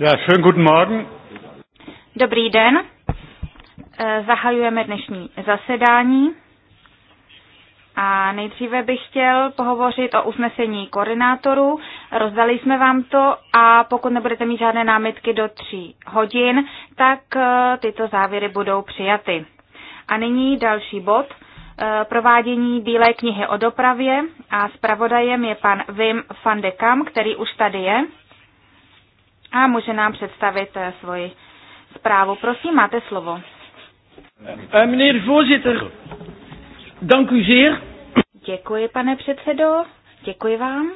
Ja, schönen guten Morgen. Dobrý den. Eh, zahajujeme dnešní zasedání. A nejdříve bych chtěl pohovořit o usnesení koordinátorů. Rozdali jsme vám to a pokud nebudete mít žádné námitky do tří hodin, tak eh, tyto závěry budou přijaty. A nyní další bod. Eh, provádění Bílé knihy o dopravě a zpravodajem je pan Wim van de Kam, který už tady je a může nám představit eh, svoji zprávu. Prosím, máte slovo. Eh, meneer de voorzitter, dank u zeer. Děkuji, pane předsedo. Děkuji vám.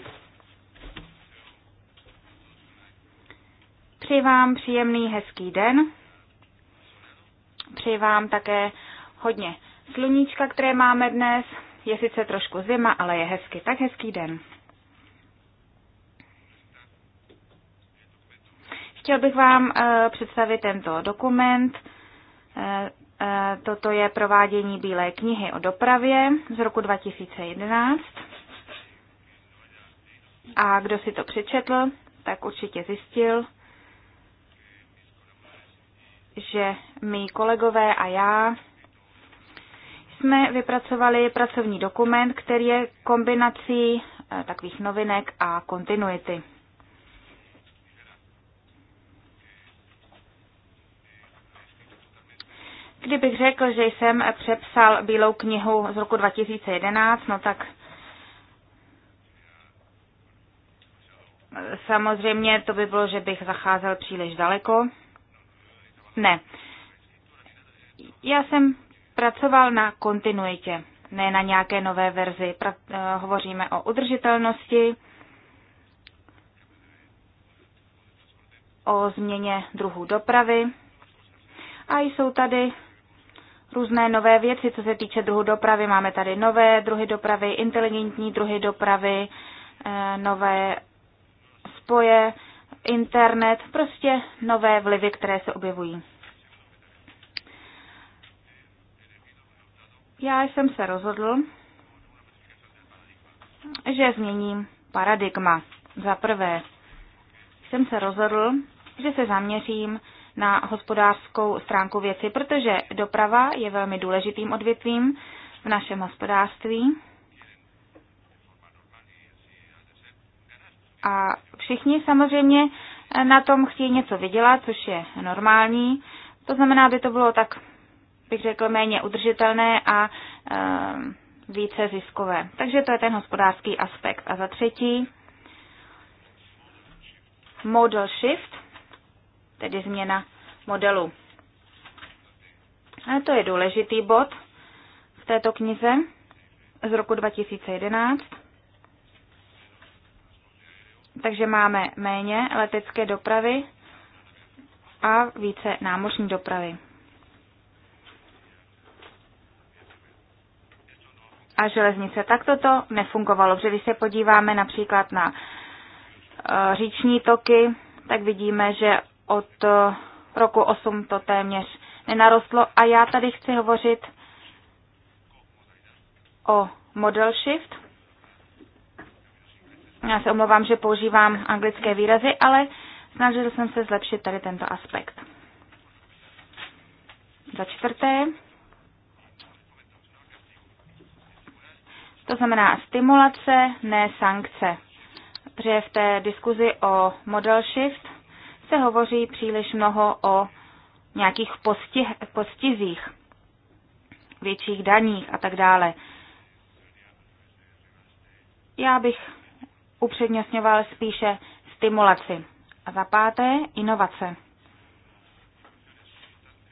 Přeji vám příjemný, hezký den. Přeji vám také hodně sluníčka, které máme dnes. Je sice trošku zima, ale je hezky. Tak hezký den. Chtěl bych vám eh, představit tento dokument. Eh, eh, toto je provádění Bílé knihy o dopravě z roku 2011. A kdo si to přečetl, tak určitě zjistil, že mý kolegové a já jsme vypracovali pracovní dokument, který je kombinací takových novinek a kontinuity. Kdybych řekl, že jsem přepsal Bílou knihu z roku 2011, no tak samozřejmě to by bylo, že bych zacházel příliš daleko. Ne. Já jsem pracoval na kontinuitě, ne na nějaké nové verzi. Pra- eh, hovoříme o udržitelnosti, o změně druhu dopravy a jsou tady různé nové věci, co se týče druhu dopravy. Máme tady nové druhy dopravy, inteligentní druhy dopravy, eh, nové spoje, internet, prostě nové vlivy, které se objevují. Já jsem se rozhodl, že změním paradigma. Za prvé jsem se rozhodl, že se zaměřím na hospodářskou stránku věci, protože doprava je velmi důležitým odvětvím v našem hospodářství. A všichni samozřejmě na tom chtějí něco vydělat, což je normální. To znamená, aby to bylo tak, bych řekl, méně udržitelné a e, více ziskové. Takže to je ten hospodářský aspekt. A za třetí, model shift, tedy změna modelu. A to je důležitý bod v této knize z roku 2011. Takže máme méně letecké dopravy a více námořní dopravy. A železnice. Tak toto nefungovalo, protože když se podíváme například na e, říční toky, tak vidíme, že od eh, roku 8 to téměř nenarostlo. A já tady chci hovořit o model shift. Já se omlouvám, že používám anglické výrazy, ale snažil jsem se zlepšit tady tento aspekt. Za čtvrté, to znamená stimulace, ne sankce. Protože v té diskuzi o model shift se hovoří příliš mnoho o nějakých postih, postizích, větších daních a tak dále. Já bych upřednostňoval spíše stimulaci. A za páté, inovace.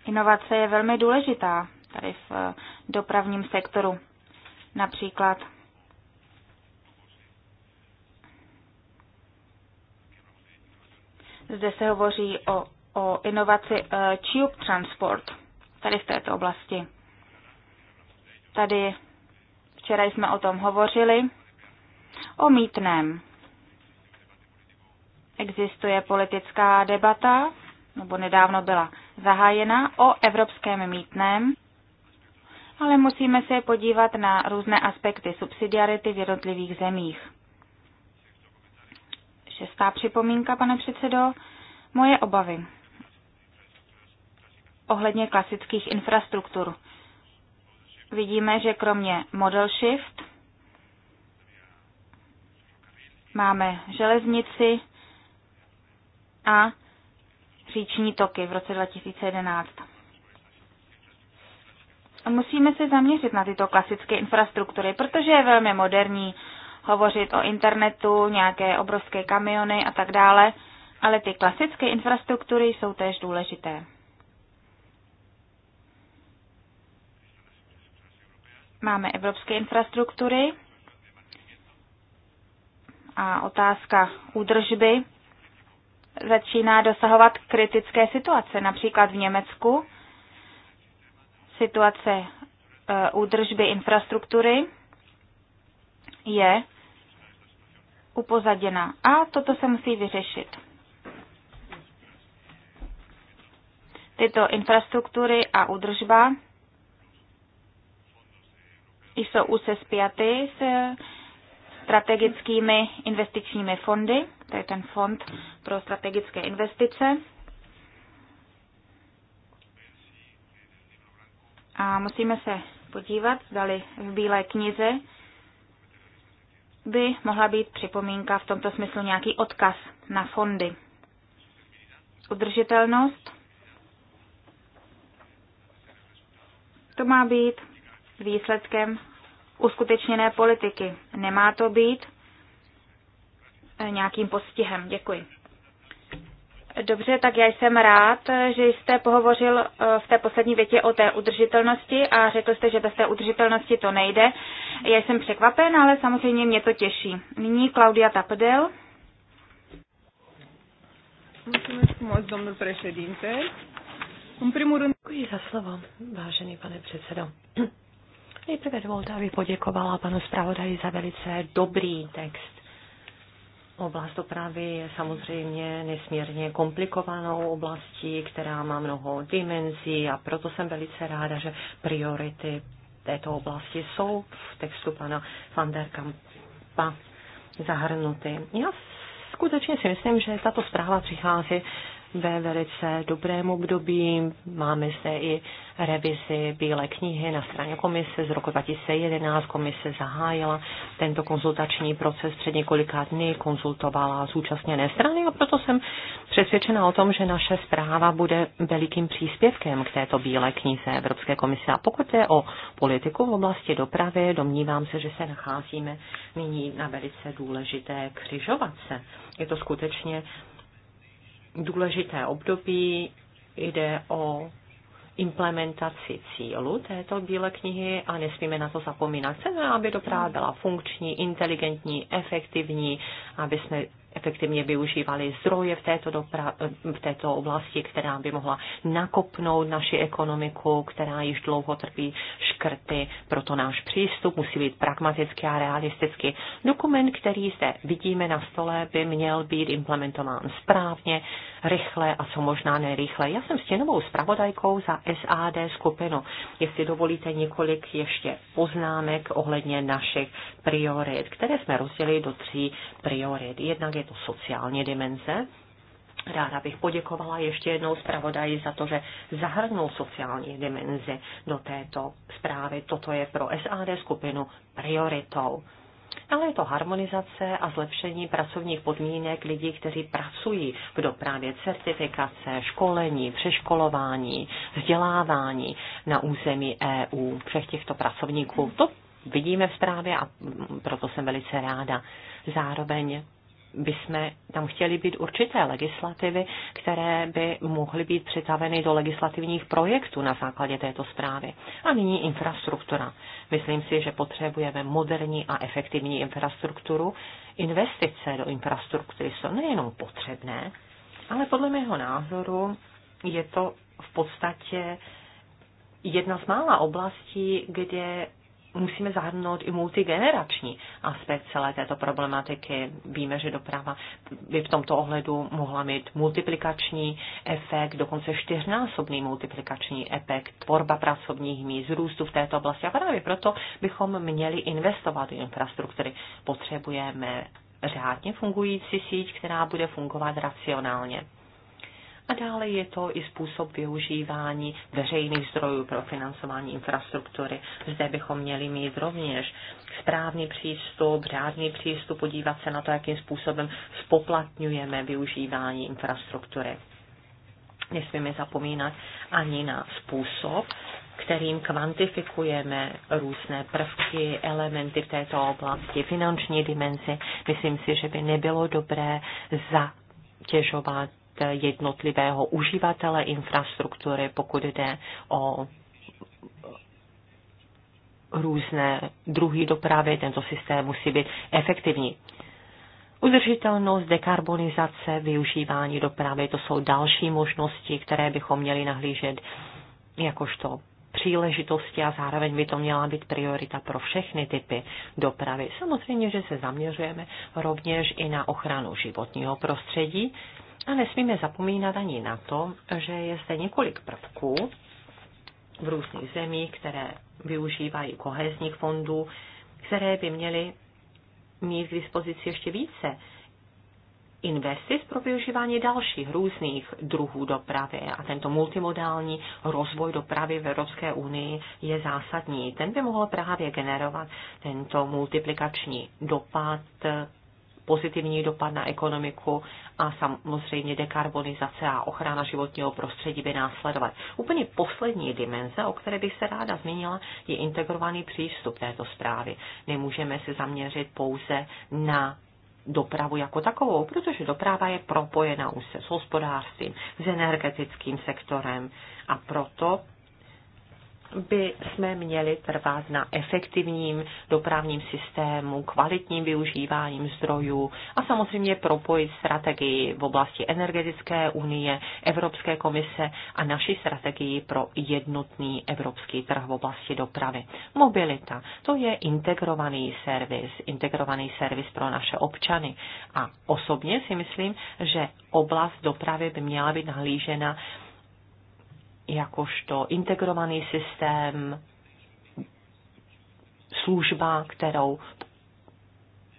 Inovace je velmi důležitá tady v eh, dopravním sektoru. Například Zde se hovoří o, o inovaci uh, Tube Transport, tady v této oblasti. Tady včera jsme o tom hovořili, o mítném. Existuje politická debata, nebo nedávno byla zahájena, o evropském mítném, ale musíme se podívat na různé aspekty subsidiarity v jednotlivých zemích. Šestá připomínka, pane předsedo, moje obavy ohledně klasických infrastruktur. Vidíme, že kromě model shift máme železnici a říční toky v roce 2011. Musíme se zaměřit na tyto klasické infrastruktury, protože je velmi moderní hovořit o internetu, nějaké obrovské kamiony a tak dále, ale ty klasické infrastruktury jsou též důležité. Máme evropské infrastruktury a otázka údržby začíná dosahovat kritické situace. Například v Německu situace e, údržby infrastruktury je upozaděna a toto se musí vyřešit. Tyto infrastruktury a údržba jsou se spjaty s strategickými investičními fondy, to je ten fond pro strategické investice. A musíme se podívat, zdali v Bílé knize by mohla být připomínka v tomto smyslu nějaký odkaz na fondy. Udržitelnost. To má být výsledkem uskutečněné politiky. Nemá to být nějakým postihem. Děkuji. Dobře, tak já jsem rád, že jste pohovořil eh, v té poslední větě o té udržitelnosti a řekl jste, že bez té udržitelnosti to nejde. Já jsem překvapen, ale samozřejmě mě to těší. Nyní Klaudia Tapdel. Děkuji za slovo, vážený pane předsedo. Nejprve dovolte, abych poděkovala panu zpravodaji za velice dobrý text Oblast dopravy je samozřejmě nesmírně komplikovanou oblastí, která má mnoho dimenzí a proto jsem velice ráda, že priority této oblasti jsou v textu pana van der Kampa zahrnuty. Já skutečně si myslím, že tato zpráva přichází ve velice dobrém období. Máme zde i revizi Bílé knihy na straně komise z roku 2011. Komise zahájila tento konzultační proces před několika dny, konzultovala zúčastněné strany a proto jsem přesvědčena o tom, že naše zpráva bude velikým příspěvkem k této Bílé knize Evropské komise. A pokud je o politiku v oblasti dopravy, domnívám se, že se nacházíme nyní na velice důležité křižovatce. Je to skutečně důležité období, jde o implementaci cílu této bílé knihy a nesmíme na to zapomínat. Chceme, aby doprava byla funkční, inteligentní, efektivní, aby jsme efektivně využívali zdroje v této, dopra- v této oblasti, která by mohla nakopnout naši ekonomiku, která již dlouho trpí škrty. Proto náš přístup musí být pragmatický a realistický. Dokument, který zde vidíme na stole, by měl být implementován správně, rychle a co možná nerychle. Já jsem stěnovou zpravodajkou za SAD skupinu. Jestli dovolíte několik ještě poznámek ohledně našich priorit, které jsme rozdělili do tří priorit. Jednak je to sociální dimenze. Ráda bych poděkovala ještě jednou zpravodaji za to, že zahrnul sociální dimenzi do této zprávy. Toto je pro SAD skupinu prioritou. Ale je to harmonizace a zlepšení pracovních podmínek lidí, kteří pracují v dopravě, certifikace, školení, přeškolování, vzdělávání na území EU, všech těchto pracovníků. To vidíme v zprávě a proto jsem velice ráda. Zároveň bychom tam chtěli být určité legislativy, které by mohly být přitaveny do legislativních projektů na základě této zprávy. A nyní infrastruktura. Myslím si, že potřebujeme moderní a efektivní infrastrukturu. Investice do infrastruktury jsou nejenom potřebné, ale podle mého názoru je to v podstatě jedna z mála oblastí, kde musíme zahrnout i multigenerační aspekt celé této problematiky. Víme, že doprava by v tomto ohledu mohla mít multiplikační efekt, dokonce čtyřnásobný multiplikační efekt, tvorba pracovních míst, růstu v této oblasti. A právě proto bychom měli investovat do infrastruktury. Potřebujeme řádně fungující síť, která bude fungovat racionálně. A dále je to i způsob využívání veřejných zdrojů pro financování infrastruktury. Zde bychom měli mít rovněž správný přístup, řádný přístup, podívat se na to, jakým způsobem spoplatňujeme využívání infrastruktury. Nesmíme zapomínat ani na způsob, kterým kvantifikujeme různé prvky, elementy v této oblasti, finanční dimenzi. Myslím si, že by nebylo dobré zatěžovat jednotlivého uživatele infrastruktury, pokud jde o různé druhy dopravy. Tento systém musí být efektivní. Udržitelnost, dekarbonizace, využívání dopravy, to jsou další možnosti, které bychom měli nahlížet jakožto příležitosti a zároveň by to měla být priorita pro všechny typy dopravy. Samozřejmě, že se zaměřujeme rovněž i na ochranu životního prostředí, a nesmíme zapomínat ani na to, že je zde několik prvků v různých zemích, které využívají kohezních fondů, které by měly mít k dispozici ještě více investic pro využívání dalších různých druhů dopravy a tento multimodální rozvoj dopravy v Evropské unii je zásadní. Ten by mohl právě generovat tento multiplikační dopad pozitivní dopad na ekonomiku a samozřejmě dekarbonizace a ochrana životního prostředí by následovat. Úplně poslední dimenze, o které bych se ráda zmínila, je integrovaný přístup této zprávy. Nemůžeme se zaměřit pouze na dopravu jako takovou, protože doprava je propojena už se s hospodářstvím, s energetickým sektorem a proto by jsme měli trvat na efektivním dopravním systému, kvalitním využíváním zdrojů a samozřejmě propojit strategii v oblasti energetické unie, Evropské komise a naši strategii pro jednotný evropský trh v oblasti dopravy. Mobilita, to je integrovaný servis, integrovaný servis pro naše občany. A osobně si myslím, že oblast dopravy by měla být nahlížena jakožto integrovaný systém, služba, kterou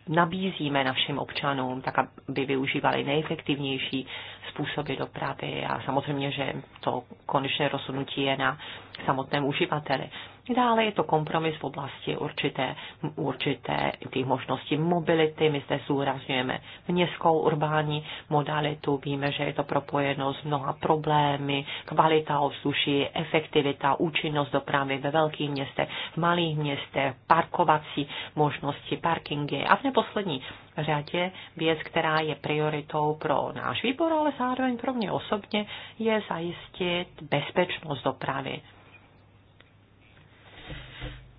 nabízíme našim občanům, tak aby využívali nejefektivnější způsoby dopravy a samozřejmě, že to konečné rozhodnutí je na samotném uživateli. Dále je to kompromis v oblasti určité, určité ty možnosti mobility. My zde zúrazňujeme městskou urbání modalitu. Víme, že je to propojeno s mnoha problémy, kvalita ovzduší, efektivita, účinnost dopravy ve velkých městech, v malých městech, parkovací možnosti, parkingy a v neposlední řadě věc, která je prioritou pro náš výbor, ale zároveň pro mě osobně, je zajistit bezpečnost dopravy.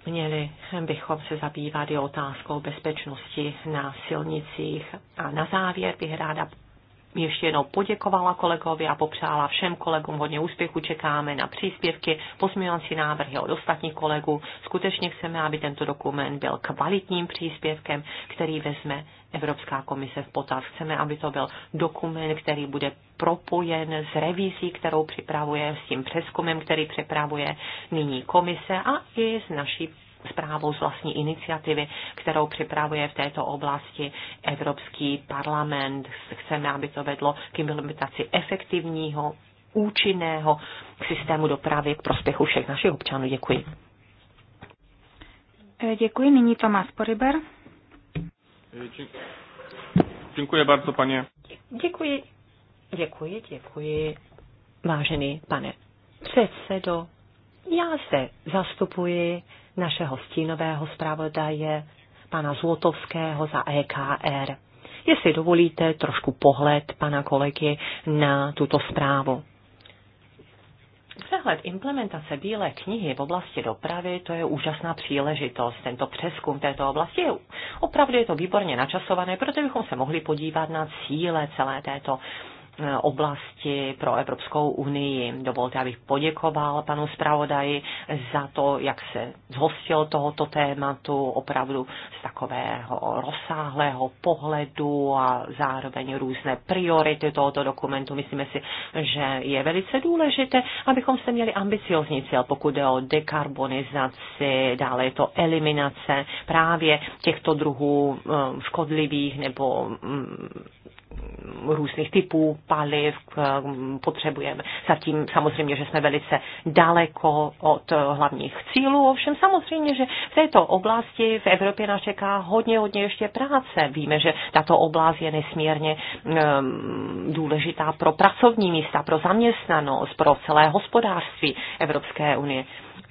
Měli bychom se zabývat i otázkou bezpečnosti na silnicích. A na závěr bych ráda ještě jednou poděkovala kolegovi a popřála všem kolegům hodně úspěchu. Čekáme na příspěvky, pozměňovací návrhy od ostatních kolegů. Skutečně chceme, aby tento dokument byl kvalitním příspěvkem, který vezme Evropská komise v potaz. Chceme, aby to byl dokument, který bude propojen s revizí, kterou připravuje, s tím přeskumem, který připravuje nyní komise a i s naší zprávou z vlastní iniciativy, kterou připravuje v této oblasti Evropský parlament. Chceme, aby to vedlo k implementaci efektivního, účinného systému dopravy k prospěchu všech našich občanů. Děkuji. Děkuji. Nyní Tomáš Poriber. Děkuji bardzo, panie. Děkuji. Děkuji, děkuji, vážený pane předsedo. Já se zastupuji našeho stínového zpravodaje, pana Zlotovského za EKR. Jestli dovolíte trošku pohled pana kolegy na tuto zprávu přehled implementace Bílé knihy v oblasti dopravy, to je úžasná příležitost. Tento přeskum této oblasti je opravdu je to výborně načasované, protože bychom se mohli podívat na cíle celé této Eh, oblasti pro Evropskou unii. Dovolte, abych poděkoval panu zpravodaji za to, jak se zhostil tohoto tématu opravdu z takového rozsáhlého pohledu a zároveň různé priority tohoto dokumentu. Myslíme si, že je velice důležité, abychom se měli ambiciozní cíl, pokud jde o dekarbonizaci, dále je to eliminace právě těchto druhů eh, škodlivých nebo mm, různých typů paliv potřebujeme. Zatím samozřejmě, že jsme velice daleko od hlavních cílů, ovšem samozřejmě, že v této oblasti v Evropě nás čeká hodně, hodně ještě práce. Víme, že tato oblast je nesmírně důležitá pro pracovní místa, pro zaměstnanost, pro celé hospodářství Evropské unie.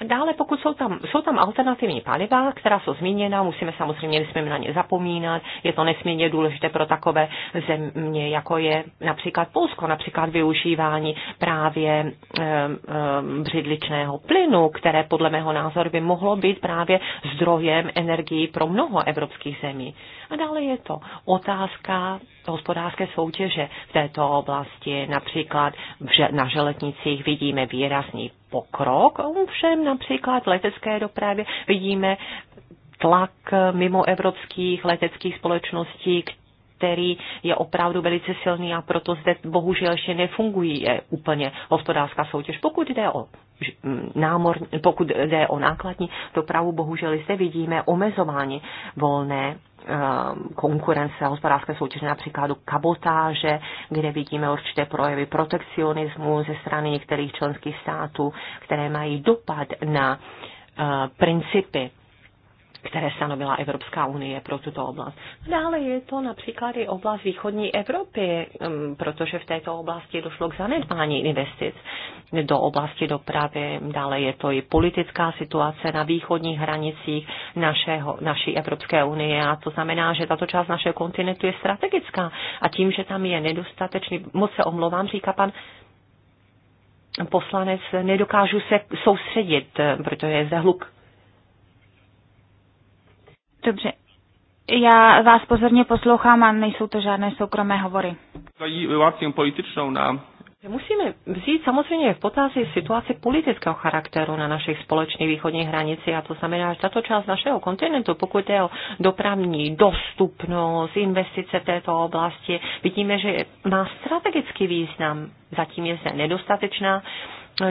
Dále, pokud jsou tam, jsou tam alternativní paliva, která jsou zmíněna, musíme samozřejmě, nesmíme na ně zapomínat, je to nesmírně důležité pro takové země, jako je například Polsko, například využívání právě eh, eh, břidličného plynu, které podle mého názoru by mohlo být právě zdrojem energii pro mnoho evropských zemí. A dále je to otázka hospodářské soutěže v této oblasti. Například na železnicích vidíme výrazný pokrok, ovšem například v letecké dopravě vidíme tlak mimo evropských leteckých společností, který je opravdu velice silný a proto zde bohužel ještě nefungují je úplně hospodářská soutěž. Pokud jde o námor, pokud jde o nákladní dopravu, bohužel zde vidíme omezování volné Um, konkurence, hospodářské soutěže, například kabotáže, kde vidíme určité projevy protekcionismu ze strany některých členských států, které mají dopad na uh, principy které stanovila Evropská unie pro tuto oblast. Dále je to například i oblast východní Evropy, mm, protože v této oblasti došlo k zanedbání investic do oblasti dopravy. Dále je to i politická situace na východních hranicích našeho, naší Evropské unie a to znamená, že tato část našeho kontinentu je strategická a tím, že tam je nedostatečný, moc se omlouvám, říká pan poslanec, nedokážu se soustředit, protože je zde hluk. Dobře. Já vás pozorně poslouchám a nejsou to žádné soukromé hovory. Musíme vzít samozřejmě v potaz situaci politického charakteru na našich společných východních hranicích a to znamená, že tato část našeho kontinentu, pokud je o dopravní dostupnost, investice v této oblasti, vidíme, že má strategický význam. Zatím je zde nedostatečná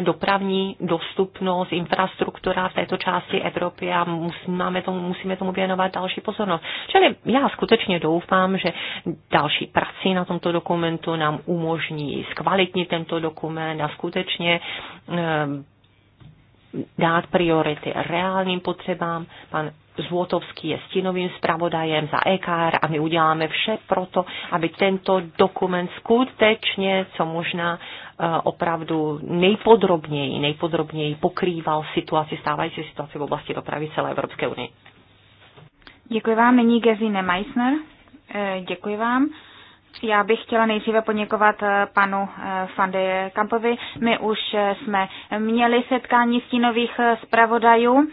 dopravní dostupnost, infrastruktura v této části Evropy a musíme tomu, musíme tomu věnovat další pozornost. Čili já skutečně doufám, že další prací na tomto dokumentu nám umožní zkvalitnit tento dokument a skutečně eh, dát priority reálným potřebám. Pan Zlotovský je stínovým zpravodajem za EKR a my uděláme vše proto, aby tento dokument skutečně co možná Eh, opravdu nejpodrobněji, nejpodrobněji pokrýval situaci, stávající situaci v oblasti dopravy celé Evropské unie. Děkuji vám. Nyní Gesine Meissner. Eh, děkuji vám. Já bych chtěla nejdříve poděkovat eh, panu Fande eh, Kampovi. My už eh, jsme měli setkání stínových zpravodajů.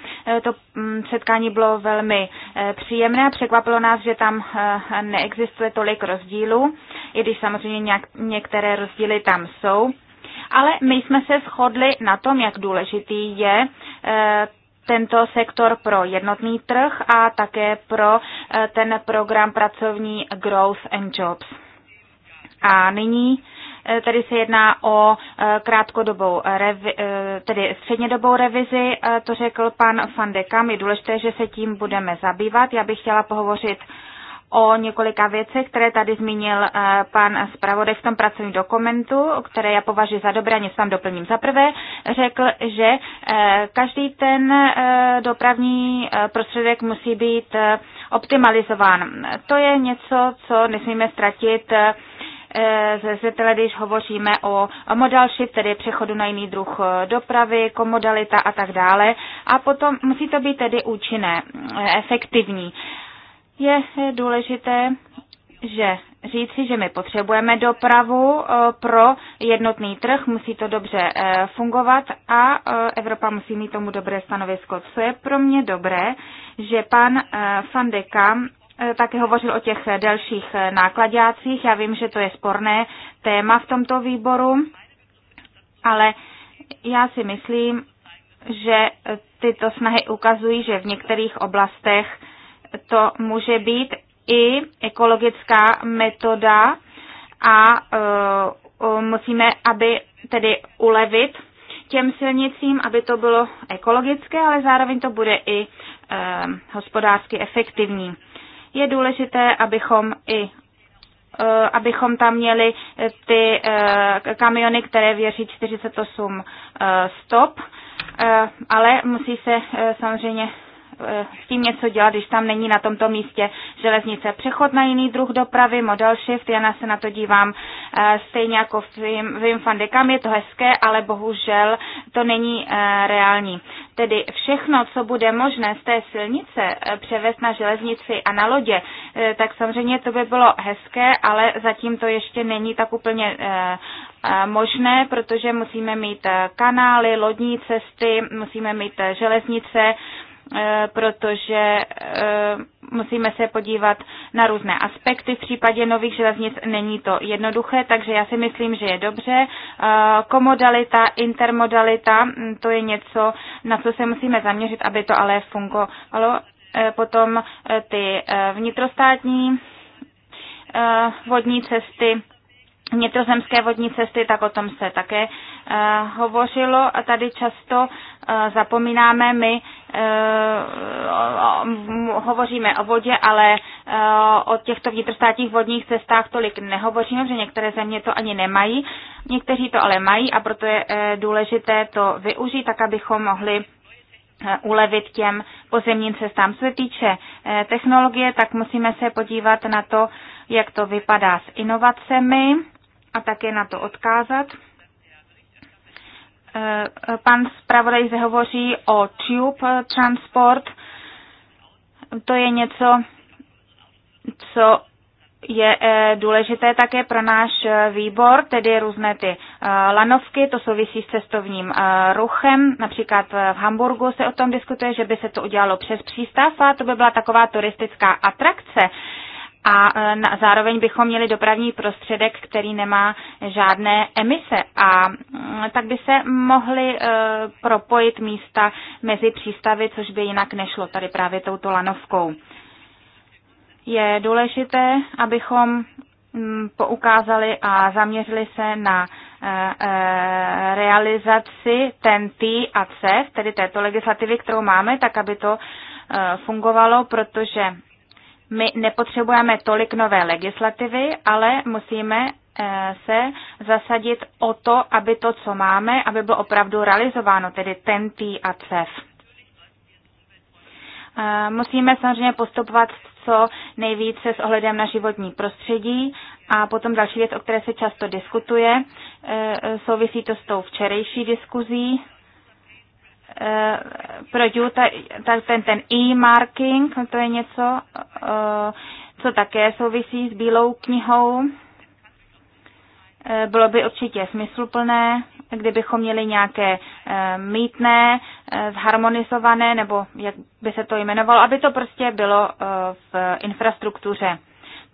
To mm, setkání bylo velmi příjemné a překvapilo nás, že tam neexistuje tolik rozdílů, i když samozřejmě nějak, některé rozdíly tam jsou. Ale my jsme se shodli na tom, jak důležitý je tento sektor pro jednotný trh a také pro ten program pracovní Growth and Jobs. A nyní e, tedy se jedná o e, krátkodobou, revi, e, tedy střednědobou revizi, to řekl pan van de Kam. Je důležité, že se tím budeme zabývat. Já bych chtěla pohovořit o několika věcech, které tady zmínil pan zpravodaj v tom pracovním dokumentu, které já považuji za dobré, ani sám doplním. Za prvé řekl, že každý ten dopravní prostředek musí být optimalizován. To je něco, co nesmíme ztratit Eh, zřetele, když hovoříme o modal shift, tedy přechodu na jiný druh eh, dopravy, komodalita a tak dále. A potom musí to být tedy účinné, eh, efektivní. Je důležité, že říci, že my potřebujeme dopravu pro jednotný trh, musí to dobře fungovat a Evropa musí mít tomu dobré stanovisko. Co je pro mě dobré, že pan Fandeka Eh, také hovořil o těch eh, delších eh, nákladácích. Já vím, že to je sporné téma v tomto výboru, ale já si myslím, že tyto snahy ukazují, že v některých oblastech to může být i ekologická metoda a uh, musíme, aby tedy ulevit těm silnicím, aby to bylo ekologické, ale zároveň to bude i uh, hospodářsky efektivní je důležité, abychom i eh, abychom tam měli eh, ty eh, kamiony, které věří 48 stop, ale musí se samozřejmě s tím něco dělat, když tam není na tomto místě železnice. Přechod na jiný druh dopravy, model shift, já se na to dívám stejně jako v van de je to hezké, ale bohužel to není reální tedy všechno, co bude možné z té silnice eh, převést na železnici a na lodě, eh, tak samozřejmě to by bylo hezké, ale zatím to ještě není tak úplně eh, možné, protože musíme mít kanály, lodní cesty, musíme mít železnice, Eh, protože eh, musíme se podívat na různé aspekty. V případě nových železnic není to jednoduché, takže já si myslím, že je dobře. Eh, komodalita, intermodalita, hm, to je něco, na co se musíme zaměřit, aby to ale fungovalo. Potom ty vnitrostátní vodní cesty, Vnitrozemské vodní cesty, tak o tom se také uh, hovořilo a tady často uh, zapomínáme, my uh, hovoříme o vodě, ale uh, o těchto vnitrostátních vodních cestách tolik nehovoříme, že některé země to ani nemají, někteří to ale mají a proto je uh, důležité to využít, tak abychom mohli ulevit těm pozemním cestám. Co se týče technologie, tak musíme se podívat na to, jak to vypadá s inovacemi a také na to odkázat. Eh, pan zpravodaj zde hovoří o tube transport. To je něco, co je eh, důležité také pro náš eh, výbor, tedy různé ty lanovky, to souvisí s cestovním ruchem. Například v Hamburgu se o tom diskutuje, že by se to udělalo přes přístav a to by byla taková turistická atrakce, a e, zároveň bychom měli dopravní prostředek, který nemá žádné emise a mm, tak by se mohly e, propojit místa mezi přístavy, což by jinak nešlo tady právě touto lanovkou. Je důležité, abychom mm, poukázali a zaměřili se na e, realizaci TNT a CEF, tedy této legislativy, kterou máme, tak aby to fungovalo, protože my nepotřebujeme tolik nové legislativy, ale musíme eh, se zasadit o to, aby to, co máme, aby bylo opravdu realizováno, tedy ten tý a CEF. Eh, musíme samozřejmě postupovat co nejvíce s ohledem na životní prostředí a potom další věc, o které se často diskutuje, eh, souvisí to s tou včerejší diskuzí, pro Juta, tak ten, ten e-marking, to je něco, eh, co také souvisí s Bílou knihou. Eh, bylo by určitě smysluplné, kdybychom měli nějaké eh, mítné, zharmonizované, nebo jak by se to jmenovalo, aby to prostě bylo v infrastruktuře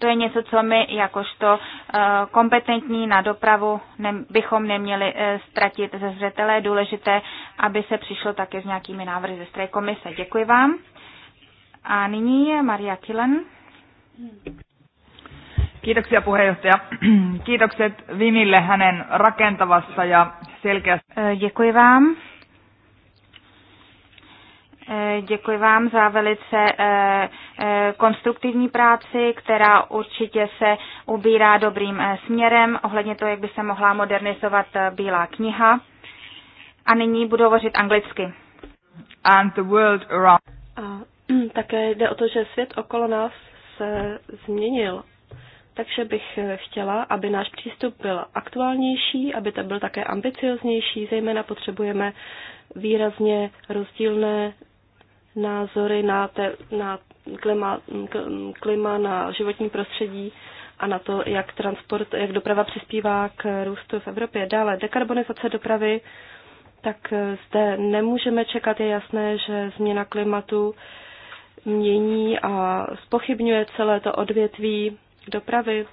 to je něco, co my jakožto eh, kompetentní na dopravu bychom neměli eh, ztratit ze zřetele. Důležité, aby se přišlo také s nějakými návrhy ze strany komise. Děkuji vám. A nyní je Maria Kilen. Kiitoksia puheenjohtaja. Kiitokset Vimille hänen rakentavassa ja selkeästä. Eh, děkuji vám. Eh, děkuji vám za velice eh, eh, konstruktivní práci, která určitě se ubírá dobrým směrem ohledně toho, jak by se mohla modernizovat Bílá kniha. A nyní budu hovořit anglicky. And the world around... A také jde o to, že svět okolo nás se změnil. Takže bych chtěla, aby náš přístup byl aktuálnější, aby to byl také ambicioznější, zejména potřebujeme výrazně rozdílné názory na, te, na klima, klima, na životní prostředí a na to, jak transport, jak doprava přispívá k růstu v Evropě. Dále dekarbonizace dopravy, tak eh, zde nemůžeme čekat. Je jasné, že změna klimatu mění a spochybňuje celé to odvětví dopravy.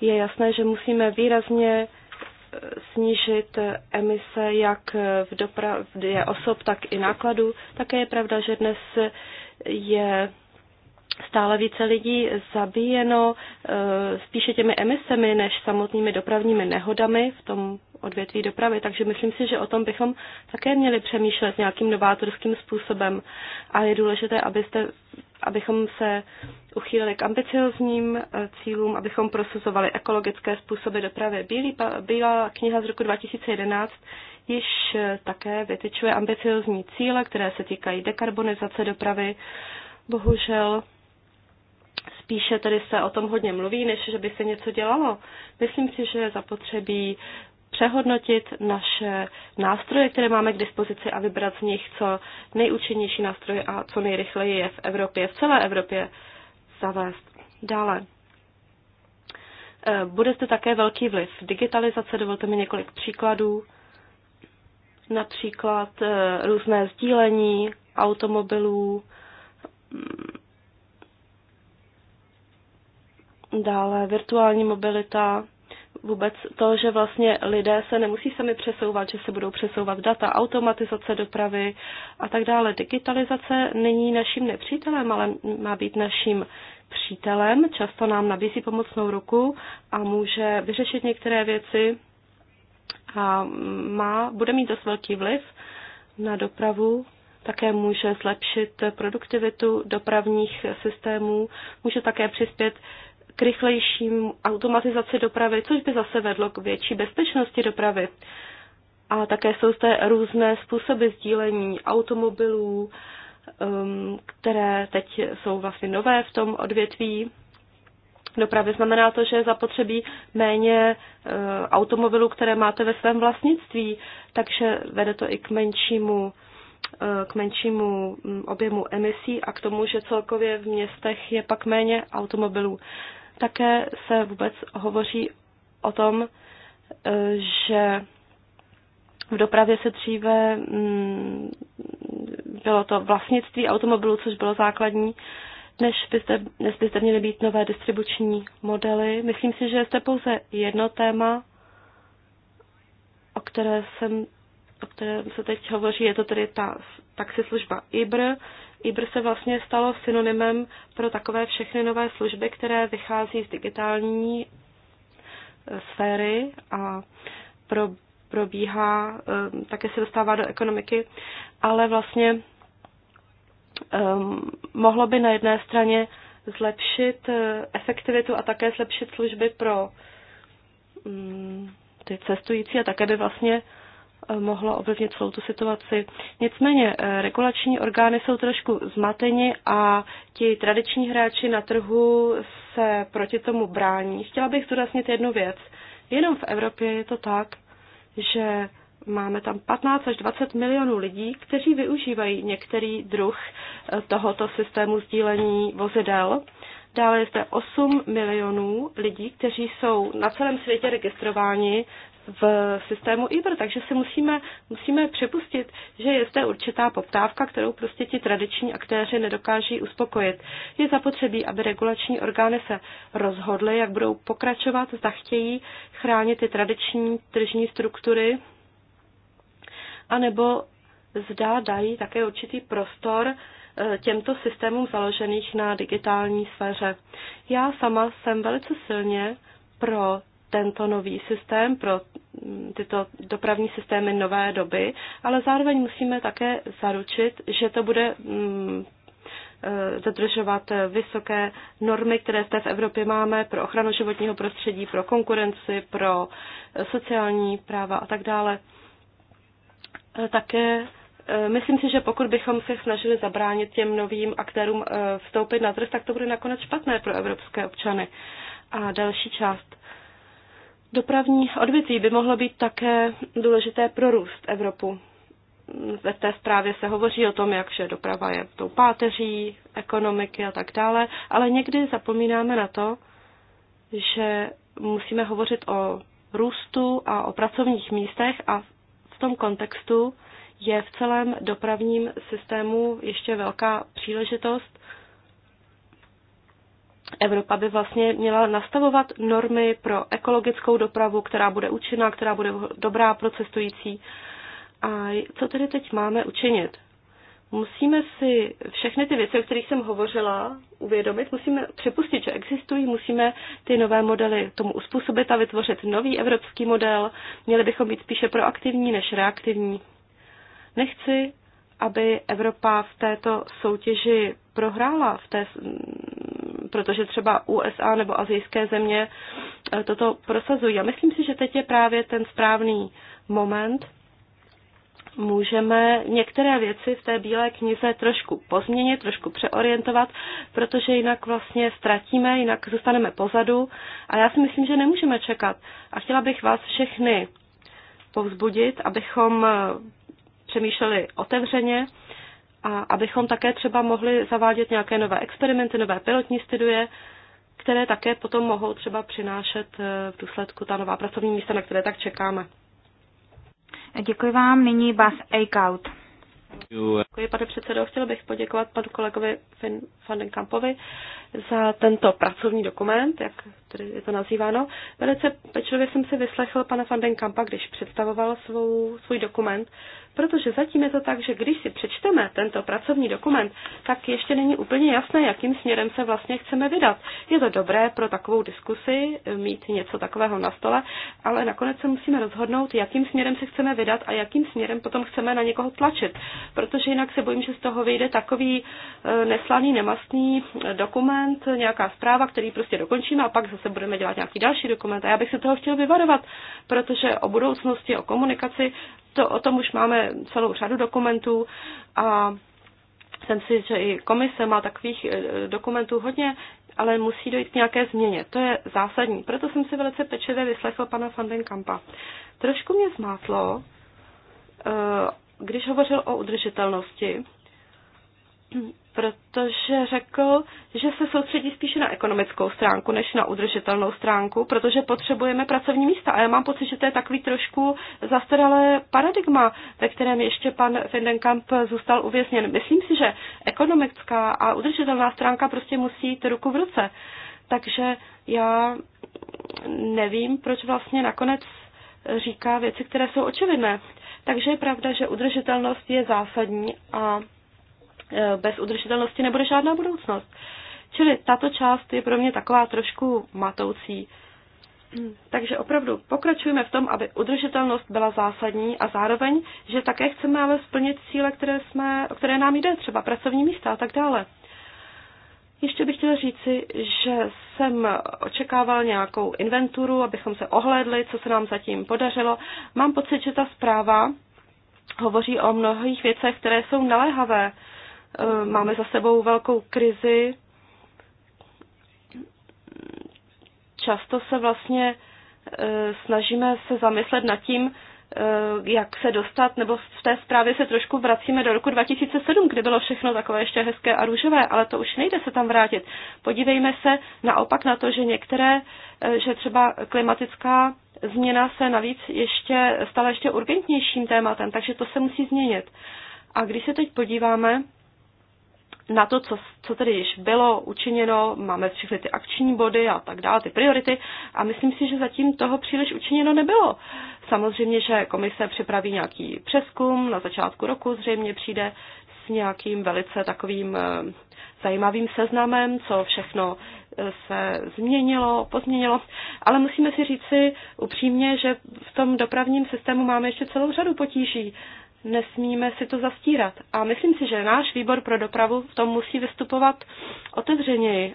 Je jasné, že musíme výrazně snížit emise jak v dopravě osob, tak i nákladů. Také je pravda, že dnes je stále více lidí zabíjeno e, spíše těmi emisemi než samotnými dopravními nehodami v tom odvětví dopravy. Takže myslím si, že o tom bychom také měli přemýšlet nějakým novátorským způsobem. A je důležité, abyste, abychom se uchýlili k ambiciozním e, cílům, abychom prosazovali ekologické způsoby dopravy. Bílý, bílá kniha z roku 2011 již e, také vytyčuje ambiciozní cíle, které se týkají dekarbonizace dopravy. Bohužel Spíše tedy se o tom hodně mluví, než že by se něco dělalo. Myslím si, že je zapotřebí přehodnotit naše nástroje, které máme k dispozici a vybrat z nich co nejúčinnější nástroje a co nejrychleji je v Evropě, v celé Evropě zavést. Dále. Eh, bude zde také velký vliv digitalizace, dovolte mi několik příkladů. Například eh, různé sdílení automobilů, mm, Dále virtuální mobilita, vůbec to, že vlastně lidé se nemusí sami přesouvat, že se budou přesouvat data, automatizace dopravy a tak dále. Digitalizace není naším nepřítelem, ale má být naším přítelem. Často nám nabízí pomocnou ruku a může vyřešit některé věci a má, bude mít dost velký vliv na dopravu, také může zlepšit produktivitu dopravních systémů, může také přispět k rychlejším automatizaci dopravy, což by zase vedlo k větší bezpečnosti dopravy. A také jsou zde různé způsoby sdílení automobilů, um, které teď jsou vlastně nové v tom odvětví dopravy. Znamená to, že je zapotřebí méně uh, automobilů, které máte ve svém vlastnictví, takže vede to i k menšímu uh, k menšímu mm, objemu emisí a k tomu, že celkově v městech je pak méně automobilů. Také se vůbec hovoří o tom, e, že v dopravě se dříve mm, bylo to vlastnictví automobilů, což bylo základní, než byste než byste zde měly být nové distribuční modely. Myslím si, že je pouze jedno téma, o které jsem o kterém se teď hovoří, je to tedy ta taxislužba IBR. Uber se vlastně stalo synonymem pro takové všechny nové služby, které vychází z digitální eh, sféry a pro, probíhá, eh, také se dostává do ekonomiky, ale vlastně um, mohlo by na jedné straně zlepšit efektivitu a také zlepšit služby pro um, ty cestující a také by vlastně mohlo ovlivnit celou tu situaci. Nicméně eh, regulační orgány jsou trošku zmateni a ti tradiční hráči na trhu se proti tomu brání. Chtěla bych zdůraznit jednu věc. Jenom v Evropě je to tak, že máme tam 15 až 20 milionů lidí, kteří využívají některý druh eh, tohoto systému sdílení vozidel. Dále je zde 8 milionů lidí, kteří jsou na celém světě registrováni v systému IBR, takže si musíme, musíme připustit, že je zde určitá poptávka, kterou prostě ti tradiční aktéři nedokáží uspokojit. Je zapotřebí, aby regulační orgány se rozhodly, jak budou pokračovat, zda chtějí chránit ty tradiční tržní struktury, anebo zda dají také určitý prostor eh, těmto systémům založených na digitální sféře. Já sama jsem velice silně pro tento nový systém pro tyto dopravní systémy nové doby, ale zároveň musíme také zaručit, že to bude zadržovat mm, eh, vysoké normy, které zde v Evropě máme pro ochranu životního prostředí, pro konkurenci, pro eh, sociální práva a tak dále. Eh, také myslím si, že pokud bychom se snažili zabránit těm novým aktérům vstoupit na trh, tak to bude nakonec špatné pro evropské občany. A další část Dopravní odvětví by mohlo být také důležité pro růst Evropu. Ve té zprávě se hovoří o tom, jak vše doprava je tou páteří ekonomiky a tak dále, ale někdy zapomínáme na to, že musíme hovořit o růstu a o pracovních místech a v tom kontextu je v celém dopravním systému ještě velká příležitost Evropa by vlastně měla nastavovat normy pro ekologickou dopravu, která bude účinná, která bude dobrá pro cestující. A co tedy teď máme učinit? Musíme si všechny ty věci, o kterých jsem hovořila, uvědomit, musíme připustit, že existují, musíme ty nové modely tomu uspůsobit a vytvořit nový evropský model. Měli bychom být spíše proaktivní než reaktivní. Nechci, aby Evropa v této soutěži prohrála v té protože třeba USA nebo azijské země e, toto prosazují. A myslím si, že teď je právě ten správný moment. Můžeme některé věci v té bílé knize trošku pozměnit, trošku přeorientovat, protože jinak vlastně ztratíme, jinak zůstaneme pozadu. A já si myslím, že nemůžeme čekat. A chtěla bych vás všechny povzbudit, abychom e, přemýšleli otevřeně, a abychom také třeba mohli zavádět nějaké nové experimenty, nové pilotní studie, které také potom mohou třeba přinášet eh, v důsledku ta nová pracovní místa, na které tak čekáme. Děkuji vám. Nyní Bas Eichhout. Děkuji, pane předsedo. Chtěl bych poděkovat panu kolegovi Fandenkampovi Kampovi za tento pracovní dokument, jak tedy je to nazýváno. Velice pečlivě jsem si vyslechl pana Fandenkampa, Kampa, když představoval svou, svůj dokument, protože zatím je to tak, že když si přečteme tento pracovní dokument, tak ještě není úplně jasné, jakým směrem se vlastně chceme vydat. Je to dobré pro takovou diskusi mít něco takového na stole, ale nakonec se musíme rozhodnout, jakým směrem se chceme vydat a jakým směrem potom chceme na někoho tlačit protože jinak se bojím, že z toho vyjde takový e, neslaný, nemastný dokument, nějaká zpráva, který prostě dokončíme a pak zase budeme dělat nějaký další dokument. A já bych se toho chtěl vyvarovat, protože o budoucnosti, o komunikaci, to, o tom už máme celou řadu dokumentů a jsem si, že i komise má takových e, dokumentů hodně, ale musí dojít k nějaké změně. To je zásadní. Proto jsem si velice pečlivě vyslechl pana Fandenkampa. Trošku mě zmátlo, e, když hovořil o udržitelnosti, protože řekl, že se soustředí spíše na ekonomickou stránku než na udržitelnou stránku, protože potřebujeme pracovní místa. A já mám pocit, že to je takový trošku zastaralé paradigma, ve kterém ještě pan Findenkamp zůstal uvězněn. Myslím si, že ekonomická a udržitelná stránka prostě musí jít ruku v ruce. Takže já nevím, proč vlastně nakonec říká věci, které jsou očividné. Takže je pravda, že udržitelnost je zásadní a e, bez udržitelnosti nebude žádná budoucnost. Čili tato část je pro mě taková trošku matoucí. Takže opravdu pokračujeme v tom, aby udržitelnost byla zásadní a zároveň, že také chceme ale splnit cíle, které, jsme, které nám jde, třeba pracovní místa a tak dále. Ještě bych chtěla říci, že jsem očekával nějakou inventuru, abychom se ohlédli, co se nám zatím podařilo. Mám pocit, že ta zpráva hovoří o mnohých věcech, které jsou naléhavé. E, máme za sebou velkou krizi. Často se vlastně e, snažíme se zamyslet nad tím, Eh, jak se dostat, nebo v té zprávě se trošku vracíme do roku 2007, kdy bylo všechno takové ještě hezké a růžové, ale to už nejde se tam vrátit. Podívejme se naopak na to, že některé, eh, že třeba klimatická změna se navíc ještě stala ještě urgentnějším tématem, takže to se musí změnit. A když se teď podíváme na to, co, co tedy již bylo učiněno, máme všechny ty akční body a tak dále, ty priority a myslím si, že zatím toho příliš učiněno nebylo. Samozřejmě, že komise připraví nějaký přeskum, na začátku roku zřejmě přijde s nějakým velice takovým eh, zajímavým seznamem, co všechno eh, se změnilo, pozměnilo, ale musíme si říci upřímně, že v tom dopravním systému máme ještě celou řadu potíží nesmíme si to zastírat. A myslím si, že náš výbor pro dopravu v tom musí vystupovat otevřeněji.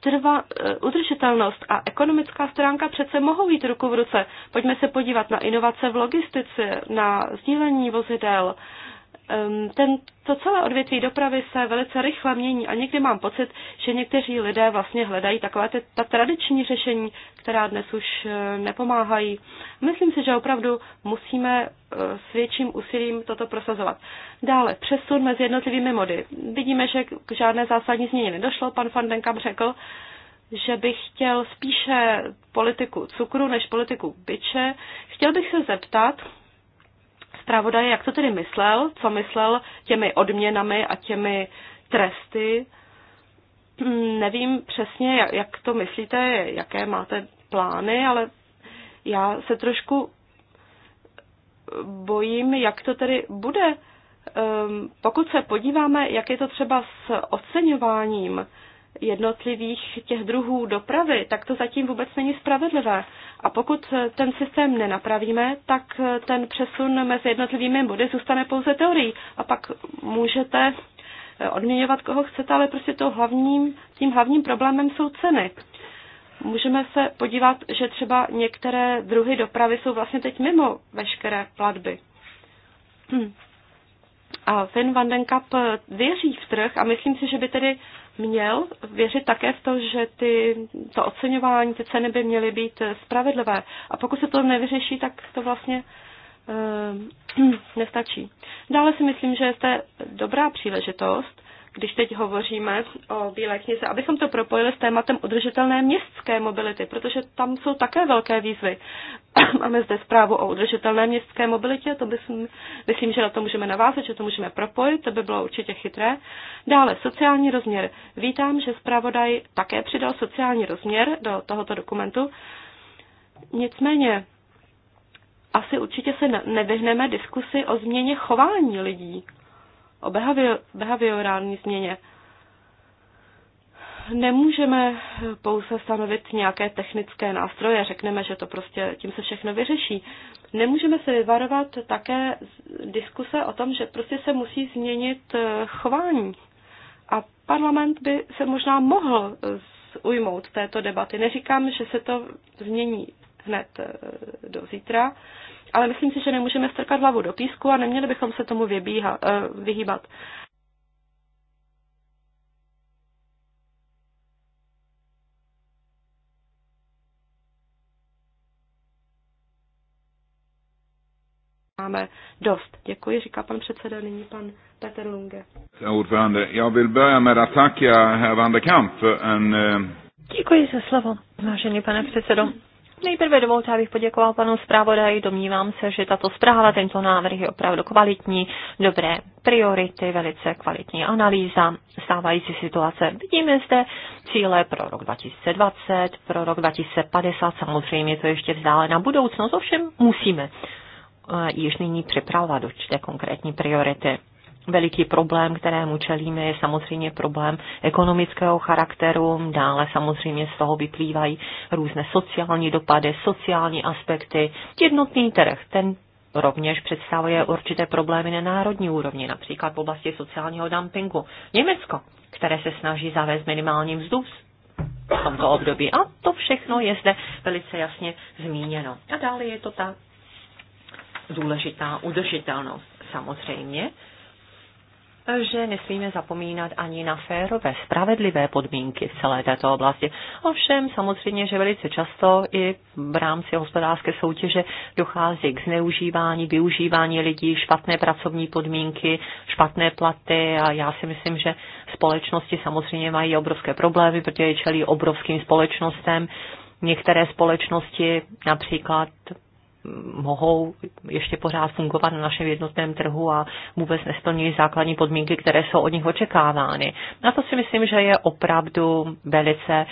Trva, eh, udržitelnost a ekonomická stránka přece mohou jít ruku v ruce. Pojďme se podívat na inovace v logistice, na sdílení vozidel, Ehm, ten, to celé odvětví dopravy se velice rychle mění a někdy mám pocit, že někteří lidé vlastně hledají taková ty, ta tradiční řešení, která dnes už eh, nepomáhají. Myslím si, že opravdu musíme eh, s větším úsilím toto prosazovat. Dále, přesun mezi jednotlivými mody. Vidíme, že k žádné zásadní změně nedošlo. Pan Van Denkam řekl, že bych chtěl spíše politiku cukru než politiku byče. Chtěl bych se zeptat, zpravodaje, jak to tedy myslel, co myslel těmi odměnami a těmi tresty. Hmm, nevím přesně, jak to myslíte, jaké máte plány, ale já se trošku bojím, jak to tedy bude. Ehm, pokud se podíváme, jak je to třeba s oceňováním, jednotlivých těch druhů dopravy, tak to zatím vůbec není spravedlivé. A pokud ten systém nenapravíme, tak ten přesun mezi jednotlivými body zůstane pouze teorií. A pak můžete eh, odměňovat, koho chcete, ale prostě to hlavním, tím hlavním problémem jsou ceny. Můžeme se podívat, že třeba některé druhy dopravy jsou vlastně teď mimo veškeré platby. Hm. A Finn Vandenkap eh, věří v trh a myslím si, že by tedy měl věřit také v to, že ty, to oceňování, ty ceny by měly být eh, spravedlivé. A pokud se to nevyřeší, tak to vlastně uh, nestačí. Dále si myslím, že je dobrá příležitost, když teď hovoříme o Bílé knize, abychom to propojili s tématem udržitelné městské mobility, protože tam jsou také velké výzvy. Máme zde zprávu o udržitelné městské mobilitě, to bychom, myslím, že na to můžeme navázat, že to můžeme propojit, to by bylo určitě chytré. Dále sociální rozměr. Vítám, že zpravodaj také přidal sociální rozměr do tohoto dokumentu. Nicméně asi určitě se nevyhneme diskusi o změně chování lidí, o behaviorální změně nemůžeme pouze stanovit nějaké technické nástroje, řekneme, že to prostě tím se všechno vyřeší. Nemůžeme se vyvarovat také diskuse o tom, že prostě se musí změnit eh, chování. A parlament by se možná mohl eh, ujmout této debaty. Neříkám, že se to změní hned eh, do zítra, ale myslím si, že nemůžeme strkat hlavu do písku a neměli bychom se tomu vybíha, vyhýbat. máme dost. Děkuji, říká pan předseda, nyní pan Petr Lunge. já eh, Děkuji za slovo, vážený pane předsedo. Nejprve dovolte, abych poděkoval panu zpravodaji. Domnívám se, že tato zpráva, tento návrh je opravdu kvalitní, dobré priority, velice kvalitní analýza stávající situace. Vidíme zde cíle pro rok 2020, pro rok 2050, samozřejmě to ještě vzdálená budoucnost, ovšem musíme již nyní připravila určité konkrétní priority. Veliký problém, kterému čelíme, je samozřejmě problém ekonomického charakteru, dále samozřejmě z toho vyplývají různé sociální dopady, sociální aspekty, jednotný trh, ten rovněž představuje určité problémy na národní úrovni, například v oblasti sociálního dumpingu. Německo, které se snaží zavést minimální mzdu v tomto období. A to všechno je zde velice jasně zmíněno. A dále je to tak důležitá udržitelnost. Samozřejmě, že nesmíme zapomínat ani na férové, spravedlivé podmínky v celé této oblasti. Ovšem samozřejmě, že velice často i v rámci hospodářské soutěže dochází k zneužívání, využívání lidí, špatné pracovní podmínky, špatné platy a já si myslím, že společnosti samozřejmě mají obrovské problémy, protože čelí obrovským společnostem. Některé společnosti například mohou ještě pořád fungovat na našem jednotném trhu a vůbec nesplňují základní podmínky, které jsou od nich očekávány. Na to si myslím, že je opravdu velice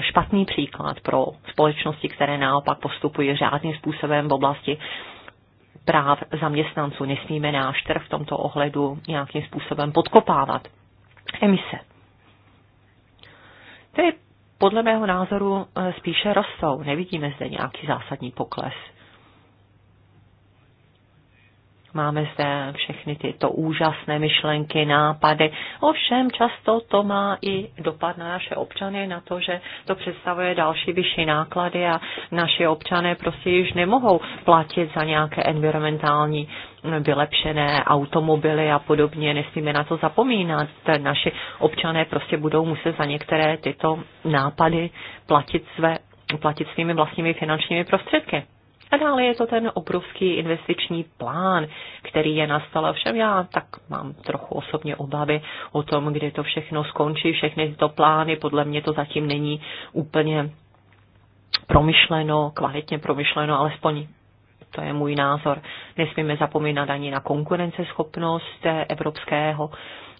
špatný příklad pro společnosti, které naopak postupují řádným způsobem v oblasti práv zaměstnanců. Nesmíme náš trh v tomto ohledu nějakým způsobem podkopávat. Emise. Ty podle mého názoru eh, spíše rostou. Nevidíme zde nějaký zásadní pokles. Máme zde všechny tyto úžasné myšlenky, nápady. Ovšem často to má i dopad na naše občany, na to, že to představuje další vyšší náklady a naši občané prostě již nemohou platit za nějaké environmentální vylepšené automobily a podobně. Nesmíme na to zapomínat. Naši občané prostě budou muset za některé tyto nápady platit, své, platit svými vlastními finančními prostředky. A dále je to ten obrovský investiční plán, který je nastal. Všem já tak mám trochu osobně obavy o tom, kdy to všechno skončí, všechny tyto plány. Podle mě to zatím není úplně promyšleno, kvalitně promyšleno, alespoň to je můj názor. Nesmíme zapomínat ani na konkurenceschopnost evropského,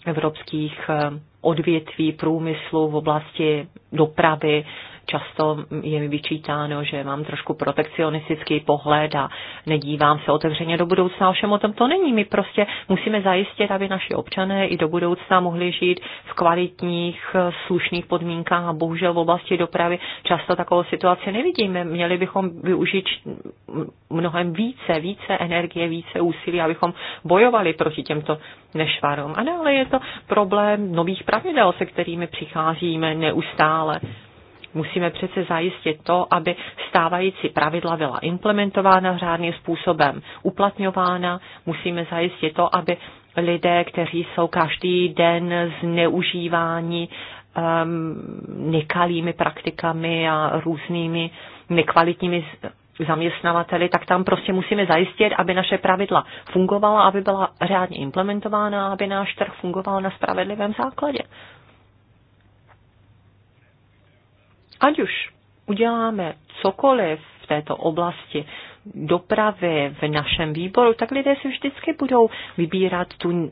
evropských eh, odvětví průmyslu v oblasti dopravy, často je mi vyčítáno, že mám trošku protekcionistický pohled a nedívám se otevřeně do budoucna. Ovšem o tom to není. My prostě musíme zajistit, aby naši občané i do budoucna mohli žít v kvalitních, slušných podmínkách a bohužel v oblasti dopravy často takovou situaci nevidíme. Měli bychom využít mnohem více, více energie, více úsilí, abychom bojovali proti těmto nešvarům. A ne, ale je to problém nových pravidel, se kterými přicházíme neustále. Musíme přece zajistit to, aby stávající pravidla byla implementována řádným způsobem, uplatňována. Musíme zajistit to, aby lidé, kteří jsou každý den zneužíváni um, nekalými praktikami a různými nekvalitními zaměstnavateli, tak tam prostě musíme zajistit, aby naše pravidla fungovala, aby byla řádně implementována, aby náš trh fungoval na spravedlivém základě. Ať už uděláme cokoliv v této oblasti dopravy v našem výboru, tak lidé si vždycky budou vybírat tu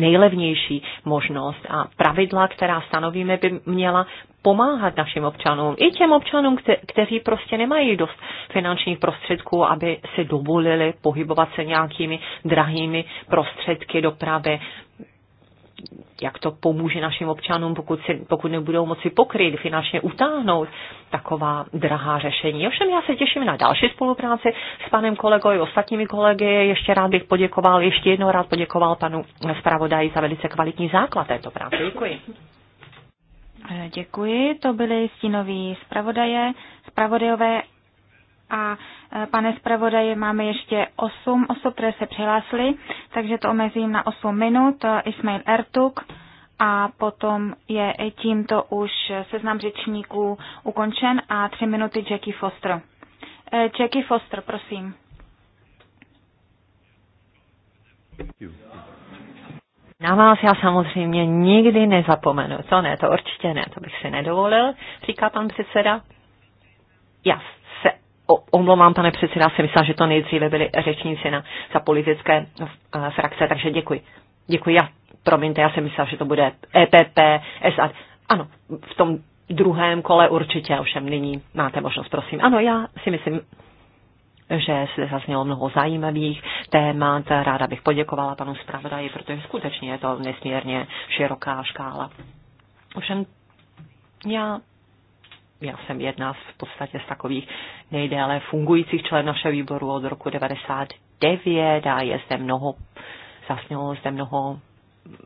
nejlevnější možnost a pravidla, která stanovíme, by měla pomáhat našim občanům. I těm občanům, kte- kteří prostě nemají dost finančních prostředků, aby si dovolili pohybovat se nějakými drahými prostředky dopravy, jak to pomůže našim občanům, pokud, si, pokud nebudou moci pokryt, finančně utáhnout taková drahá řešení. Ovšem já se těším na další spolupráci s panem kolegou i ostatními kolegy. Ještě rád bych poděkoval, ještě jednou rád poděkoval panu zpravodaji za velice kvalitní základ této práce. Děkuji. Děkuji, to byly stínoví zpravodaje. Zpravodajové a e, pane zpravodaji, máme ještě 8 osob, které se přihlásily, takže to omezím na 8 minut. E, Ismail Ertuk a potom je tímto už seznam řečníků ukončen a 3 minuty Jackie Foster. E, Jackie Foster, prosím. Na vás já samozřejmě nikdy nezapomenu. To ne, to určitě ne, to bych si nedovolil, říká pan předseda. Jasně omlouvám, pane předseda, jsem myslela, že to nejdříve byli řečníci na, za politické eh, frakce, takže děkuji. Děkuji, já, promiňte, já jsem myslela, že to bude EPP, SAD. Ano, v tom druhém kole určitě, ovšem nyní máte možnost, prosím. Ano, já si myslím, že se zaznělo mnoho zajímavých témat. Ráda bych poděkovala panu zpravodaji, protože skutečně je to nesmírně široká škála. Ovšem já já jsem jedna z v podstatě z takových nejdéle fungujících členů našeho výboru od roku 99 a je zde mnoho, zasnělo zde mnoho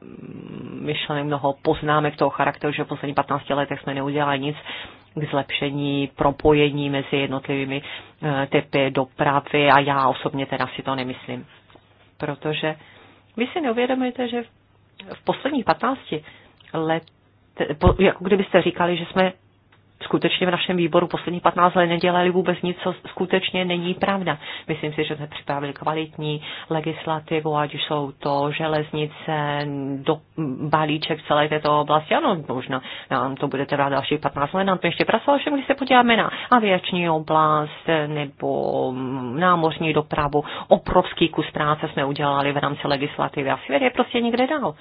mm, myšlenek, mnoho poznámek toho charakteru, že v posledních 15 letech jsme neudělali nic k zlepšení propojení mezi jednotlivými eh, typy dopravy a já osobně teda si to nemyslím. Protože vy si neuvědomujete, že v posledních 15 let, jako kdybyste říkali, že jsme skutečně v našem výboru poslední 15 let nedělali vůbec nic, co skutečně není pravda. Myslím si, že jsme připravili kvalitní legislativu, ať už jsou to železnice, do, balíček celé této oblasti. Ano, možná nám to bude trvat další 15 let, nám to ještě pracovalo, že když se podíváme na aviační oblast nebo námořní dopravu, obrovský kus práce jsme udělali v rámci legislativy a svět je prostě nikde dál.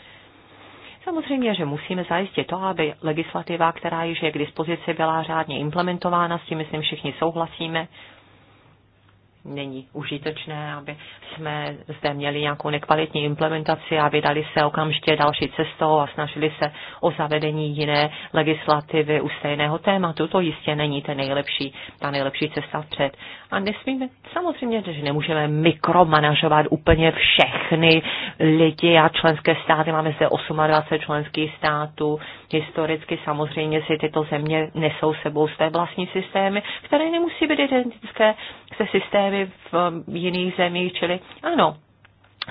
Samozřejmě, že musíme zajistit to, aby legislativa, která již je k dispozici, byla řádně implementována, s tím myslím všichni souhlasíme není užitečné, aby jsme zde měli nějakou nekvalitní implementaci a vydali se okamžitě další cestou a snažili se o zavedení jiné legislativy u stejného tématu. To jistě není ten nejlepší, ta nejlepší cesta vpřed. A nesmíme, samozřejmě, že nemůžeme mikromanažovat úplně všechny lidi a členské státy. Máme zde 28 členských států. Historicky samozřejmě si tyto země nesou sebou své vlastní systémy, které nemusí být identické se systémy v um, jiných zemích, čili ano,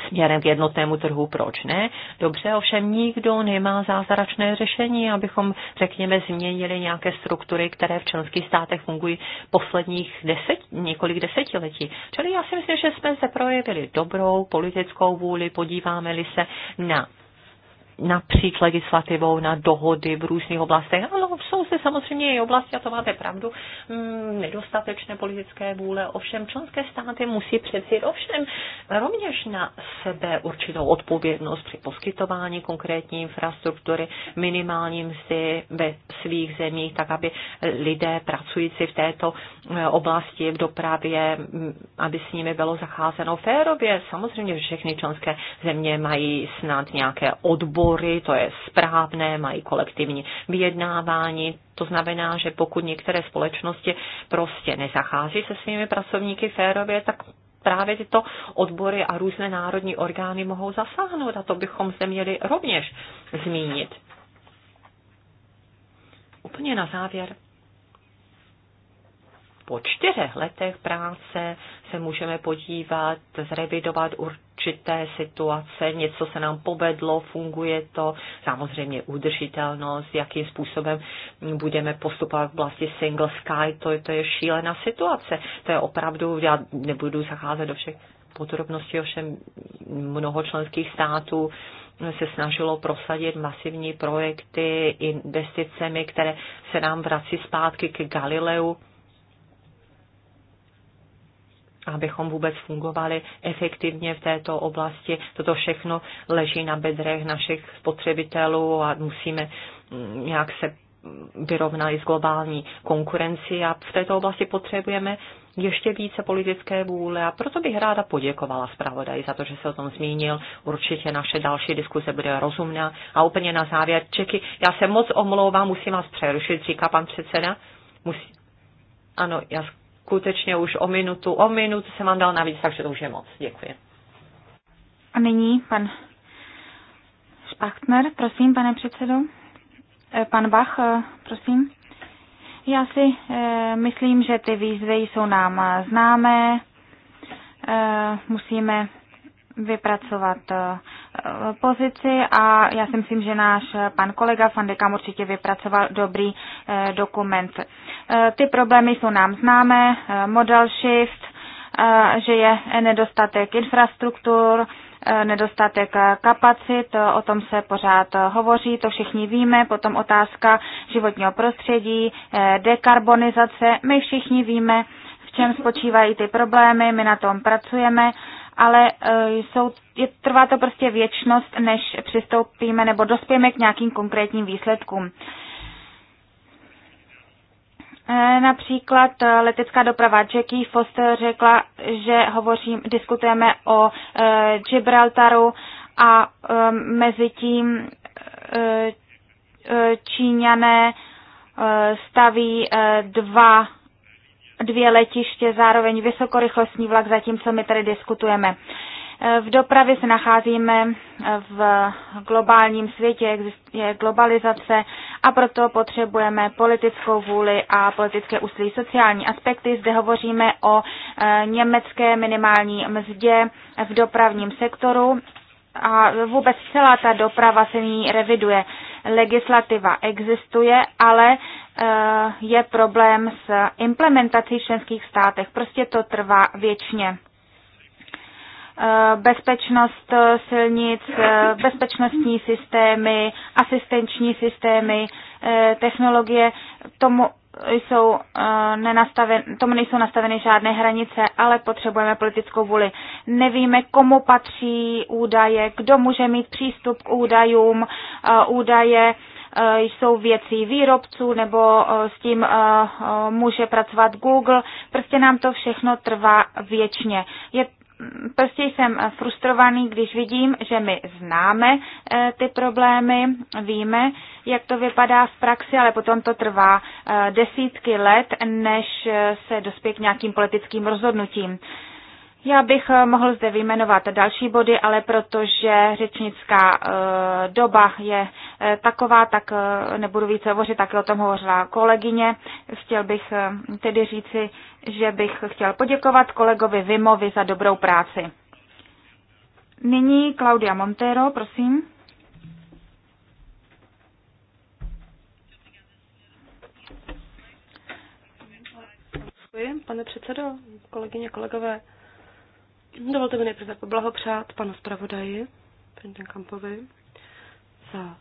směrem k jednotnému trhu, proč ne? Dobře, ovšem nikdo nemá zázračné řešení, abychom, řekněme, změnili nějaké struktury, které v členských státech fungují posledních deset, několik desetiletí. Čili já si myslím, že jsme se projevili dobrou politickou vůli, podíváme-li se na napříč legislativou na dohody v různých oblastech. Ano, jsou se samozřejmě i oblasti, a to máte pravdu, mm, nedostatečné politické vůle. Ovšem členské státy musí přeci ovšem rovněž na sebe určitou odpovědnost při poskytování konkrétní infrastruktury, minimální mzdy ve svých zemích, tak aby lidé pracující v této eh, oblasti, v dopravě, mm, aby s nimi bylo zacházeno férově. Samozřejmě všechny členské země mají snad nějaké odbory fóry, to je správné, mají kolektivní vyjednávání. To znamená, že pokud některé společnosti prostě nezachází se svými pracovníky férově, tak právě tyto odbory a různé národní orgány mohou zasáhnout a to bychom se měli rovněž zmínit. Úplně na závěr. Po čtyřech letech práce se můžeme podívat, zrevidovat určité situace, něco se nám povedlo, funguje to, samozřejmě udržitelnost, jakým způsobem budeme postupovat v vlasti single sky, to, to je šílená situace. To je opravdu, já nebudu zacházet do všech podrobností, ovšem mnoho členských států se snažilo prosadit masivní projekty investicemi, které se nám vrací zpátky k Galileu abychom vůbec fungovali efektivně v této oblasti. Toto všechno leží na bedrech našich spotřebitelů a musíme mm, nějak se vyrovnali s globální konkurenci a v této oblasti potřebujeme ještě více politické vůle a proto bych ráda poděkovala zpravodaji za to, že se o tom zmínil. Určitě naše další diskuse bude rozumná. A úplně na závěr, Čeky, já se moc omlouvám, musím vás přerušit, říká pan předseda. Musí... Ano, já skutečně už o minutu, o minutu jsem vám dal navíc, takže to už je moc. Děkuji. A nyní pan Špachtner, prosím, pane předsedu. Eh, pan Bach, eh, prosím. Já si eh, myslím, že ty výzvy jsou nám známé. Musíme vypracovat Eh, pozici a já si myslím, že náš pan kolega Fandekam určitě vypracoval dobrý eh, dokument. Eh, ty problémy jsou nám známé, model shift, že je nedostatek infrastruktur, nedostatek kapacit, o tom se pořád hovoří, to všichni víme, potom otázka životního prostředí, dekarbonizace, my všichni víme, v čem spočívají ty problémy, my na tom pracujeme ale e, jsou, je, trvá to prostě věčnost, než přistoupíme nebo dospějeme k nějakým konkrétním výsledkům. E, například e, letecká doprava Jackie Foster řekla, že hovořím, diskutujeme o e, Gibraltaru a e, mezi tím e, Číňané e, staví e, dva dvě letiště, zároveň vysokorychlostní vlak, zatímco my tady diskutujeme. E, v dopravě se nacházíme e, v globálním světě, je globalizace a proto potřebujeme politickou vůli a politické úsilí. Sociální aspekty, zde hovoříme o e, německé minimální mzdě v dopravním sektoru a vůbec celá ta doprava se ní reviduje legislativa existuje, ale eh, je problém s implementací v členských státech. Prostě to trvá věčně eh, bezpečnost eh, silnic, bezpečnostní systémy, asistenční systémy, technologie, tomu jsou, eh, nenastaven, tomu nejsou nastaveny žádné hranice, ale potřebujeme politickou vůli. Nevíme, komu patří údaje, kdo může mít přístup k údajům, eh, údaje eh, jsou věcí výrobců nebo s tím může pracovat Google. Prostě nám to všechno trvá věčně. Je prostě jsem frustrovaný, když vidím, že my známe eh, ty problémy, víme, jak to vypadá v praxi, ale potom to trvá eh, desítky let, než eh, se dospěje k nějakým politickým rozhodnutím. Já bych eh, mohl zde vyjmenovat další body, ale protože řečnická eh, doba je eh, taková, tak nebudu více hovořit, také o tom hovořila kolegyně. Chtěl bych tedy říci, že bych chtěl poděkovat kolegovi Vimovi za dobrou práci. Nyní Claudia Montero, prosím. Děkuji, pane předsedo, kolegyně, kolegové. Dovolte mi nejprve poblahopřát panu zpravodaji, paní Kampovi, za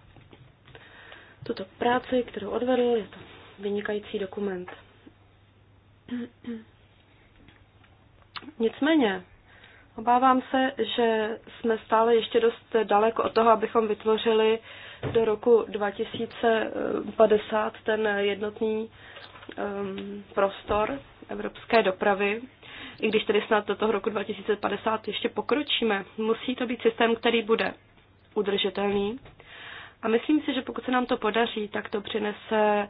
tuto práci, kterou odvedl. Je to vynikající dokument. Nicméně, obávám se, že jsme stále ještě dost daleko od toho, abychom vytvořili do roku 2050 ten jednotný um, prostor evropské dopravy i když tedy snad do toho roku 2050 ještě pokročíme, musí to být systém, který bude udržitelný. A myslím si, že pokud se nám to podaří, tak to přinese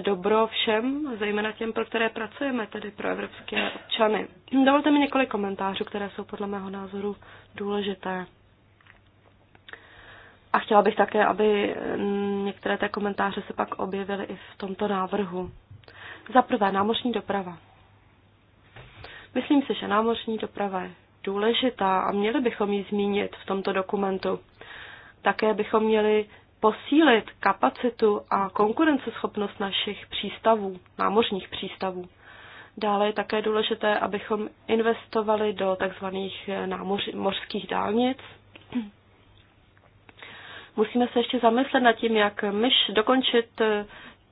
dobro všem, zejména těm, pro které pracujeme, tedy pro evropské občany. Dovolte mi několik komentářů, které jsou podle mého názoru důležité. A chtěla bych také, aby některé té komentáře se pak objevily i v tomto návrhu. Za prvé, námořní doprava. Myslím si, že námořní doprava je důležitá a měli bychom ji zmínit v tomto dokumentu. Také bychom měli posílit kapacitu a konkurenceschopnost našich přístavů, námořních přístavů. Dále je také důležité, abychom investovali do tzv. Eh, mořských dálnic. Musíme se ještě zamyslet nad tím, jak myš dokončit eh,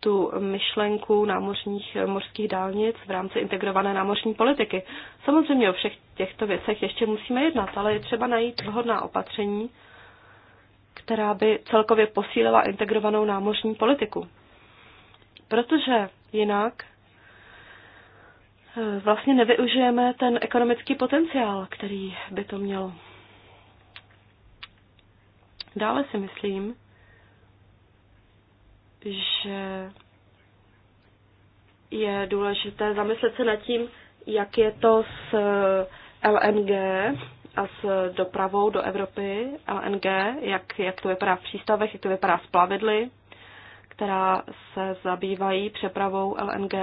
tu myšlenku námořních mořských dálnic v rámci integrované námořní politiky. Samozřejmě o všech těchto věcech ještě musíme jednat, ale je třeba najít vhodná opatření, která by celkově posílila integrovanou námořní politiku. Protože jinak eh, vlastně nevyužijeme ten ekonomický potenciál, který by to mělo. Dále si myslím, že je důležité zamyslet se nad tím, jak je to s eh, LNG a s dopravou do Evropy, LNG, jak, jak to vypadá v přístavech, jak to vypadá s plavidly, která se zabývají přepravou LNG.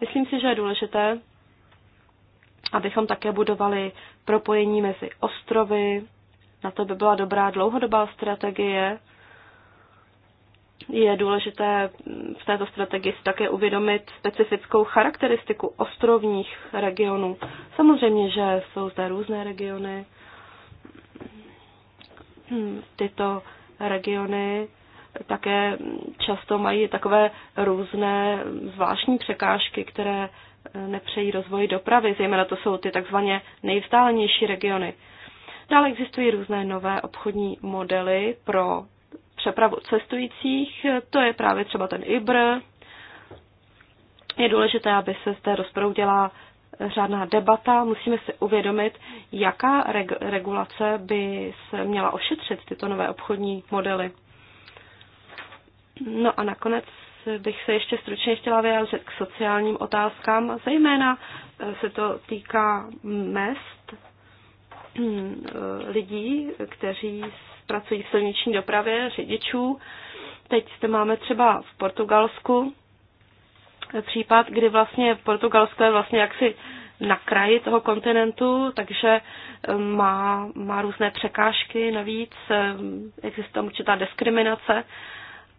Myslím si, že je důležité, abychom také budovali propojení mezi ostrovy. Na to by byla dobrá dlouhodobá strategie, je důležité v této strategii si také uvědomit specifickou charakteristiku ostrovních regionů. Samozřejmě, že jsou zde různé regiony. Hmm, tyto regiony také často mají takové různé zvláštní překážky, které eh, nepřejí rozvoji dopravy, zejména to jsou ty takzvaně nejvzdálenější regiony. Dále existují různé nové obchodní modely pro přepravu cestujících. To je právě třeba ten IBR. Je důležité, aby se zde rozproudila řádná debata. Musíme si uvědomit, jaká reg- regulace by se měla ošetřit tyto nové obchodní modely. No a nakonec bych se ještě stručně chtěla vyjádřit k sociálním otázkám. Zejména eh, se to týká mest hm, eh, lidí, kteří pracují v silniční dopravě, řidičů. Teď zde máme třeba v Portugalsku případ, kdy vlastně Portugalsko je vlastně jaksi na kraji toho kontinentu, takže eh, má, má různé překážky navíc, eh, existuje tam určitá diskriminace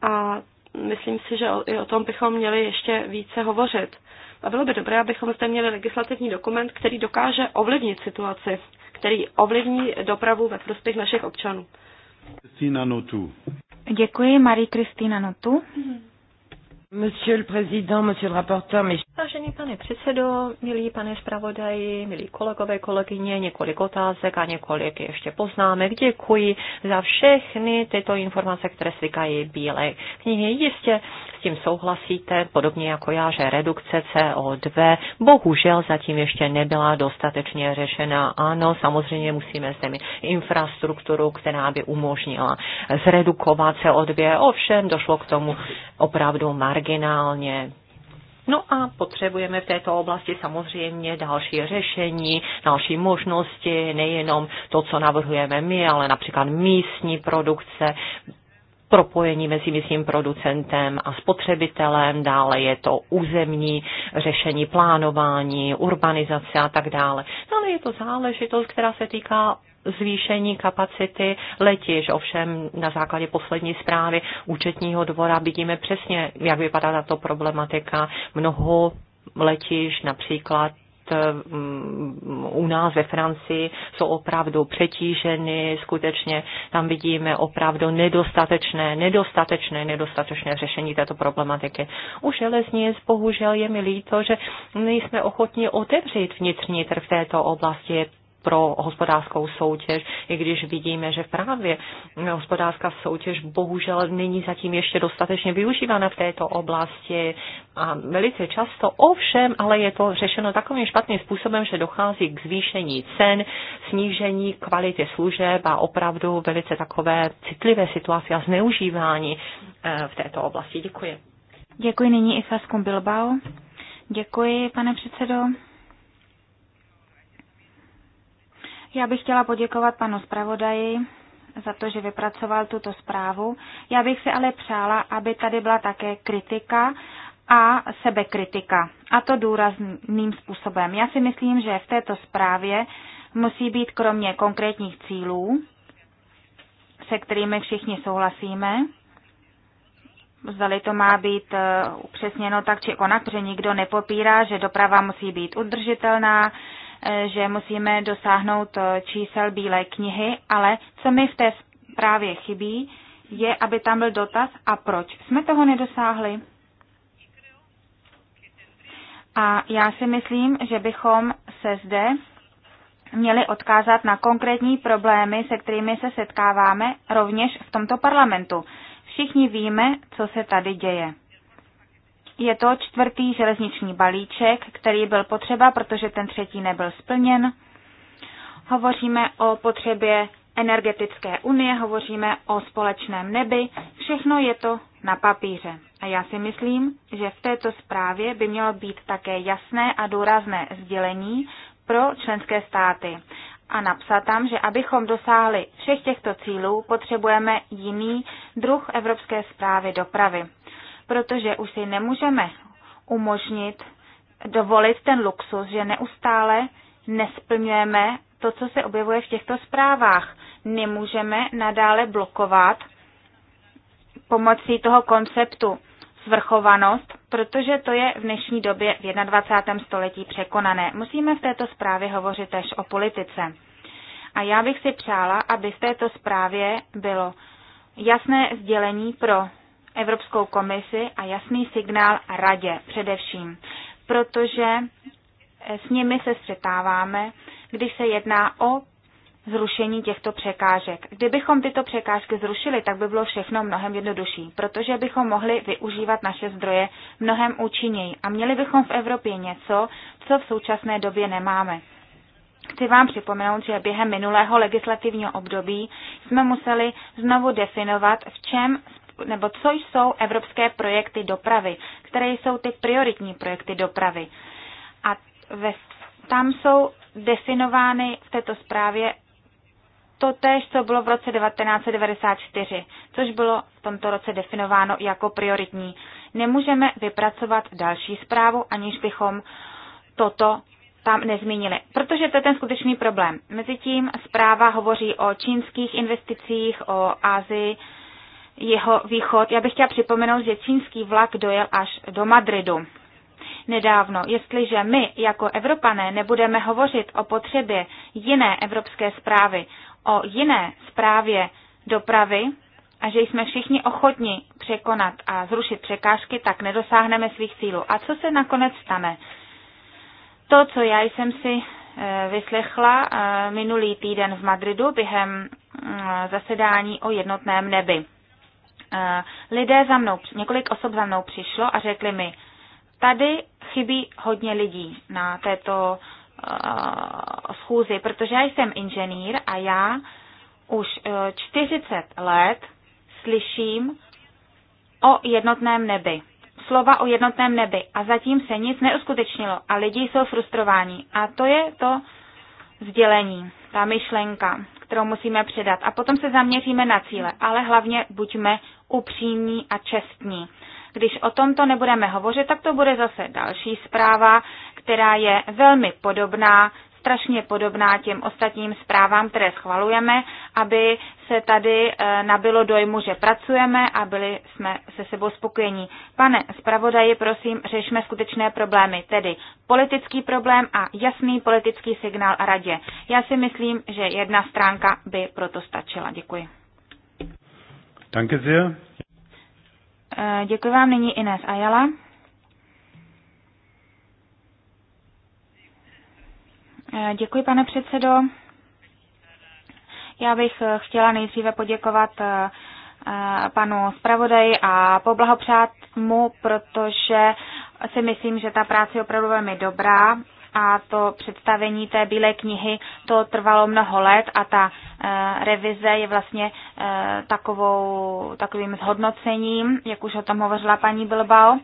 a myslím si, že i o tom bychom měli ještě více hovořit. A bylo by dobré, abychom zde měli legislativní dokument, který dokáže ovlivnit situaci, který ovlivní dopravu ve prospěch našich občanů. Kristýna Notu. Děkuji, Marie Kristýna Notu. Mm-hmm. Vážený pane předsedo, milí pane zpravodaji, milí kolegové, kolegyně, několik otázek a několik ještě poznámek. Děkuji za všechny tyto informace, které svikají bílé knihy. Jistě s tím souhlasíte, podobně jako já, že redukce CO2 bohužel zatím ještě nebyla dostatečně řešena. Ano, samozřejmě musíme zde mít infrastrukturu, která by umožnila zredukovat CO2. Ovšem, došlo k tomu opravdu marginálně marginálně. No a potřebujeme v této oblasti samozřejmě další řešení, další možnosti, nejenom to, co navrhujeme my, ale například místní produkce, propojení mezi místním producentem a spotřebitelem, dále je to územní řešení plánování, urbanizace a tak dále. No ale je to záležitost, která se týká zvýšení kapacity letiš. Ovšem na základě poslední zprávy účetního dvora vidíme přesně, jak vypadá tato problematika. Mnoho letiš například mm, u nás ve Francii jsou opravdu přetíženy, skutečně tam vidíme opravdu nedostatečné, nedostatečné, nedostatečné řešení této problematiky. U železnic bohužel je mi líto, že nejsme ochotni otevřít vnitřní trh v této oblasti pro hospodářskou soutěž, i když vidíme, že právě hospodářská soutěž bohužel není zatím ještě dostatečně využívána v této oblasti a velice často ovšem, ale je to řešeno takovým špatným způsobem, že dochází k zvýšení cen, snížení kvality služeb a opravdu velice takové citlivé situace a zneužívání eh, v této oblasti. Děkuji. Děkuji nyní i Bilbao. Děkuji, pane předsedo. Já bych chtěla poděkovat panu zpravodaji za to, že vypracoval tuto zprávu. Já bych si ale přála, aby tady byla také kritika a sebekritika. A to důrazným způsobem. Já si myslím, že v této zprávě musí být kromě konkrétních cílů, se kterými všichni souhlasíme, zdali to má být eh, upřesněno tak či onak, protože nikdo nepopírá, že doprava musí být udržitelná, Eh, že musíme dosáhnout eh, čísel Bílé knihy, ale co mi v té zprávě chybí, je, aby tam byl dotaz a proč jsme toho nedosáhli. A já si myslím, že bychom se zde měli odkázat na konkrétní problémy, se kterými se setkáváme rovněž v tomto parlamentu. Všichni víme, co se tady děje. Je to čtvrtý železniční balíček, který byl potřeba, protože ten třetí nebyl splněn. Hovoříme o potřebě energetické unie, hovoříme o společném nebi, všechno je to na papíře. A já si myslím, že v této zprávě by mělo být také jasné a důrazné sdělení pro členské státy a napsat tam, že abychom dosáhli všech těchto cílů, potřebujeme jiný druh evropské zprávy dopravy protože už si nemůžeme umožnit dovolit ten luxus, že neustále nesplňujeme to, co se objevuje v těchto zprávách. Nemůžeme nadále blokovat pomocí toho konceptu svrchovanost, protože to je v dnešní době v 21. století překonané. Musíme v této zprávě hovořit tež o politice. A já bych si přála, aby v této zprávě bylo jasné sdělení pro Evropskou komisi a jasný signál radě především, protože s nimi se střetáváme, když se jedná o zrušení těchto překážek. Kdybychom tyto překážky zrušili, tak by bylo všechno mnohem jednodušší, protože bychom mohli využívat naše zdroje mnohem účinněji a měli bychom v Evropě něco, co v současné době nemáme. Chci vám připomenout, že během minulého legislativního období jsme museli znovu definovat, v čem nebo co jsou evropské projekty dopravy, které jsou ty prioritní projekty dopravy. A ve, tam jsou definovány v této zprávě to též, co bylo v roce 1994, což bylo v tomto roce definováno jako prioritní. Nemůžeme vypracovat další zprávu, aniž bychom toto tam nezmínili, protože to je ten skutečný problém. Mezitím zpráva hovoří o čínských investicích, o Ázii, jeho východ. Já bych chtěla připomenout, že čínský vlak dojel až do Madridu. Nedávno, jestliže my jako Evropané nebudeme hovořit o potřebě jiné evropské zprávy, o jiné zprávě dopravy a že jsme všichni ochotni překonat a zrušit překážky, tak nedosáhneme svých cílů. A co se nakonec stane? To, co já jsem si e, vyslechla e, minulý týden v Madridu během mm, zasedání o jednotném nebi. Eh, lidé za mnou, několik osob za mnou přišlo a řekli mi, tady chybí hodně lidí na této eh, schůzi, protože já jsem inženýr a já už 40 eh, let slyším o jednotném nebi. Slova o jednotném nebi a zatím se nic neuskutečnilo a lidi jsou frustrováni. A to je to sdělení, ta myšlenka, kterou musíme předat. A potom se zaměříme na cíle, ale hlavně buďme upřímní a čestní. Když o tomto nebudeme hovořit, tak to bude zase další zpráva, která je velmi podobná, strašně podobná těm ostatním zprávám, které schvalujeme, aby se tady eh, nabilo dojmu, že pracujeme a byli jsme se sebou spokojení. Pane zpravodaji, prosím, řešme skutečné problémy, tedy politický problém a jasný politický signál radě. Já si myslím, že jedna stránka by proto stačila. Děkuji. Danke sehr. Eh, děkuji vám nyní Ines Ayala. Eh, děkuji, pane předsedo. Já bych eh, chtěla nejdříve poděkovat panu zpravodaji a poblahopřát mu, protože si myslím, že ta práce je opravdu velmi dobrá a to představení té bílé knihy, to trvalo mnoho let a ta eh, revize je vlastně eh, takovou, takovým zhodnocením, jak už o tom hovořila paní Bilbao.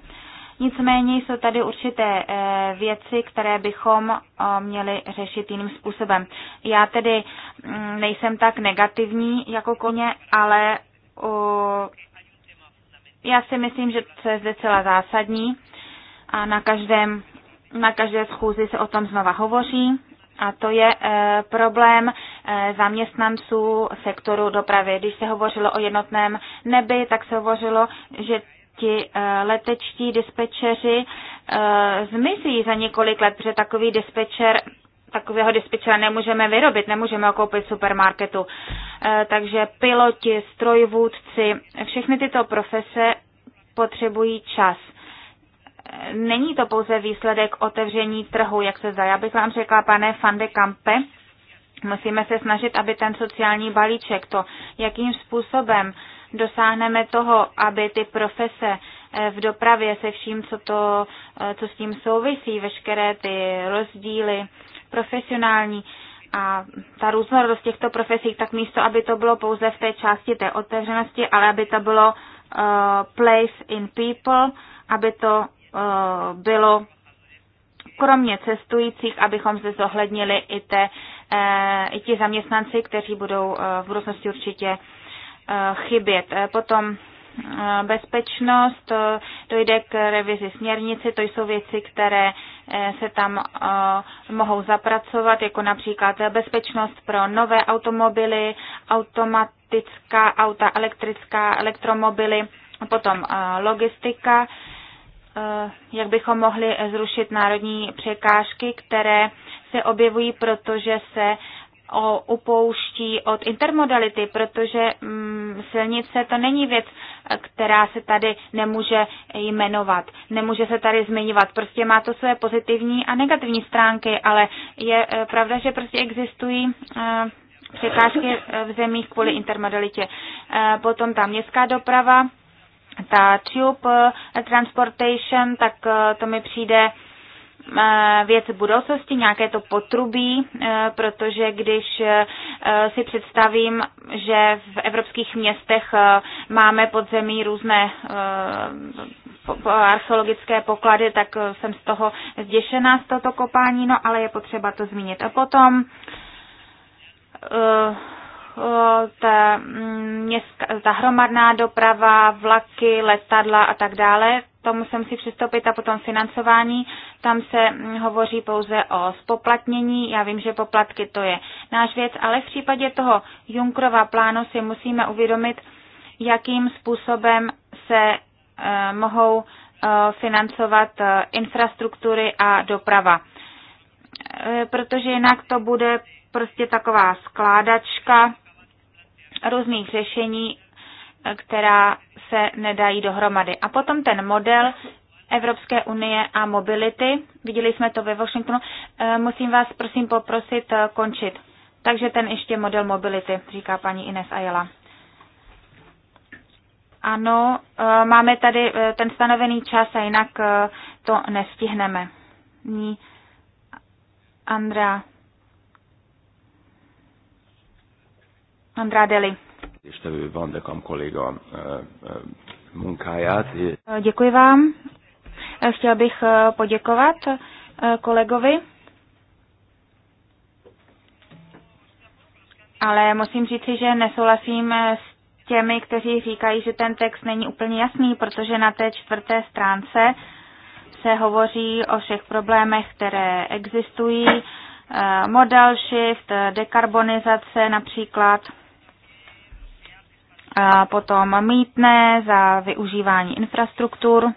Nicméně jsou tady určité eh, věci, které bychom měli řešit jiným způsobem. Já tedy mm, nejsem tak negativní jako koně, ale já si myslím, že to je zde celá zásadní a na každém na každé schůzi se o tom znova hovoří a to je eh, problém eh, zaměstnanců sektoru dopravy. Když se hovořilo o jednotném nebi, tak se hovořilo, že ti eh, letečtí dispečeři zmizí za několik let, protože takový dispečer takového dispečera nemůžeme vyrobit, nemůžeme ho koupit v supermarketu. Takže piloti, strojvůdci, všechny tyto profese potřebují čas není to pouze výsledek otevření trhu, jak se zdá. Já bych vám řekla, pane Fande Kampe, musíme se snažit, aby ten sociální balíček, to, jakým způsobem dosáhneme toho, aby ty profese eh, v dopravě se vším, co, to, eh, co s tím souvisí, veškeré ty rozdíly profesionální a ta různorodost těchto profesí, tak místo, aby to bylo pouze v té části té otevřenosti, ale aby to bylo uh, place in people, aby to Eh, bylo kromě cestujících, abychom zde zohlednili i, te, eh, i ti zaměstnanci, kteří budou eh, v budoucnosti určitě chybět. Potom bezpečnost, dojde k revizi směrnici, to jsou věci, které se tam mohou zapracovat, jako například bezpečnost pro nové automobily, automatická auta, elektrická, elektromobily, potom logistika, Eh, jak bychom mohli zrušit národní překážky, které se objevují, protože se upouští od intermodality, protože mm, silnice to není věc, která se tady nemůže jmenovat, nemůže se tady zmiňovat. Prostě má to své pozitivní a negativní stránky, ale je eh, pravda, že prostě existují eh, překážky v zemích kvůli intermodalitě. potom ta městská doprava, ta tube eh, transportation, tak eh, to mi přijde eh, věc budoucnosti, nějaké to potrubí, protože když si představím, že v evropských městech máme podzemí různé archeologické poklady, tak jsem z toho zděšená z toto kopání, no ale je potřeba to zmínit. A potom Eh, ta, mm, městka, ta hromadná doprava, vlaky, letadla a tak dále. Tomu se musí přistoupit a potom financování. Tam se mm, hovoří pouze o spoplatnění. Já vím, že poplatky to je náš věc, ale v případě toho Junkrova plánu si musíme uvědomit, jakým způsobem se eh, mohou eh, financovat infrastruktury a doprava. Protože jinak to bude prostě taková skládačka různých řešení, která se nedají dohromady. A potom ten model Evropské unie a mobility, viděli jsme to ve Washingtonu, e, musím vás prosím poprosit e, končit. Takže ten ještě model mobility, říká paní Ines Ayala. Ano, e, máme tady ten stanovený čas a jinak to nestihneme. Ní Andrea. Andrádeli. Eh, eh, eh, děkuji vám. Chtěl bych poděkovat kolegovi. Ale musím říci, že nesouhlasím s těmi, kteří říkají, že ten text není úplně jasný, protože na té čtvrté stránce se hovoří o všech problémech, které existují, model shift, dekarbonizace například a potom mítné za využívání infrastruktur.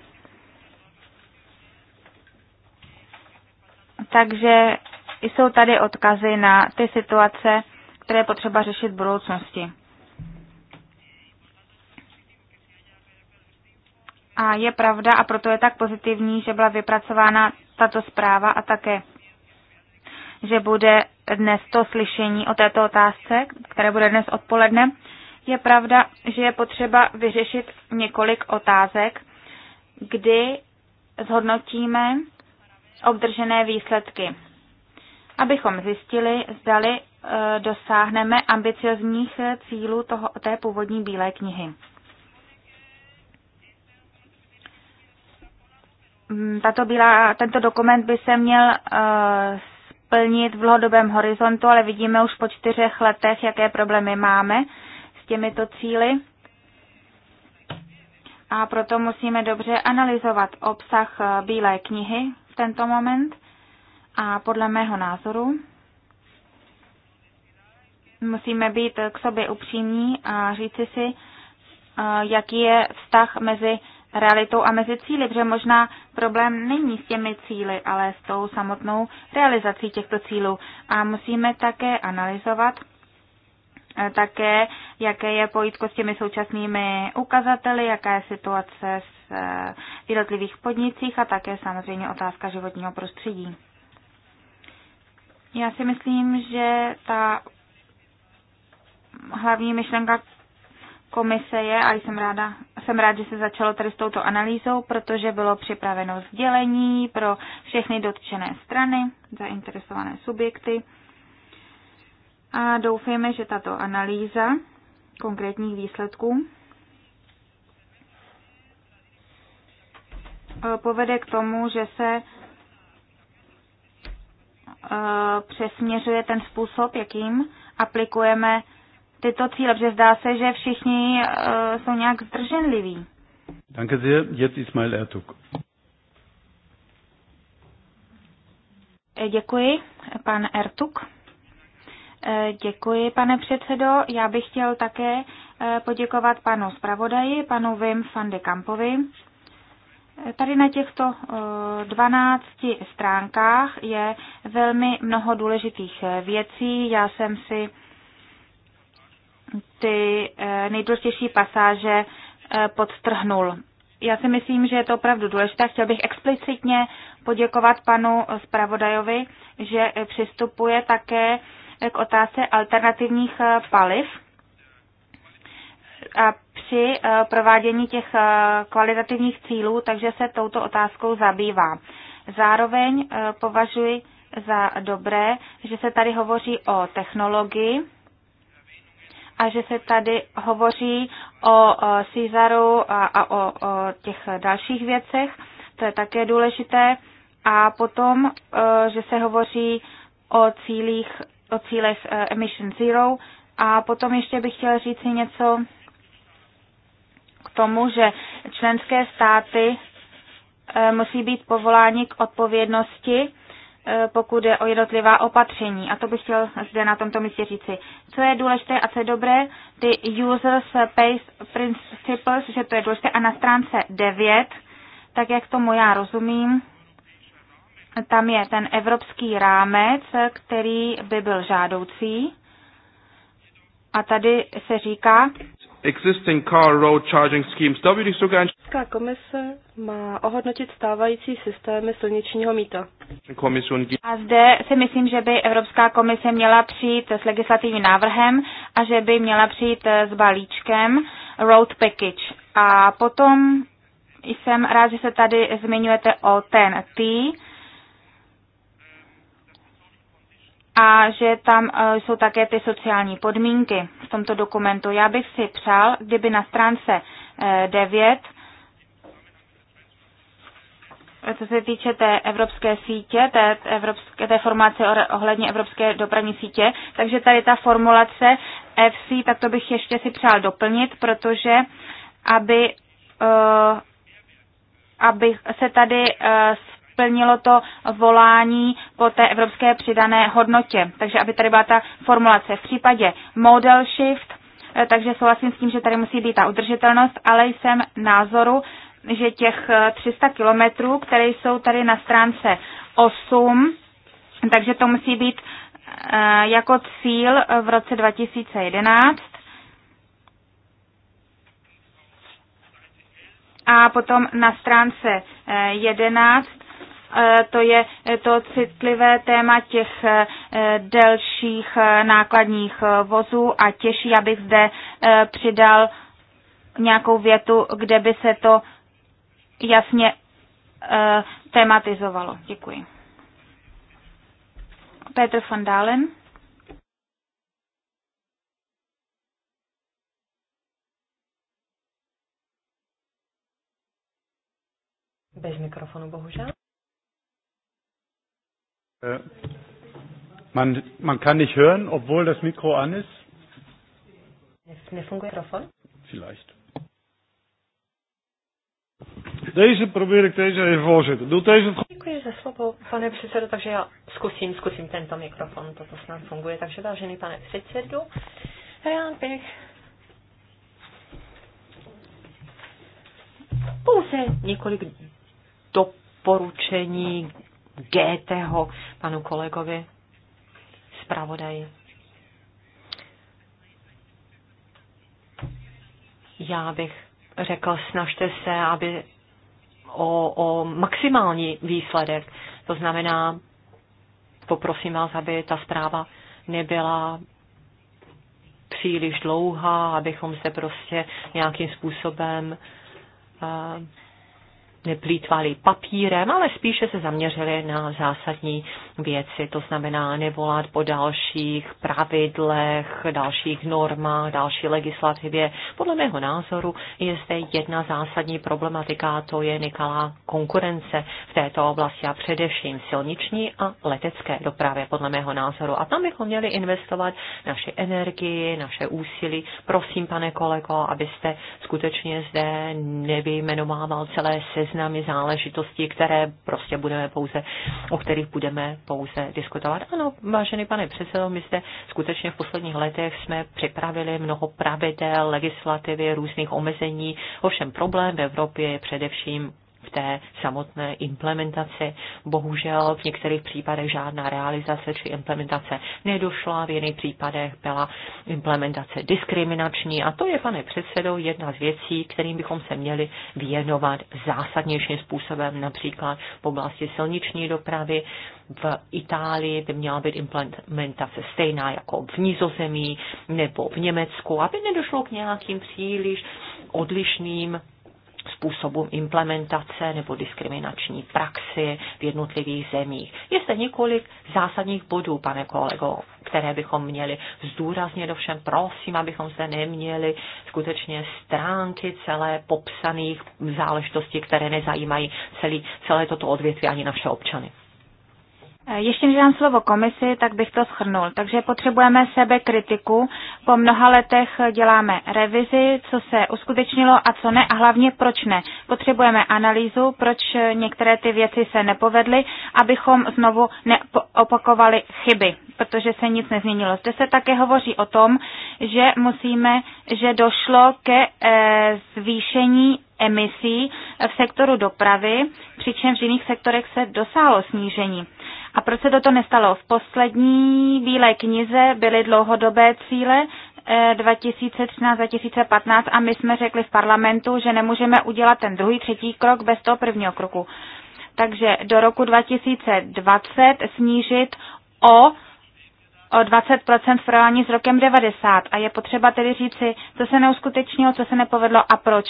Takže jsou tady odkazy na ty situace, které je potřeba řešit v budoucnosti. A je pravda, a proto je tak pozitivní, že byla vypracována tato zpráva a také, že bude dnes to slyšení o této otázce, které bude dnes odpoledne. Je pravda, že je potřeba vyřešit několik otázek, kdy zhodnotíme obdržené výsledky, abychom zjistili, zdali e, dosáhneme ambiciozních cílů toho, té původní bílé knihy. Mm, tato bílá, tento dokument by se měl e, splnit v dlouhodobém horizontu, ale vidíme už po čtyřech letech, jaké problémy máme těmito cíly a proto musíme dobře analyzovat obsah eh, Bílé knihy v tento moment a podle mého názoru musíme být k sobě upřímní a říci si, eh, jaký je vztah mezi realitou a mezi cíly, protože možná problém není s těmi cíly, ale s tou samotnou realizací těchto cílů. A musíme také analyzovat, E, také, jaké je pojítko s těmi současnými ukazateli, jaká je situace s e, v jednotlivých podnicích a také samozřejmě otázka životního prostředí. Já si myslím, že ta hlavní myšlenka komise je, a jsem ráda, jsem rád, že se začalo tady s touto analýzou, protože bylo připraveno sdělení pro všechny dotčené strany, zainteresované subjekty a doufejme, že tato analýza konkrétních výsledků e, povede k tomu, že se e, přesměřuje ten způsob, jakým aplikujeme tyto cíle, protože zdá se, že všichni e, jsou nějak zdrženliví. Danke sehr, jetzt Ismail Ertug. Děkuji, pan Ertug. Děkuji, pane předsedo. Já bych chtěl také eh, poděkovat panu zpravodaji, panu Vim van de Kampovi. Tady na těchto 12 eh, stránkách je velmi mnoho důležitých eh, věcí. Já jsem si ty nejdůležitější pasáže podstrhnul. Já si myslím, že je to opravdu důležité. Chtěl bych explicitně poděkovat panu zpravodajovi, že přistupuje také k otázce alternativních eh, paliv a při eh, provádění těch eh, kvalitativních cílů, takže se touto otázkou zabývá. Zároveň považuji za dobré, že se tady hovoří o technologii a že se tady hovoří o Cizaru a o těch dalších věcech. To je také důležité. A potom, že se hovoří o cílích o cílech eh, Emission Zero. A potom ještě bych chtěla říct něco k tomu, že členské státy eh, musí být povoláni k odpovědnosti, eh, pokud je o jednotlivá opatření. A to bych chtěl zde na tomto místě říci. Co je důležité a co je dobré, ty users pays principles, že to je důležité. A na stránce 9, tak jak tomu já rozumím, tam je ten evropský rámec, který by byl žádoucí. A tady se říká, Existing car road charging schemes. Evropská komise má ohodnotit stávající systémy silničního mýta. A zde si myslím, že by Evropská komise měla přijít s legislativním návrhem a že by měla přijít s balíčkem road package. A potom jsem rád, že se tady zmiňujete o ten T, a že tam e, jsou také ty sociální podmínky v tomto dokumentu. Já bych si přál, kdyby na stránce 9, e, co se týče té evropské sítě, té, evropské, té formace ohledně evropské dopravní sítě, takže tady ta formulace FC, tak to bych ještě si přál doplnit, protože aby e, aby se tady splnilo to volání po té evropské přidané hodnotě. Takže aby tady byla ta formulace v případě model shift, eh, takže souhlasím s tím, že tady musí být ta udržitelnost, ale jsem názoru, že těch 300 eh, kilometrů, které jsou tady na stránce 8, takže to musí být eh, jako cíl v roce 2011. A potom na stránce 11 Eh, to je eh, to citlivé téma těch eh, delších nákladních vozů a těžší, abych zde přidal nějakou větu, kde by se to jasně tematizovalo. Děkuji. Petr van Dalen. Bez mikrofonu, bohužel. Äh, man, man kann nicht hören, obwohl das Mikro an ist. Vielleicht. Deze probeer ik deze even voorzitter. Doet deze het Děkuji za slovo, pane předsedo, takže já zkusím, zkusím tento mikrofon, toto snad funguje. Takže vážený pane předsedo, rád bych pouze několik doporučení Géteho, panu kolegovi, zpravodaji. Já bych řekl, snažte se, aby o, o maximální výsledek. To znamená, poprosím vás, aby ta zpráva nebyla příliš dlouhá, abychom se prostě nějakým způsobem eh, neplýtvali papírem, ale spíše se zaměřili na zásadní věci, to znamená nevolat po dalších pravidlech, dalších normách, další legislativě. Podle mého názoru je zde jedna zásadní problematika, a to je nekalá konkurence v této oblasti a především silniční a letecké dopravě, podle mého názoru. A tam bychom měli investovat naše energii, naše úsilí. Prosím, pane kolego, abyste skutečně zde nevyjmenovával celé seznam seznamy záležitostí, které prostě budeme pouze, o kterých budeme pouze diskutovat. Ano, vážený pane předsedo, my jste skutečně v posledních letech jsme připravili mnoho pravidel, legislativy, různých omezení. Ovšem problém v Evropě je především v té samotné implementaci. Bohužel v některých případech žádná realizace či implementace nedošla, v jiných případech byla implementace diskriminační a to je, pane předsedo, jedna z věcí, kterým bychom se měli věnovat zásadnějším způsobem, například v oblasti silniční dopravy. V Itálii by měla být implementace stejná jako v nízozemí nebo v Německu, aby nedošlo k nějakým příliš odlišným způsobům implementace nebo diskriminační praxi v jednotlivých zemích. Je zde několik zásadních bodů, pane kolego, které bychom měli zdůraznit. Ovšem prosím, abychom zde neměli skutečně stránky celé popsaných záležitostí, které nezajímají celý, celé toto odvětví ani naše občany. Eh, ještě než dám slovo komisi, tak bych to schrnul. Takže potřebujeme sebe kritiku. Po mnoha letech děláme revizi, co se uskutečnilo a co ne a hlavně proč ne. Potřebujeme analýzu, proč některé ty věci se nepovedly, abychom znovu neopakovali chyby, protože se nic nezměnilo. Zde se také hovoří o tom, že musíme, že došlo ke eh, zvýšení emisí v sektoru dopravy, přičemž v jiných sektorech se dosáhlo snížení. A proč se toto nestalo? V poslední bílé knize byly dlouhodobé cíle 2013-2015 eh, a my jsme řekli v parlamentu, že nemůžeme udělat ten druhý, třetí krok bez toho prvního kroku. Takže do roku 2020 snížit o o 20% v s rokem 90 a je potřeba tedy říci, co se neuskutečnilo, co se nepovedlo a proč.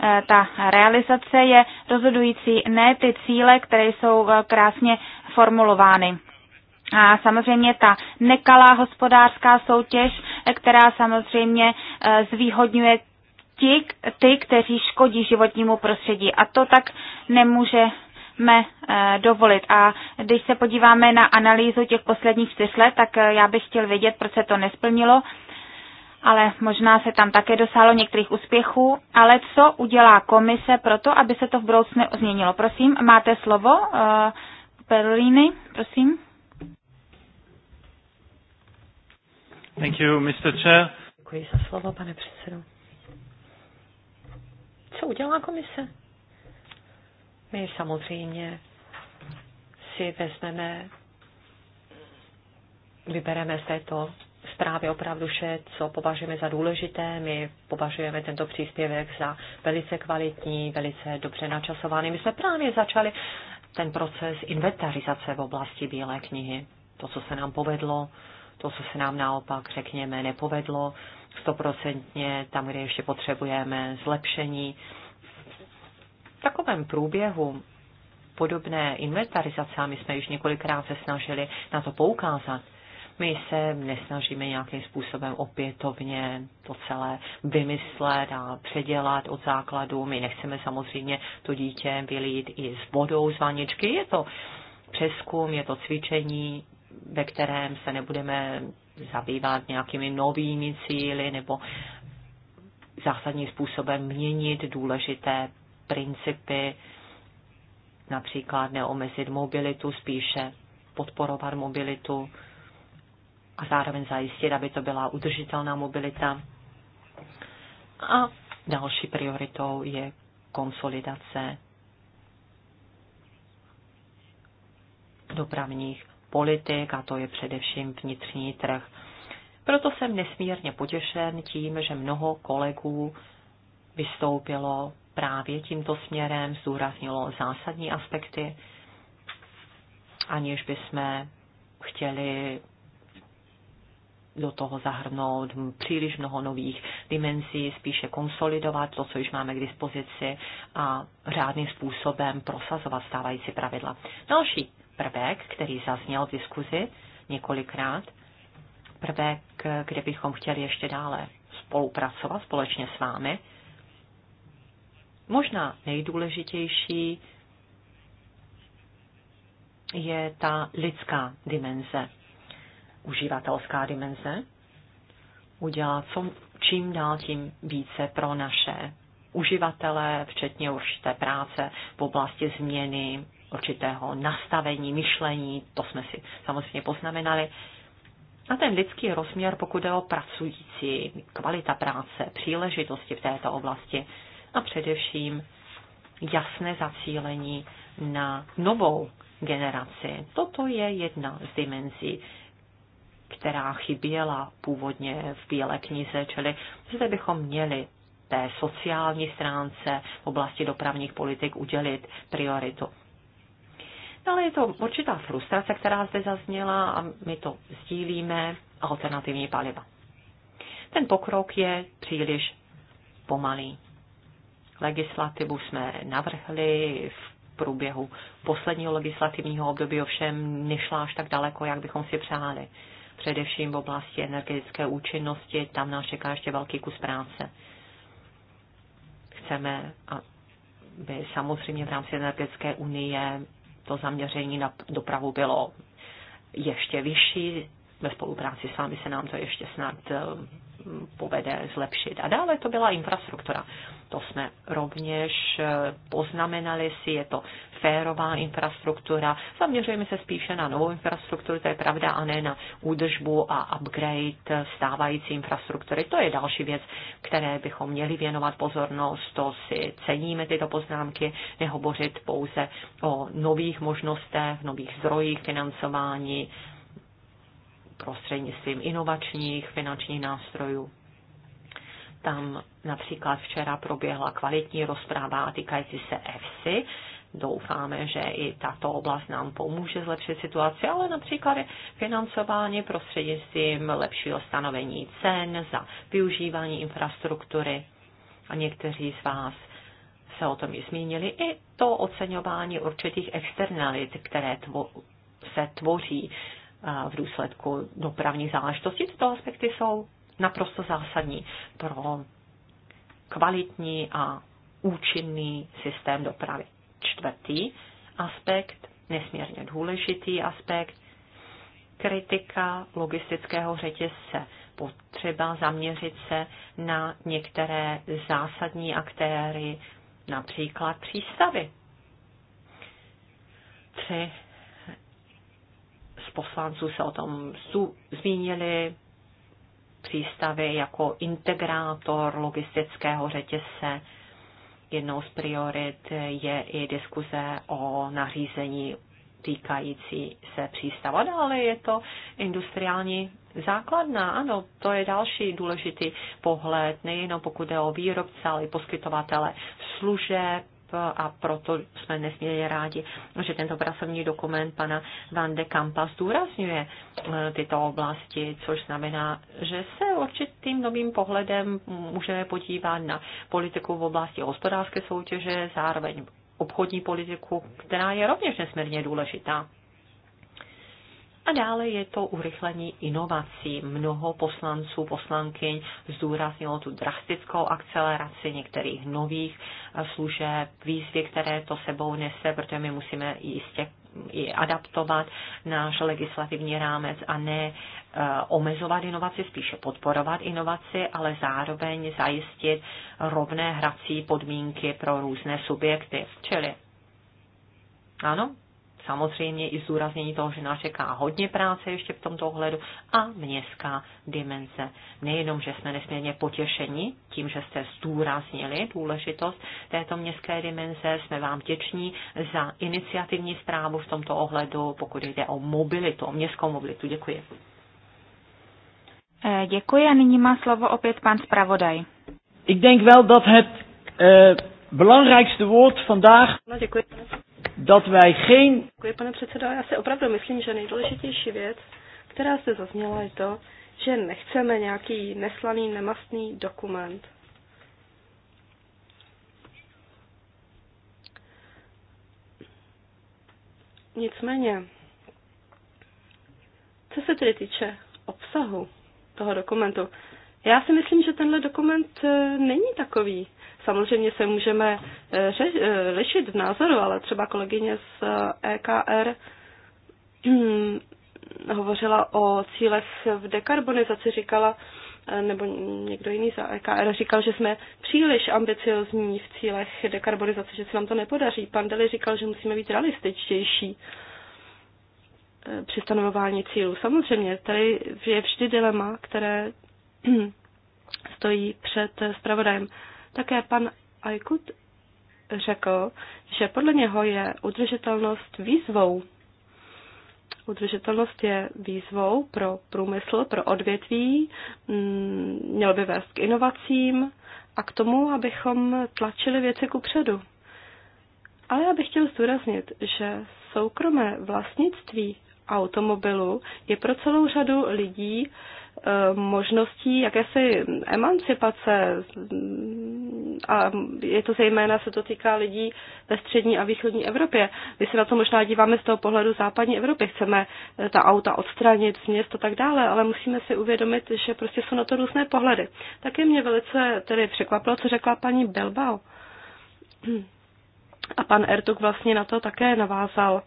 Eh, ta realizace je rozhodující, ne ty cíle, které jsou eh, krásně formulovány. A samozřejmě ta nekalá hospodářská soutěž, eh, která samozřejmě zvýhodňuje ti, ty, kteří škodí životnímu prostředí. A to tak nemůže dovolit. A když se podíváme na analýzu těch posledních čtyř let, tak já bych chtěl vědět, proč se to nesplnilo ale možná se tam také dosáhlo některých úspěchů, ale co udělá komise pro to, aby se to v budoucnu změnilo? Prosím, máte slovo, uh, eh, Perlíny, prosím. Thank you, Mr. Chair. Děkuji za slovo, pane předsedo. Co udělá komise? My samozřejmě si vezmeme, vybereme z této zprávě opravdu vše, co považujeme za důležité. My považujeme tento příspěvek za velice kvalitní, velice dobře načasovaný. My jsme právě začali ten proces inventarizace v oblasti Bílé knihy. To, co se nám povedlo, to, co se nám naopak, řekněme, nepovedlo, stoprocentně tam, kde ještě potřebujeme zlepšení. V takovém průběhu podobné inventarizace, a my jsme již několikrát se snažili na to poukázat, my se nesnažíme nějakým způsobem opětovně to celé vymyslet a předělat od základu. My nechceme samozřejmě to dítě vylít i s vodou z vaničky. Je to přeskum, je to cvičení, ve kterém se nebudeme zabývat nějakými novými cíly nebo zásadním způsobem měnit důležité principy, například neomezit mobilitu, spíše podporovat mobilitu a zároveň zajistit, aby to byla udržitelná mobilita. A další prioritou je konsolidace dopravních politik, a to je především vnitřní trh. Proto jsem nesmírně potěšen tím, že mnoho kolegů vystoupilo právě tímto směrem, zdůraznilo zásadní aspekty, aniž bychom chtěli do toho zahrnout příliš mnoho nových dimenzí, spíše konsolidovat to, co již máme k dispozici a řádným způsobem prosazovat stávající pravidla. Další prvek, který zazněl v diskuzi několikrát, prvek, kde bychom chtěli ještě dále spolupracovat společně s vámi, možná nejdůležitější je ta lidská dimenze uživatelská dimenze, udělat co, čím dál tím více pro naše uživatele, včetně určité práce v oblasti změny určitého nastavení, myšlení, to jsme si samozřejmě poznamenali. A ten lidský rozměr, pokud je o pracující, kvalita práce, příležitosti v této oblasti a především jasné zacílení na novou generaci. Toto je jedna z dimenzí která chyběla původně v Bílé knize, čili zde bychom měli té sociální stránce v oblasti dopravních politik udělit prioritu. No, ale je to určitá frustrace, která zde zazněla a my to sdílíme, alternativní paliva. Ten pokrok je příliš pomalý. Legislativu jsme navrhli v průběhu posledního legislativního období, ovšem nešla až tak daleko, jak bychom si přáli především v oblasti energetické účinnosti. Tam nás čeká ještě velký kus práce. Chceme, aby samozřejmě v rámci energetické unie to zaměření na dopravu bylo ještě vyšší. Ve spolupráci s vámi se nám to ještě snad eh, povede zlepšit. A dále to byla infrastruktura to jsme rovněž eh, poznamenali si, je to férová infrastruktura. Zaměřujeme se spíše na novou infrastrukturu, to je pravda, a ne na údržbu a upgrade stávající infrastruktury. To je další věc, které bychom měli věnovat pozornost, to si ceníme tyto poznámky, nehovořit pouze o nových možnostech, nových zdrojích financování prostřednictvím inovačních finančních nástrojů. Tam například včera proběhla kvalitní rozpráva týkající se EFSI. Doufáme, že i tato oblast nám pomůže zlepšit situaci, ale například financování prostřednictvím lepšího stanovení cen za využívání infrastruktury. A někteří z vás se o tom i zmínili, i to oceňování určitých externalit, které tvo- se tvoří eh, v důsledku dopravních záležitostí. Tyto aspekty jsou naprosto zásadní pro kvalitní a účinný systém dopravy. Čtvrtý aspekt, nesmírně důležitý aspekt, kritika logistického řetězce. Potřeba zaměřit se na některé zásadní aktéry, například přístavy. Tři z poslanců se o tom zmínili, přístavy jako integrátor logistického řetězce. Jednou z priorit je i diskuze o nařízení týkající se přístavu. dále je to industriální základna. Ano, to je další důležitý pohled, nejenom pokud jde o výrobce, ale i poskytovatele služeb, a proto jsme nesmírně rádi, že tento pracovní dokument pana Van de Kampa zdůrazňuje eh, tyto oblasti, což znamená, že se určitým novým pohledem můžeme podívat na politiku v oblasti hospodářské soutěže, zároveň obchodní politiku, která je rovněž nesmírně důležitá. A dále je to urychlení inovací. Mnoho poslanců, poslankyň zdůraznilo tu drastickou akceleraci některých nových eh, služeb, výzvy, které to sebou nese, protože my musíme jistě i adaptovat náš legislativní rámec a ne eh, omezovat inovaci, spíše podporovat inovaci, ale zároveň zajistit rovné hrací podmínky pro různé subjekty. Čili ano, samozřejmě i zúraznění toho, že nás čeká hodně práce ještě v tomto ohledu a městská dimenze. Nejenom, že jsme nesmírně potěšeni tím, že jste zdůraznili důležitost této městské dimenze, jsme vám těční za iniciativní zprávu v tomto ohledu, pokud jde o mobilitu, o městskou mobilitu. Děkuji. Eh, děkuji a nyní má slovo opět pan zpravodaj. Ik denk wel dat het uh, belangrijkste woord vandaag. No, děkuji dat wij geen... Děkuji, pane předsedo. Já si opravdu myslím, že nejdůležitější věc, která se zazněla, je to, že nechceme nějaký neslaný, nemastný dokument. Nicméně, co se tedy týče obsahu toho dokumentu, já si myslím, že tenhle dokument eh, není takový. Samozřejmě se můžeme eh, řeš, eh, lišit v názoru, ale třeba kolegyně z EKR eh, e mm, hovořila o cílech v dekarbonizaci, říkala, nebo někdo jiný za EKR říkal, že jsme příliš ambiciozní v cílech dekarbonizace, že se nám to nepodaří. Pan Deli říkal, že musíme být realističtější při stanovování cílů. Samozřejmě, tady je vždy dilema, které stojí před spravodajem. Také pan Aikut řekl, že podle něho je udržitelnost výzvou. Udržitelnost je výzvou pro průmysl, pro odvětví, mm, měl by vést k inovacím a k tomu, abychom tlačili věci ku předu. Ale já bych chtěl zdůraznit, že soukromé vlastnictví automobilu je pro celou řadu lidí Eh, možností jakési emancipace a je to zejména, se to týká lidí ve střední a východní Evropě. My se na to možná díváme z toho pohledu západní Evropy, chceme eh, ta auta odstranit z měst a tak dále, ale musíme si uvědomit, že prostě jsou na to různé pohledy. Taky mě velice tedy překvapilo, co řekla paní Belbao. A pan Ertuk vlastně na to také navázal.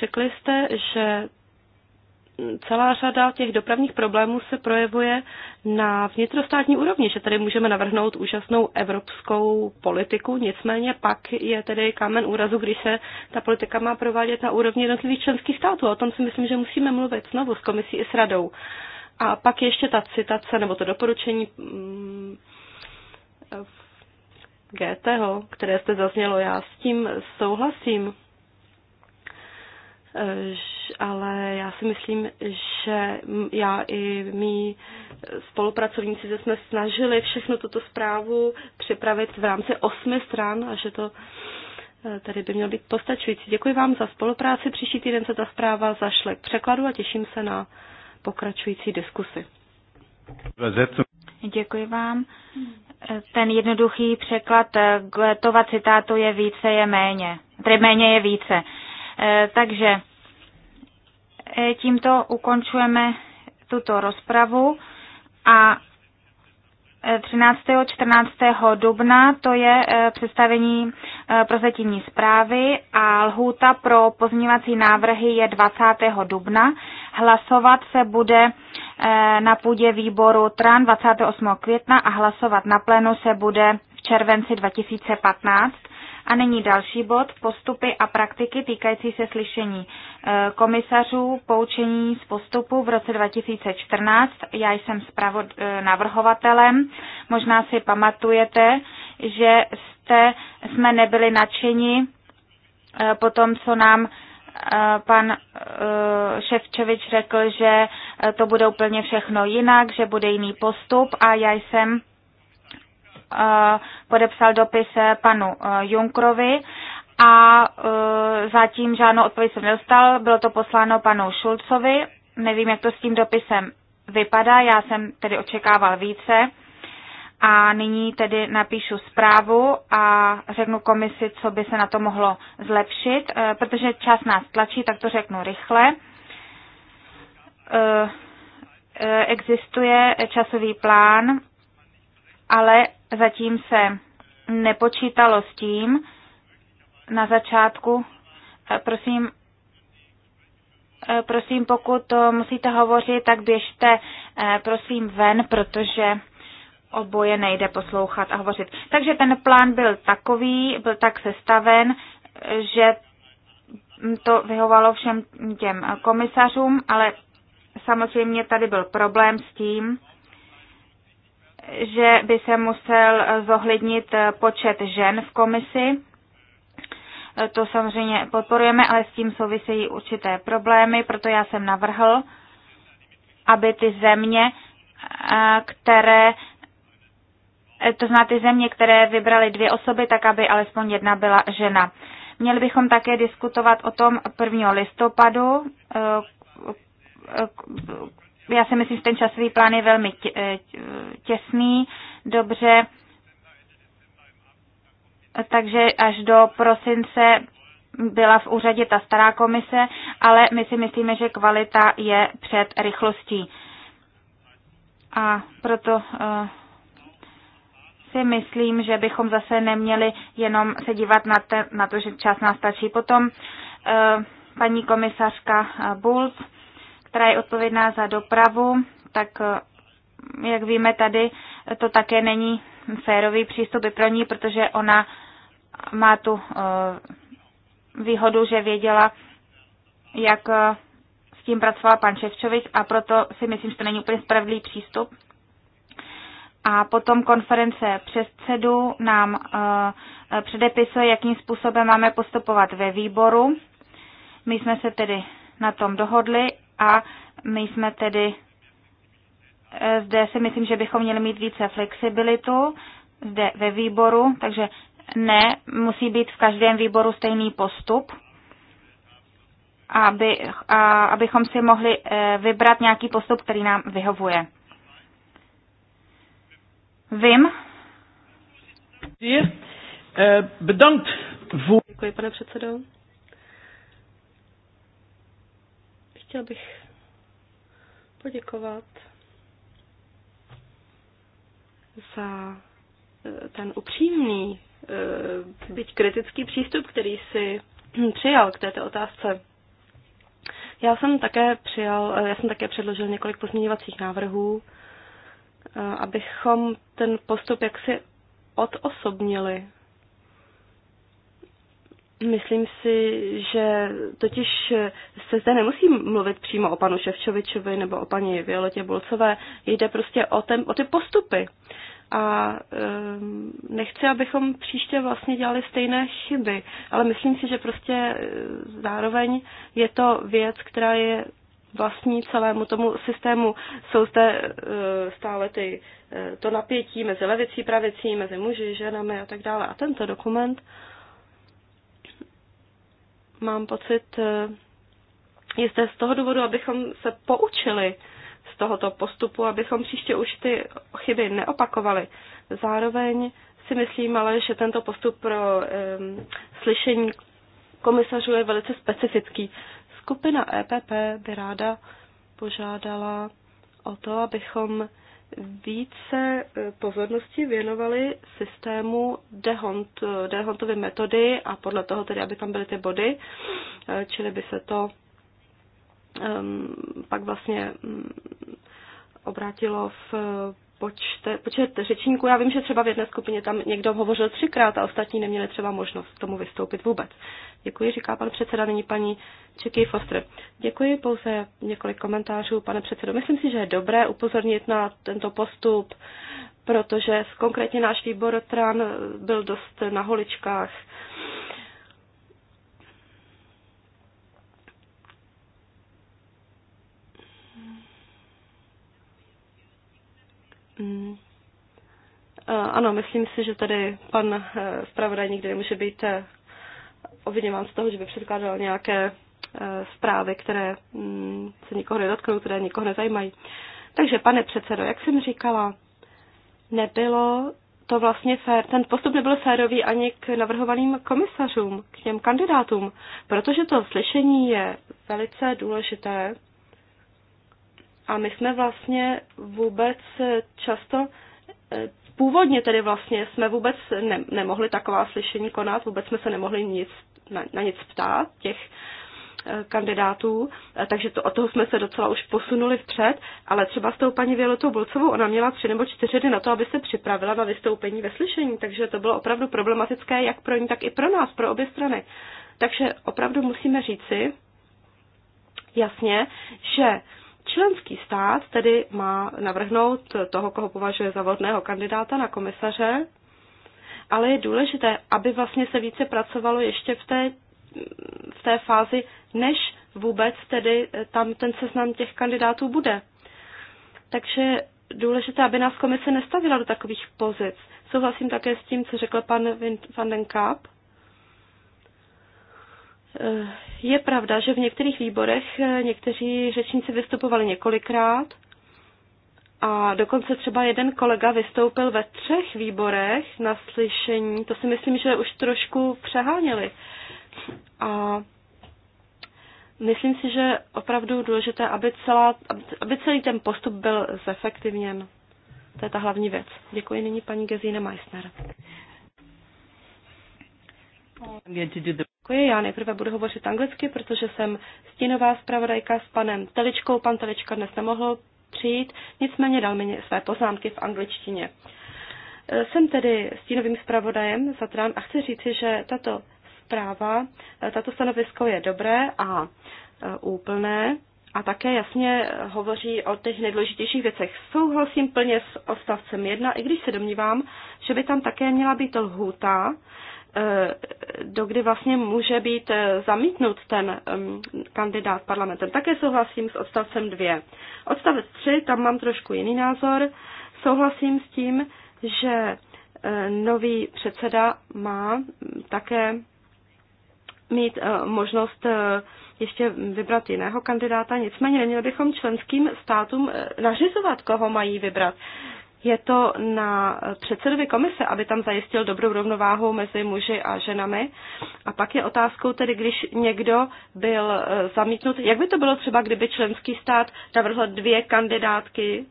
Řekli jste, že celá řada těch dopravních problémů se projevuje na vnitrostátní úrovni, že tady můžeme navrhnout úžasnou evropskou politiku, nicméně pak je tedy kámen úrazu, když se ta politika má provádět na úrovni jednotlivých členských států. O tom si myslím, že musíme mluvit znovu s komisí i s radou. A pak ještě ta citace nebo to doporučení mm, GTho, které jste zaznělo, já s tím souhlasím ale já si myslím, že já i mý spolupracovníci že jsme snažili všechno tuto zprávu připravit v rámci osmi stran a že to e, tady by mělo být postačující. Děkuji vám za spolupráci. Příští týden se ta zpráva zašle k překladu a těším se na pokračující diskusy. Děkuji vám. Ten jednoduchý překlad e, Goethova citátu je více je méně. Tedy méně je více. Eh, takže eh, tímto ukončujeme tuto rozpravu a 13. Eh, 14. dubna to je představení prozatímní zprávy a lhůta pro pozměňovací návrhy je 20. dubna. Hlasovat se bude na půdě výboru TRAN 28. května a hlasovat na plénu se bude v červenci 2015. A nyní další bod, postupy a praktiky týkající se slyšení eh, komisařů, poučení z postupu v roce 2014. Já jsem zpravod, eh, navrhovatelem. Možná si pamatujete, že jste, jsme nebyli nadšeni eh, po tom, co nám pan Ševčevič řekl, že to bude úplně všechno jinak, že bude jiný postup a já jsem podepsal dopis eh, panu eh, Junkrovi a eh, zatím žádnou odpověď jsem nedostal. Bylo to posláno panu Šulcovi. Nevím, jak to s tím dopisem vypadá. Já jsem tedy očekával více. A nyní tedy napíšu zprávu a řeknu komisi, co by se na to mohlo zlepšit, protože čas nás tlačí, tak to řeknu rychle. Existuje časový plán ale zatím se nepočítalo s tím na začátku. Eh, prosím, eh, prosím, pokud musíte hovořit, tak běžte eh, prosím ven, protože oboje nejde poslouchat a hovořit. Takže ten plán byl takový, byl tak sestaven, že to vyhovalo všem těm komisařům, ale samozřejmě tady byl problém s tím, že by se musel zohlednit počet žen v komisi. To samozřejmě podporujeme, ale s tím souvisejí určité problémy, proto já jsem navrhl, aby ty země, které to zná ty země, které vybrali dvě osoby, tak aby alespoň jedna byla žena. Měli bychom také diskutovat o tom 1. listopadu, e, já si myslím, že ten časový plán je velmi eh, těsný, dobře, takže až do prosince byla v úřadě ta stará komise, ale my si myslíme, že kvalita je před rychlostí. A proto uh, si myslím, že bychom zase neměli jenom se dívat na, te, na to, že čas nás stačí. Potom uh, paní komisařka Bulc, která je odpovědná za dopravu, tak eh, jak víme tady, to také není férový přístup pro ní, protože ona má tu eh, výhodu, že věděla, jak eh, s tím pracovala pan Ševčovič a proto si myslím, že to není úplně spravedlivý přístup. A potom konference předsedu nám předepisuje, jakým způsobem máme postupovat ve výboru. My jsme se tedy na tom dohodli a my jsme tedy eh, zde si myslím, že bychom měli mít více flexibilitu zde ve výboru, takže ne, musí být v každém výboru stejný postup, aby, a, abychom si mohli eh, vybrat nějaký postup, který nám vyhovuje. Vím. Děkuji, eh, pane předsedo. Chtěl bych poděkovat za eh, ten upřímný, eh, byť kritický přístup, který si přijal k této otázce. Já jsem také přijal, eh, já jsem také předložil několik pozměňovacích návrhů, abychom ten postup jaksi odosobnili. Myslím si, že totiž se zde nemusí mluvit přímo o panu Ševčovičovi nebo o paní Violetě Bulcové, jde prostě o, ten, o ty postupy. A e, nechci, abychom příště vlastně dělali stejné chyby, ale myslím si, že prostě e, zároveň je to věc, která je vlastní celému tomu systému. Jsou zde e, stále ty, e, to napětí mezi levicí, pravicí, mezi muži, ženami a tak dále. A tento dokument mám pocit, eh, je zde z toho důvodu, abychom se poučili z tohoto postupu, abychom příště už ty chyby neopakovali. Zároveň si myslím ale, že tento postup pro um, slyšení komisařů je velice specifický. Skupina EPP by ráda požádala o to, abychom více eh, pozornosti věnovali systému dehont, eh, dehontovy metody a podle toho tedy, aby tam byly ty body, eh, čili by se to um, pak vlastně um, obrátilo v počte, počet řečníků. Já vím, že třeba v jedné skupině tam někdo hovořil třikrát a ostatní neměli třeba možnost tomu vystoupit vůbec. Děkuji, říká pan předseda, nyní paní Čeky Foster. Děkuji, pouze několik komentářů, pane předsedo. Myslím si, že je dobré upozornit na tento postup, protože konkrétně náš výbor TRAN byl dost na holičkách. Mm. Ano, myslím si, že tady pan eh, zpravodaj nikdy nemůže být eh, obviněván z toho, že by předkládal nějaké eh, zprávy, které mm, se nikoho nedotknou, které nikoho nezajímají. Takže, pane předsedo, jak jsem říkala, nebylo to vlastně fér. Ten postup nebyl férový ani k navrhovaným komisařům, k těm kandidátům, protože to slyšení je velice důležité a my jsme vlastně vůbec často, eh, původně tedy vlastně jsme vůbec ne, nemohli taková slyšení konat, vůbec jsme se nemohli nic, na, na nic ptát těch eh, kandidátů, eh, takže to, od toho jsme se docela už posunuli vpřed, ale třeba s tou paní Violetou Bulcovou, ona měla tři nebo čtyři dny na to, aby se připravila na vystoupení ve slyšení, takže to bylo opravdu problematické jak pro ní, tak i pro nás, pro obě strany. Takže opravdu musíme říci jasně, že Členský stát tedy má navrhnout toho, koho považuje za vhodného kandidáta na komisaře, ale je důležité, aby vlastně se více pracovalo ještě v té, v té fázi, než vůbec tedy tam ten seznam těch kandidátů bude. Takže důležité, aby nás komise nestavila do takových pozic. Souhlasím také s tím, co řekl pan Van den Kapp, je pravda, že v některých výborech eh, někteří řečníci vystupovali několikrát a dokonce třeba jeden kolega vystoupil ve třech výborech na slyšení. To si myslím, že už trošku přeháněli. A myslím si, že opravdu důležité, aby, celá, aby celý ten postup byl zefektivněn. To je ta hlavní věc. Děkuji nyní paní Gezíne Meissner. Děkuji, já nejprve budu hovořit anglicky, protože jsem stínová zpravodajka s panem Teličkou. Pan Telička dnes nemohl přijít, nicméně dal mi své poznámky v angličtině. E, jsem tedy stínovým zpravodajem za Trump a chci říci, že tato zpráva, e, tato stanovisko je dobré a e, úplné a také jasně hovoří o těch nejdůležitějších věcech. Souhlasím plně s odstavcem 1, i když se domnívám, že by tam také měla být lhůta, Eh, dokdy vlastně může být eh, zamítnut ten kandidát parlamentem. Také souhlasím s odstavcem 2. Odstavec 3, tam mám trošku jiný názor. Souhlasím s tím, že eh, nový předseda má mm, také mít možnost ještě vybrat jiného kandidáta, nicméně neměli bychom členským státům nařizovat, koho mají vybrat je to na předsedovi komise, aby tam zajistil dobrou rovnováhu mezi muži a ženami. A pak je otázkou tedy, když někdo byl eh, zamítnut, jak by to bylo třeba, kdyby členský stát navrhl dvě kandidátky,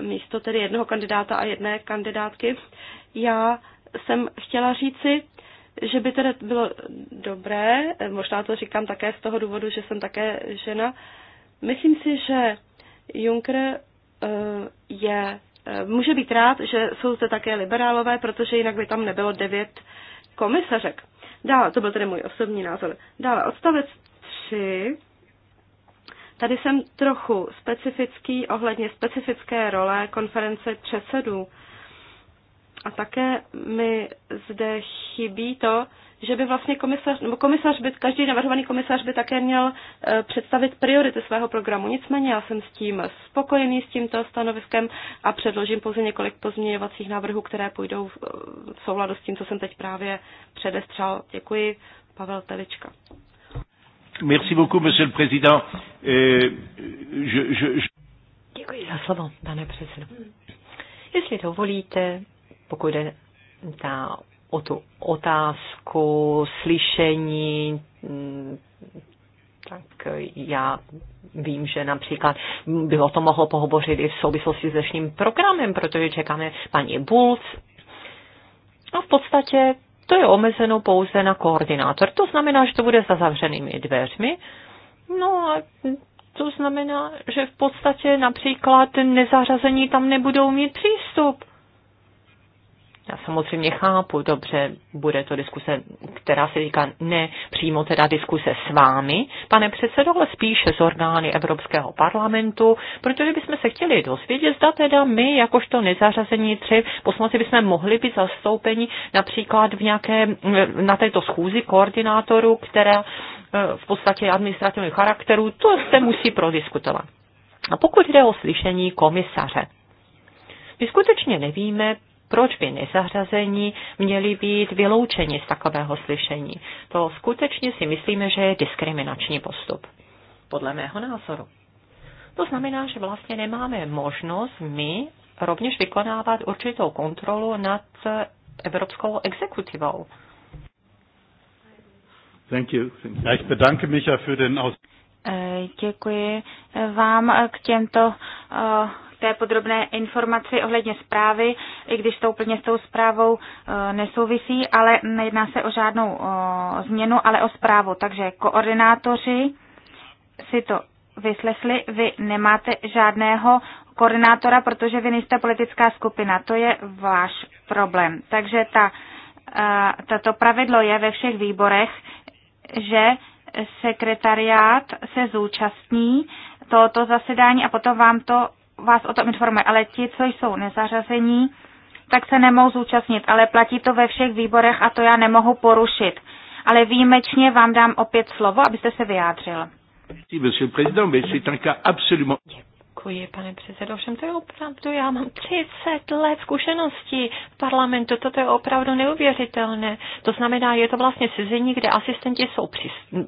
místo tedy jednoho kandidáta a jedné kandidátky. Já jsem chtěla říci, že by tedy bylo dobré, eh, možná to říkám také z toho důvodu, že jsem také žena, myslím si, že Juncker eh, je může být rád, že jsou zde také liberálové, protože jinak by tam nebylo devět komisařek. Dále, to byl tedy můj osobní názor. Dále, odstavec 3. Tady jsem trochu specifický ohledně specifické role konference předsedů. A také mi zde chybí to, že by vlastně komisař, nebo komisař by, každý navrhovaný komisař by také měl e, představit priority svého programu. Nicméně já jsem s tím spokojený, s tímto stanoviskem a předložím pouze několik pozměňovacích návrhů, které půjdou v, v souladu s tím, co jsem teď právě předestřel. Děkuji, Pavel Telička. Merci beaucoup, monsieur le président. Eh, je, je, je... Děkuji za slovo, pane předsedo. Jestli dovolíte, pokud jde ta, o tu otázku, slyšení, tak já vím, že například by o tom mohlo pohovořit i v souvislosti s dnešním programem, protože čekáme paní Bulc. A v podstatě to je omezeno pouze na koordinátor. To znamená, že to bude za zavřenými dveřmi. No a to znamená, že v podstatě například nezařazení tam nebudou mít přístup. Já samozřejmě chápu, dobře, bude to diskuse, která se týká ne přímo teda diskuse s vámi, pane předsedo, ale spíše s orgány Evropského parlamentu, protože bychom se chtěli dozvědět, zda teda my, jakožto nezařazení tři poslanci, bychom mohli být zastoupeni například v nějaké, na této schůzi koordinátorů, která e, v podstatě administrativní charakteru, to se musí prodiskutovat. A pokud jde o slyšení komisaře, my skutečně nevíme, proč by nezařazení měli být vyloučeni z takového slyšení. To skutečně si myslíme, že je diskriminační postup. Podle mého názoru. To znamená, že vlastně nemáme možnost my rovněž vykonávat určitou kontrolu nad evropskou exekutivou. Thank you. Thank you. Ich bedanke mich ja für den Aus eh, Děkuji vám k těmto eh, té podrobné informaci ohledně zprávy, i když to úplně s tou zprávou e, nesouvisí, ale nejedná se o žádnou změnu, ale o zprávu. Takže koordinátoři si to vyslesli, vy nemáte žádného koordinátora, protože vy nejste politická skupina. To je váš problém. Takže ta, e, tato pravidlo je ve všech výborech, že sekretariát se zúčastní tohoto zasedání a potom vám to vás o tom informuje, ale ti, co jsou nezařazení, tak se nemohou zúčastnit, ale platí to ve všech výborech a to já nemohu porušit. Ale výjimečně vám dám opět slovo, abyste se vyjádřil. Děkuji. Děkuji, pane předsedo. Všem to je opravdu, já mám 30 let zkušenosti v parlamentu, toto je opravdu neuvěřitelné. To znamená, je to vlastně sezení, kde asistenti jsou,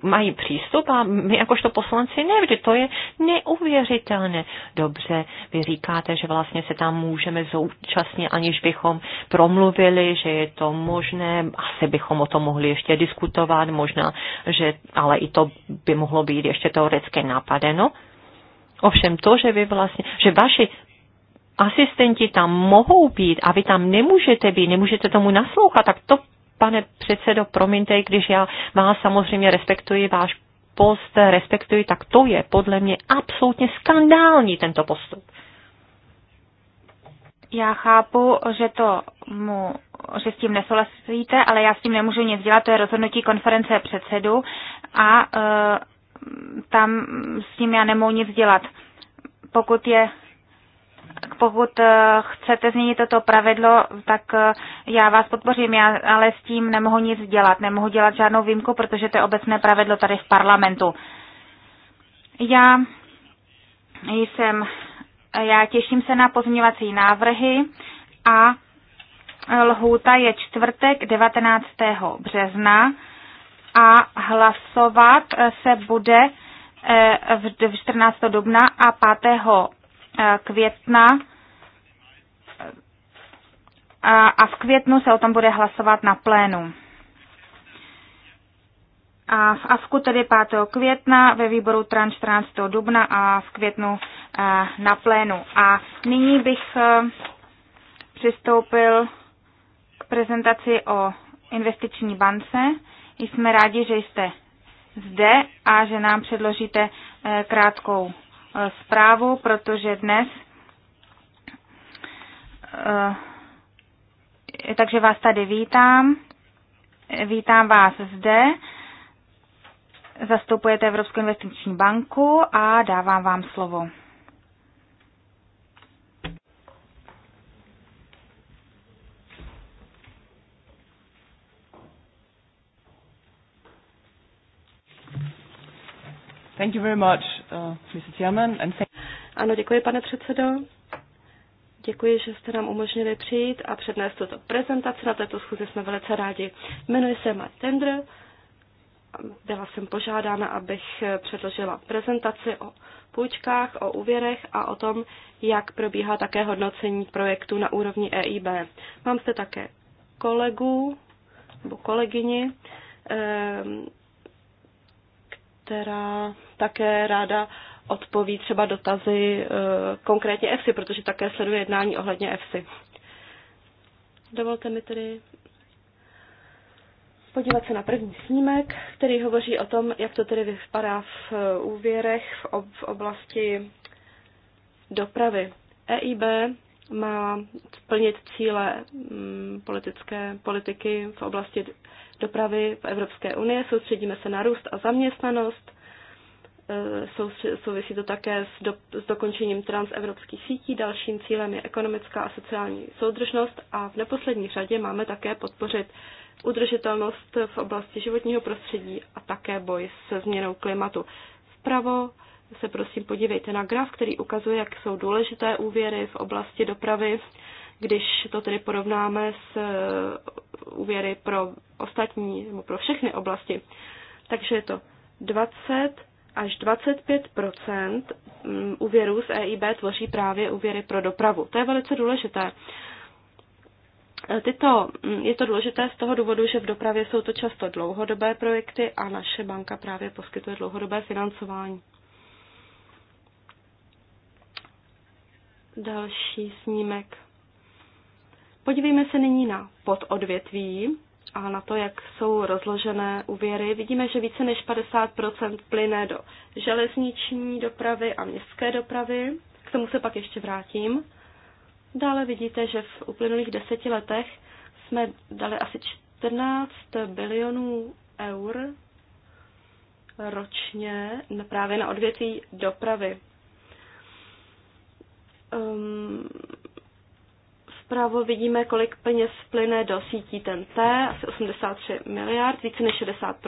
mají přístup a my jakožto poslanci ne, to je neuvěřitelné. Dobře, vy říkáte, že vlastně se tam můžeme zúčastnit, aniž bychom promluvili, že je to možné, asi bychom o tom mohli ještě diskutovat, možná, že ale i to by mohlo být ještě teoreticky napadeno. Ovšem to, že vy vlastně, že vaši asistenti tam mohou být a vy tam nemůžete být, nemůžete tomu naslouchat, tak to, pane předsedo, promiňte, když já vás samozřejmě respektuji, váš post respektuji, tak to je podle mě absolutně skandální tento postup. Já chápu, že to mu, že s tím nesouhlasíte, ale já s tím nemůžu nic dělat, to je rozhodnutí konference předsedu a e, tam s tím já nemohu nic dělat. Pokud je pokud eh, chcete změnit toto pravidlo, tak eh, já vás podpořím, já ale s tím nemohu nic dělat. Nemohu dělat žádnou výjimku, protože to je obecné pravidlo tady v parlamentu. Já jsem, já těším se na pozměňovací návrhy a lhůta je čtvrtek 19. března a hlasovat se bude eh, v 14. dubna a 5. Eh, května a v květnu se o tom bude hlasovat na plénu. A v AFKu tedy 5. května, ve výboru TRAN 14. dubna a v květnu eh, na plénu. A nyní bych přistoupil k prezentaci o investiční bance. Jsme rádi, že jste zde a že nám předložíte eh, krátkou eh, zprávu, protože dnes eh, takže vás tady vítám. Vítám vás zde. Zastupujete Evropskou investiční banku a dávám vám slovo. Thank you very much, uh, Mr. Chairman, and thank ano, děkuji, pane předsedo. Děkuji, že jste nám umožnili přijít a přednést tuto prezentaci. Na této schůzi jsme velice rádi. Jmenuji se Tender. Byla jsem požádána, abych předložila prezentaci o půjčkách, o úvěrech a o tom, jak probíhá také hodnocení projektu na úrovni EIB. Mám zde také kolegu nebo kolegyni ehm, která také ráda odpoví třeba dotazy e, konkrétně EFSI, protože také sleduje jednání ohledně EFSI. Dovolte mi tedy podívat se na první snímek, který hovoří o tom, jak to tedy vypadá v e, úvěrech v, ob, v oblasti dopravy. EIB má splnit cíle mm, politické politiky v oblasti dopravy v Evropské unii, soustředíme se na růst a zaměstnanost, e, souvisí to také s, do, s dokončením transevropských sítí. Dalším cílem je ekonomická a sociální soudržnost a v neposlední řadě máme také podpořit udržitelnost v oblasti životního prostředí a také boj se změnou klimatu. Vpravo se prosím podívejte na graf, který ukazuje, jak jsou důležité úvěry v oblasti dopravy když to tedy porovnáme s eh, úvěry pro ostatní nebo pro všechny oblasti, takže je to 20 až 25 mm, úvěrů z EIB tvoří právě úvěry pro dopravu. To je velice důležité. Eh, tyto, mm, je to důležité z toho důvodu, že v dopravě jsou to často dlouhodobé projekty a naše banka právě poskytuje dlouhodobé financování. Další snímek. Podívejme se nyní na pododvětví a na to, jak jsou rozložené úvěry. Vidíme, že více než 50 plyne do železniční dopravy a městské dopravy. K tomu se pak ještě vrátím. Dále vidíte, že v uplynulých deseti letech jsme dali asi 14 bilionů eur ročně právě na odvětví dopravy. Um, vpravo vidíme, kolik peněz plyne do sítí TNT, asi 83 miliard, více než 60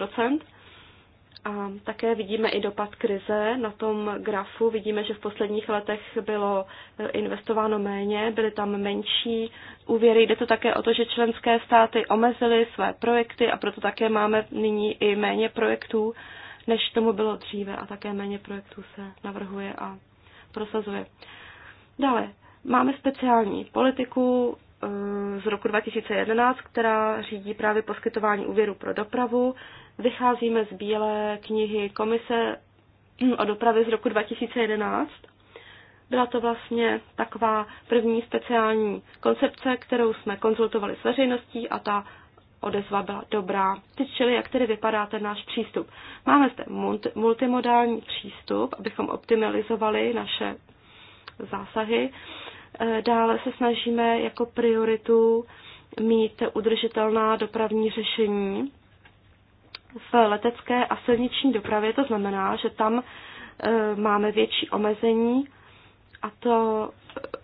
a také vidíme i dopad krize. Na tom grafu vidíme, že v posledních letech bylo eh, investováno méně, byly tam menší úvěry. Jde to také o to, že členské státy omezily své projekty a proto také máme nyní i méně projektů, než tomu bylo dříve a také méně projektů se navrhuje a prosazuje. Dále, Máme speciální politiku eh, z roku 2011, která řídí právě poskytování úvěru pro dopravu. Vycházíme z bílé knihy Komise o dopravě z roku 2011. Byla to vlastně taková první speciální koncepce, kterou jsme konzultovali s veřejností a ta odezva byla dobrá. Teď čili, jak tedy vypadá ten náš přístup. Máme zde multimodální přístup, abychom optimalizovali naše zásahy. Eh, dále se snažíme jako prioritu mít udržitelná dopravní řešení v letecké a silniční dopravě. To znamená, že tam eh, máme větší omezení a to eh,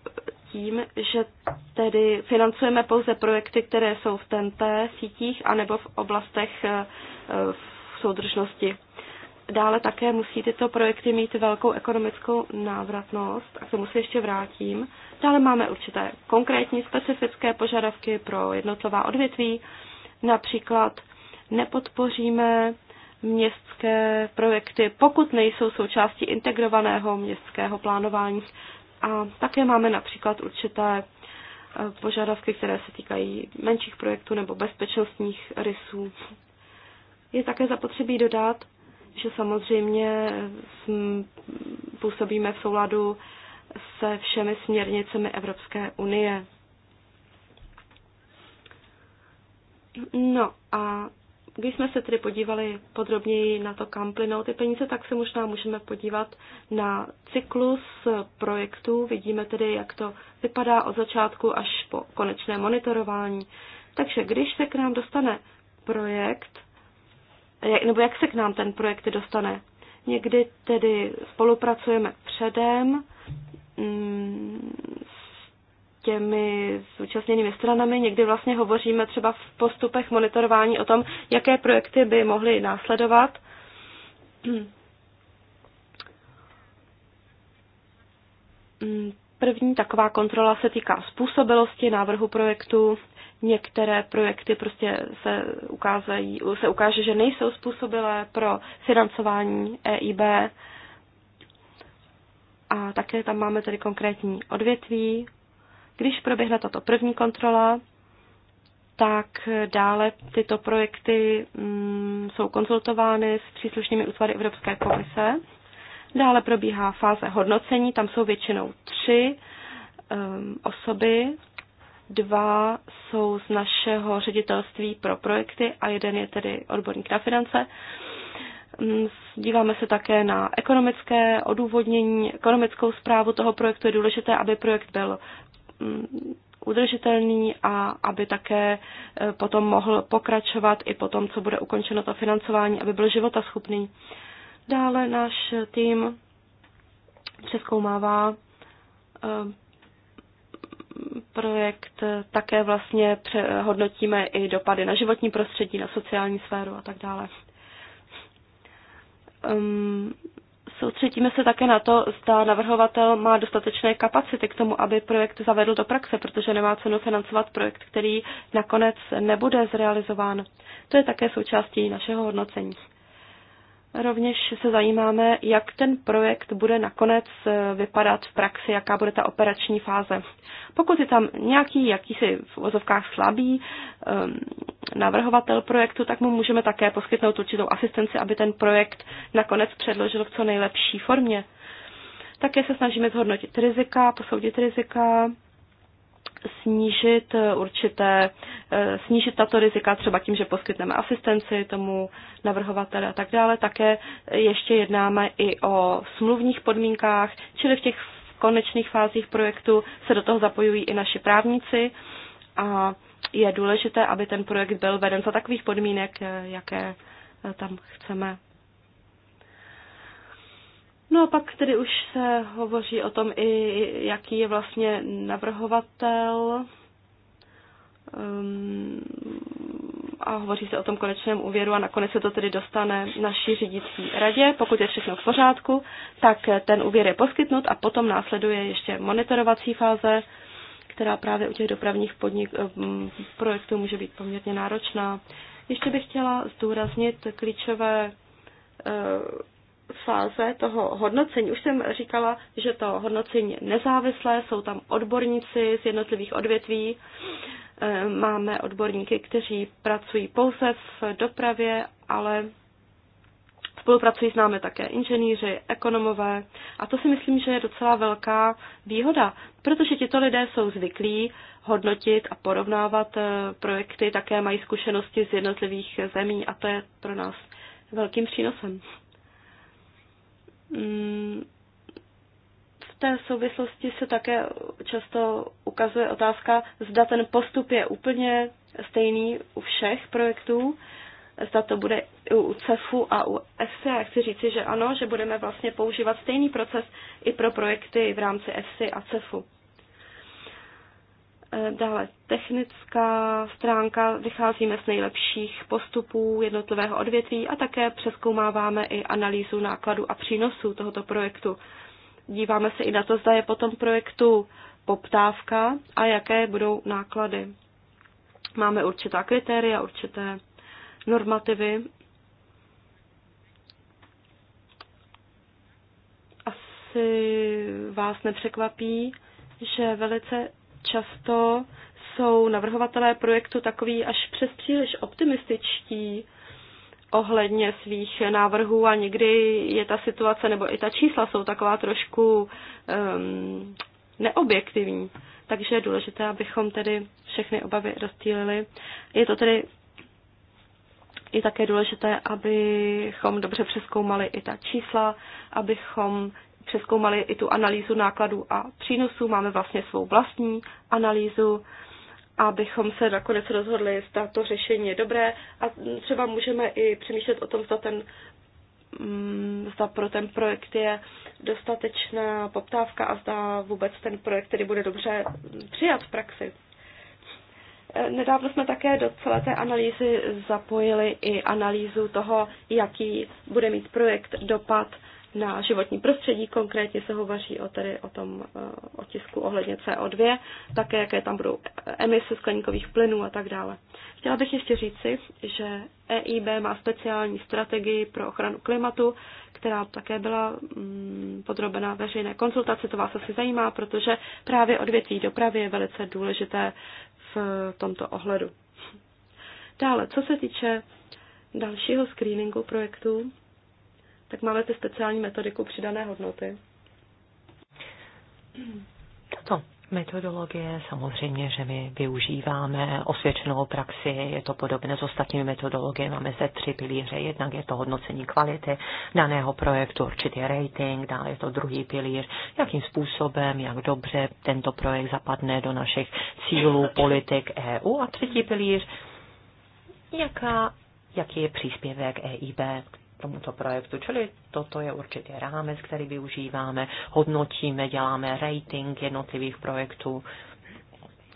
tím, že tedy financujeme pouze projekty, které jsou v TNT sítích anebo v oblastech v soudržnosti. Dále také musí tyto projekty mít velkou ekonomickou návratnost, a k tomu se ještě vrátím. Dále máme určité konkrétní specifické požadavky pro jednotlivá odvětví. Například nepodpoříme městské projekty, pokud nejsou součástí integrovaného městského plánování. A také máme například určité eh, požadavky, které se týkají menších projektů nebo bezpečnostních rysů. Je také zapotřebí dodat, že samozřejmě působíme v souladu se všemi směrnicemi Evropské unie. No a když jsme se tedy podívali podrobněji na to, kam plynou ty peníze, tak se možná můžeme podívat na cyklus projektů. Vidíme tedy, jak to vypadá od začátku až po konečné monitorování. Takže když se k nám dostane projekt, nebo jak se k nám ten projekt dostane. Někdy tedy spolupracujeme předem mm, s těmi zúčastněnými stranami, někdy vlastně hovoříme třeba v postupech monitorování o tom, jaké projekty by mohly následovat. Mm, první taková kontrola se týká způsobilosti návrhu projektu, některé projekty prostě se, ukázají, se ukáže, že nejsou způsobilé pro financování EIB. A také tam máme tedy konkrétní odvětví. Když proběhne tato první kontrola, tak dále tyto projekty mm, jsou konzultovány s příslušnými útvary Evropské komise. Dále probíhá fáze hodnocení, tam jsou většinou tři um, osoby Dva jsou z našeho ředitelství pro projekty a jeden je tedy odborník na finance. Mm, díváme se také na ekonomické odůvodnění, ekonomickou zprávu toho projektu. Je důležité, aby projekt byl mm, udržitelný a aby také e, potom mohl pokračovat i potom, co bude ukončeno to financování, aby byl životaschopný. Dále náš tým přeskoumává e, projekt také vlastně hodnotíme i dopady na životní prostředí, na sociální sféru a tak dále. Um, soustředíme se také na to, zda navrhovatel má dostatečné kapacity k tomu, aby projekt zavedl do praxe, protože nemá cenu financovat projekt, který nakonec nebude zrealizován. To je také součástí našeho hodnocení. Rovněž se zajímáme, jak ten projekt bude nakonec eh, vypadat v praxi, jaká bude ta operační fáze. Pokud je tam nějaký, jakýsi v ozovkách slabý um, navrhovatel projektu, tak mu můžeme také poskytnout určitou asistenci, aby ten projekt nakonec předložil v co nejlepší formě. Také se snažíme zhodnotit rizika, posoudit rizika, snížit eh, určité, eh, snížit tato rizika třeba tím, že poskytneme asistenci tomu navrhovateli a tak dále. Také ještě jednáme i o smluvních podmínkách, čili v těch konečných fázích projektu se do toho zapojují i naši právníci a je důležité, aby ten projekt byl veden za takových podmínek, eh, jaké tam chceme No a pak tedy už se hovoří o tom i, jaký je vlastně navrhovatel um, a hovoří se o tom konečném úvěru a nakonec se to tedy dostane naší řídící radě. Pokud je všechno v pořádku, tak ten úvěr je poskytnut a potom následuje ještě monitorovací fáze, která právě u těch dopravních podnik, um, projektů může být poměrně náročná. Ještě bych chtěla zdůraznit klíčové uh, fáze toho hodnocení. Už jsem říkala, že to hodnocení je nezávislé, jsou tam odborníci z jednotlivých odvětví. Eh, máme odborníky, kteří pracují pouze v dopravě, ale spolupracují s námi také inženýři, ekonomové. A to si myslím, že je docela velká výhoda, protože tito lidé jsou zvyklí hodnotit a porovnávat eh, projekty, také mají zkušenosti z jednotlivých zemí a to je pro nás velkým přínosem. Mm, v té souvislosti se také často ukazuje otázka, zda ten postup je úplně stejný u všech projektů, zda to bude u CEFu a u EFSI. Já chci říci, že ano, že budeme vlastně používat stejný proces i pro projekty v rámci EFSI a CEFu. Eh, dále technická stránka, vycházíme z nejlepších postupů jednotlivého odvětví a také přeskoumáváme i analýzu nákladů a přínosů tohoto projektu. Díváme se i na to, zda je po tom projektu poptávka a jaké budou náklady. Máme určitá kritéria, určité normativy. Asi vás nepřekvapí, že velice Často jsou navrhovatelé projektu takový až přes příliš optimističtí ohledně svých návrhů a někdy je ta situace nebo i ta čísla jsou taková trošku um, neobjektivní. Takže je důležité, abychom tedy všechny obavy rozstýlili. Je to tedy je také důležité, abychom dobře přeskoumali i ta čísla, abychom přeskoumali i tu analýzu nákladů a přínosů, máme vlastně svou vlastní analýzu, abychom se nakonec rozhodli, zda to řešení je dobré a třeba můžeme i přemýšlet o tom, zda ten mm, zda pro ten projekt je dostatečná poptávka a zda vůbec ten projekt tedy bude dobře přijat v praxi. E, nedávno jsme také do celé té analýzy zapojili i analýzu toho, jaký bude mít projekt dopad na životní prostředí. Konkrétně se hovoří o, tedy o tom eh, otisku ohledně CO2, také jaké tam budou emise skleníkových plynů a tak dále. Chtěla bych ještě říci, že EIB má speciální strategii pro ochranu klimatu, která také byla mm, podrobena veřejné konzultaci. To vás asi zajímá, protože právě odvětví dopravy je velice důležité v tomto ohledu. Dále, co se týče dalšího screeningu projektů, tak máme ty speciální metodiku přidané hodnoty. Tato metodologie samozřejmě, že my využíváme osvědčenou praxi, je to podobné s ostatními metodologiemi, máme zde tři pilíře, jednak je to hodnocení kvality daného projektu, určitý rating, dále je to druhý pilíř, jakým způsobem, jak dobře tento projekt zapadne do našich cílů politik EU a třetí pilíř, jaká, jaký je příspěvek EIB tomuto projektu. Čili toto je určitě rámec, který využíváme, hodnotíme, děláme rating jednotlivých projektů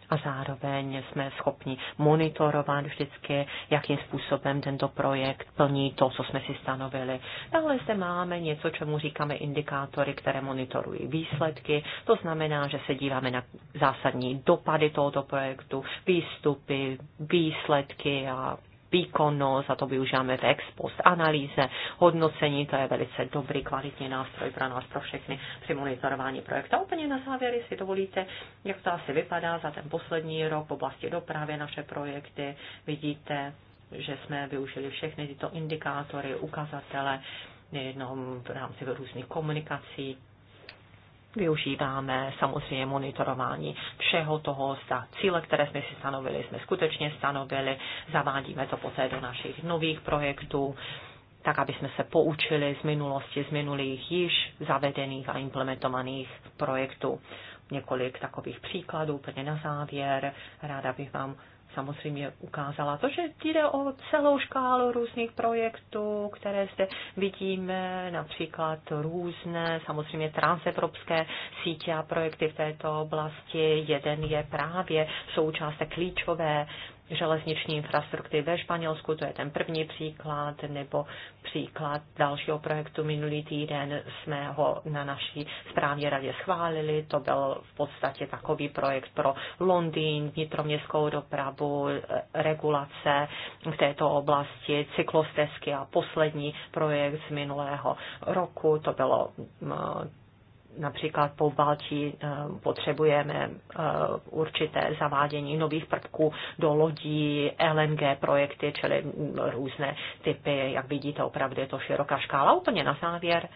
a zároveň jsme schopni monitorovat vždycky, jakým způsobem tento projekt plní to, co jsme si stanovili. Dále zde máme něco, čemu říkáme indikátory, které monitorují výsledky. To znamená, že se díváme na zásadní dopady tohoto projektu, výstupy, výsledky a výkonnost a to využíváme v ex post analýze, hodnocení, to je velice dobrý, kvalitní nástroj pro nás, pro všechny při monitorování projektu. A úplně na závěr, jestli dovolíte, jak to asi vypadá za ten poslední rok v oblasti dopravy naše projekty, vidíte, že jsme využili všechny tyto indikátory, ukazatele, nejenom v rámci různých komunikací, využíváme samozřejmě monitorování všeho toho, zda cíle, které jsme si stanovili, jsme skutečně stanovili, zavádíme to poté do našich nových projektů, tak aby jsme se poučili z minulosti, z minulých již zavedených a implementovaných projektů. Několik takových příkladů úplně na závěr. Ráda bych vám samozřejmě ukázala to, že jde o celou škálu různých projektů, které zde vidíme, například různé, samozřejmě transevropské sítě a projekty v této oblasti. Jeden je právě součást klíčové železniční infrastruktury ve Španělsku, to je ten první příklad, nebo příklad dalšího projektu minulý týden jsme ho na naší správní radě schválili, to byl v podstatě takový projekt pro Londýn, vnitroměstskou dopravu, regulace v této oblasti, cyklostezky a poslední projekt z minulého roku, to bylo například po Baltí eh, potřebujeme eh, určité zavádění nových prvků do lodí, LNG projekty, čili mm, různé typy, jak vidíte, opravdu je to široká škála. Úplně na závěr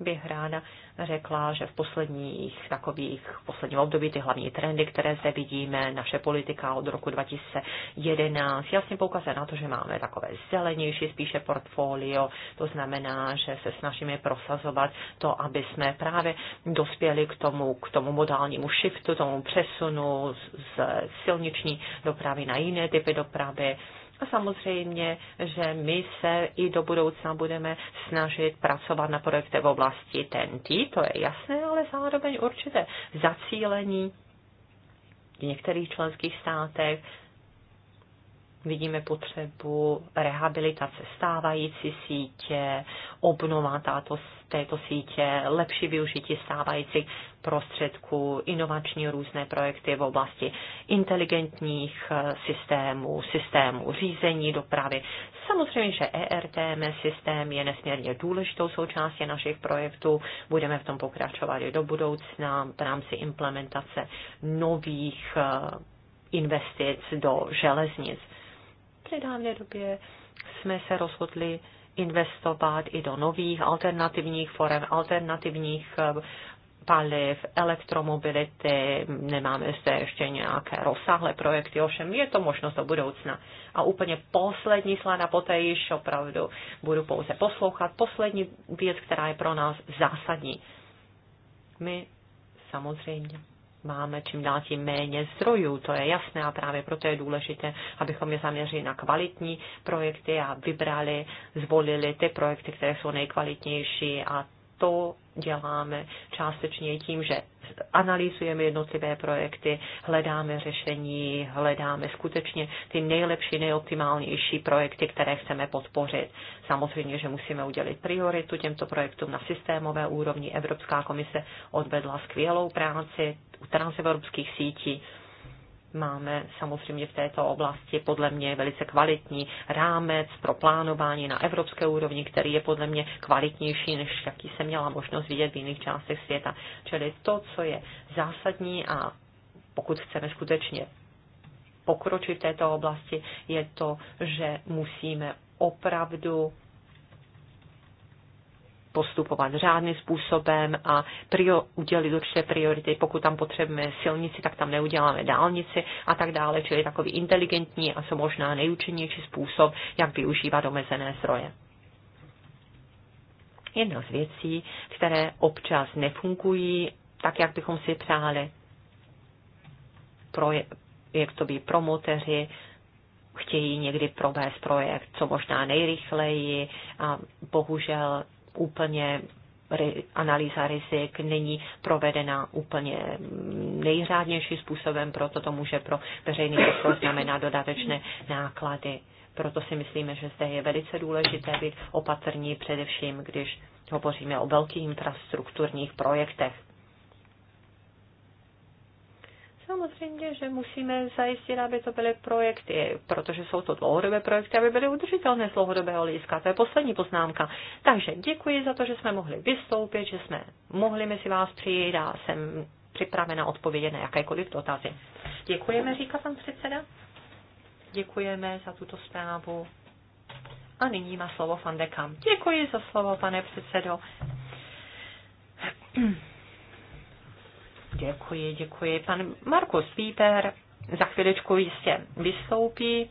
bych ráda řekla, že v posledních takových, v posledním období ty hlavní trendy, které zde vidíme, naše politika od roku 2011 jasně poukazuje na to, že máme takové zelenější spíše portfolio, to znamená, že se snažíme prosazovat to, aby jsme právě dospěli k tomu, k tomu modálnímu shiftu, tomu přesunu z silniční dopravy na jiné typy dopravy, a samozřejmě, že my se i do budoucna budeme snažit pracovat na projekte v oblasti TNT, to je jasné, ale zároveň určité zacílení v některých členských státech Vidíme potřebu rehabilitace stávající sítě, obnova tato, této sítě, lepší využití stávajících prostředků, inovační různé projekty v oblasti inteligentních eh, systémů, systémů řízení dopravy. Samozřejmě, že ERTM systém je nesmírně důležitou součástí našich projektů. Budeme v tom pokračovat i do budoucna v rámci implementace nových eh, investic do železnic nedávné době jsme se rozhodli investovat i do nových alternativních forem, alternativních eh, paliv, elektromobility, nemáme zde ještě nějaké rozsáhlé projekty, ovšem je to možnost do budoucna. A úplně poslední slana, poté již opravdu budu pouze poslouchat. Poslední věc, která je pro nás zásadní. My samozřejmě máme čím dál tím méně zdrojů, to je jasné a právě proto je důležité, abychom je zaměřili na kvalitní projekty a vybrali, zvolili ty projekty, které jsou nejkvalitnější a to děláme částečně tím, že analýzujeme jednotlivé projekty, hledáme řešení, hledáme skutečně ty nejlepší, nejoptimálnější projekty, které chceme podpořit. Samozřejmě, že musíme udělit prioritu těmto projektům na systémové úrovni. Evropská komise odvedla skvělou práci, u transevropských sítí. Máme samozřejmě v této oblasti podle mě velice kvalitní rámec pro plánování na evropské úrovni, který je podle mě kvalitnější, než jaký jsem měla možnost vidět v jiných částech světa. Čili to, co je zásadní a pokud chceme skutečně pokročit v této oblasti, je to, že musíme opravdu postupovat řádným způsobem a prior, udělit určité priority. Pokud tam potřebujeme silnici, tak tam neuděláme dálnici a tak dále, čili takový inteligentní a co možná nejúčinnější způsob, jak využívat omezené zdroje. Jedna z věcí, které občas nefungují tak, jak bychom si přáli, by promoteři, chtějí někdy provést projekt co možná nejrychleji a bohužel úplně analýza rizik není provedena úplně nejřádnější způsobem, proto to může pro veřejný sektor znamenat dodatečné náklady. Proto si myslíme, že zde je velice důležité být opatrní, především když hovoříme o velkých infrastrukturních projektech. Samozřejmě, že musíme zajistit, aby to byly projekty, protože jsou to dlouhodobé projekty, aby byly udržitelné z dlouhodobého lízka. To je poslední poznámka. Takže děkuji za to, že jsme mohli vystoupit, že jsme mohli mezi vás přijít a jsem připravena odpovědět na jakékoliv dotazy. Děkujeme, říká pan předseda. Děkujeme za tuto zprávu. A nyní má slovo Fandekam. Děkuji za slovo, pane předsedo. Děkuji, děkuji. Pan Markus Píper za chvíličku jistě vystoupí.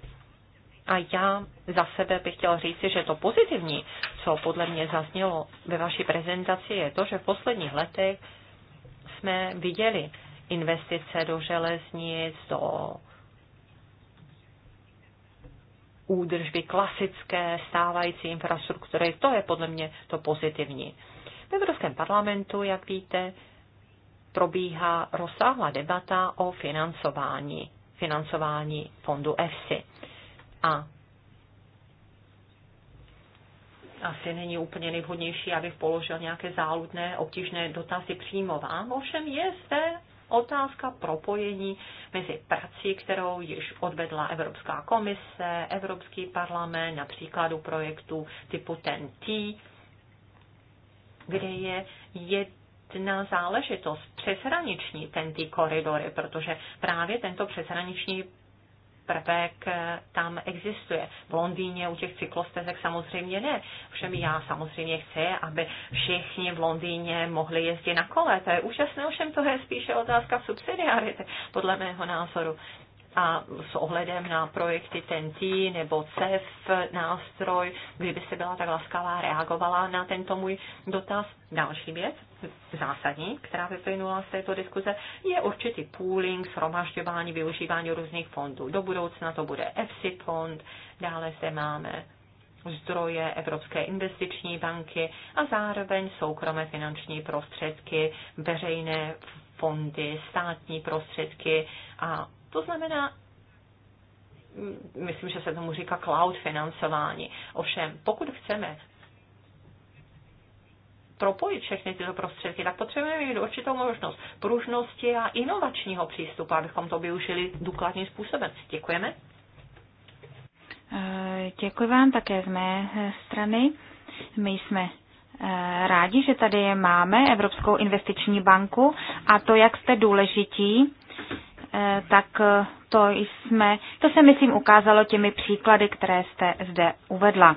A já za sebe bych chtěl říci, že to pozitivní, co podle mě zaznělo ve vaší prezentaci, je to, že v posledních letech jsme viděli investice do železnic, do údržby klasické stávající infrastruktury. To je podle mě to pozitivní. V Evropském parlamentu, jak víte, probíhá rozsáhlá debata o financování, financování fondu EFSI. A asi není úplně nejvhodnější, abych položil nějaké záludné, obtížné dotazy přímo vám. Ovšem je zde otázka propojení mezi prací, kterou již odvedla Evropská komise, Evropský parlament, například u projektu typu TEN-T, kde je, je nezbytná záležitost, přeshraniční tentý koridory, protože právě tento přeshraniční prvek eh, tam existuje. V Londýně u těch cyklostezek samozřejmě ne. Všem já samozřejmě chci, aby všichni v Londýně mohli jezdit na kole. To je úžasné, ovšem to je spíše otázka subsidiarity, podle mého názoru a s ohledem na projekty TNT nebo CEF nástroj, kdyby se byla tak laskavá, reagovala na tento můj dotaz. Další věc, zásadní, která vyplynula z této diskuze, je určitý pooling, shromažďování, využívání různých fondů. Do budoucna to bude EFSI fond, dále zde máme zdroje Evropské investiční banky a zároveň soukromé finanční prostředky, veřejné fondy, státní prostředky a to znamená, mm, myslím, že se tomu říká cloud financování. Ovšem, pokud chceme propojit všechny tyto prostředky, tak potřebujeme mít určitou možnost pružnosti a inovačního přístupu, abychom to využili důkladným způsobem. Děkujeme. Eh, děkuji vám také z mé eh, strany. My jsme eh, rádi, že tady máme Evropskou investiční banku a to, jak jste důležití Eh, tak eh, to jsme, to se myslím ukázalo těmi příklady, které jste zde uvedla.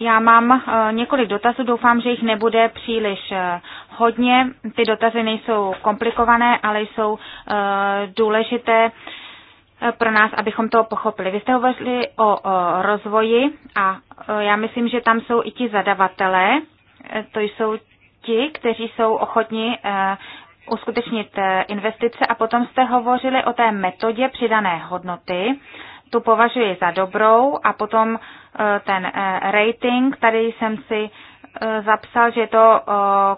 Já mám eh, několik dotazů, doufám, že jich nebude příliš hodně. Ty dotazy nejsou komplikované, ale jsou důležité pro nás, abychom to pochopili. Vy jste hovořili o rozvoji a já myslím, že tam jsou i ti zadavatelé, to jsou ti, kteří jsou ochotni uskutečnit eh, investice a potom jste hovořili o té metodě přidané hodnoty. Tu považuji za dobrou a potom eh, ten eh, rating, tady jsem si zapsal, že je to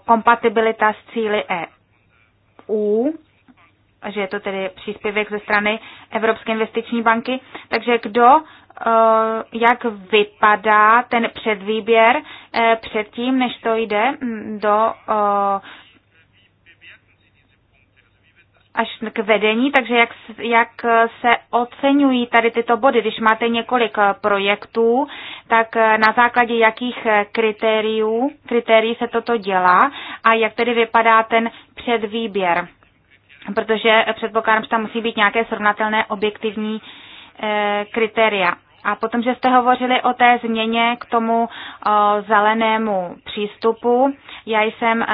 kompatibilita s cíly EU, že je to tedy příspěvek ze strany Evropské investiční banky. Takže kdo, jak vypadá ten předvýběr předtím, než to jde mm, do až k vedení, takže jak, jak eh, se oceňují tady tyto body? Když máte několik eh, projektů, tak eh, na základě jakých kritériů, kritérií se toto dělá a jak tedy vypadá ten předvýběr? Protože předpokládám, že tam musí být nějaké srovnatelné objektivní kritéria. A potom, že jste hovořili o té změně k tomu zelenému přístupu. Já jsem,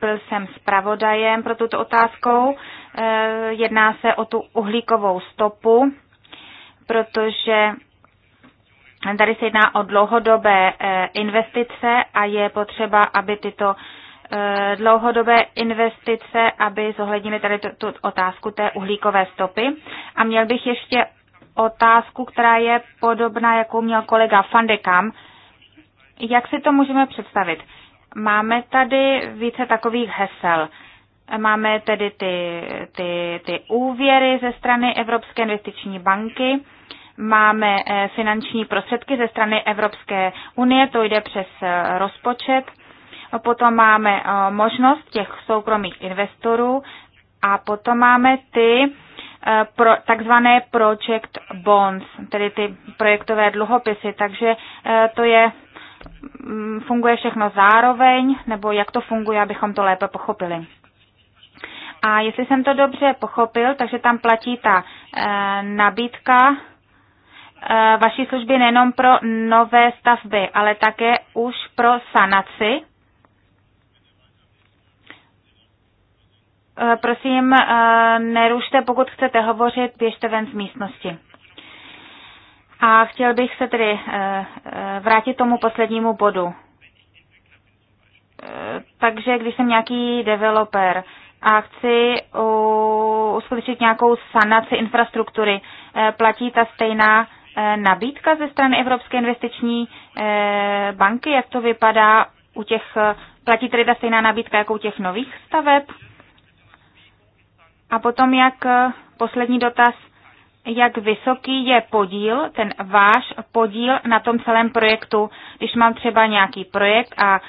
byl jsem zpravodajem pro tuto otázkou. E, jedná se o tu uhlíkovou stopu, protože tady se jedná o dlouhodobé e, investice a je potřeba, aby tyto e, dlouhodobé investice, aby zohlednili tady tu, tu otázku té uhlíkové stopy. A měl bych ještě otázku, která je podobná, jakou měl kolega Fandekam. Jak si to můžeme představit? Máme tady více takových hesel. Máme tedy ty, ty, ty úvěry ze strany Evropské investiční banky, máme eh, finanční prostředky ze strany Evropské unie, to jde přes eh, rozpočet, potom máme eh, možnost těch soukromých investorů a potom máme ty Eh, pro, takzvané project bonds, tedy ty projektové dluhopisy. Takže eh, to je, mm, funguje všechno zároveň, nebo jak to funguje, abychom to lépe pochopili. A jestli jsem to dobře pochopil, takže tam platí ta eh, nabídka vaší služby nejenom pro nové stavby, ale také už pro sanaci Eh, prosím, eh, nerušte, pokud chcete hovořit, běžte ven z místnosti. A chtěl bych se tedy eh, vrátit tomu poslednímu bodu. Takže když jsem nějaký developer a chci uskutečnit nějakou sanaci infrastruktury, platí ta stejná nabídka ze strany Evropské investiční banky, jak to vypadá u těch, platí tedy ta stejná nabídka jako u těch nových staveb? A potom jak eh, poslední dotaz, jak vysoký je podíl, ten váš podíl na tom celém projektu, když mám třeba nějaký projekt a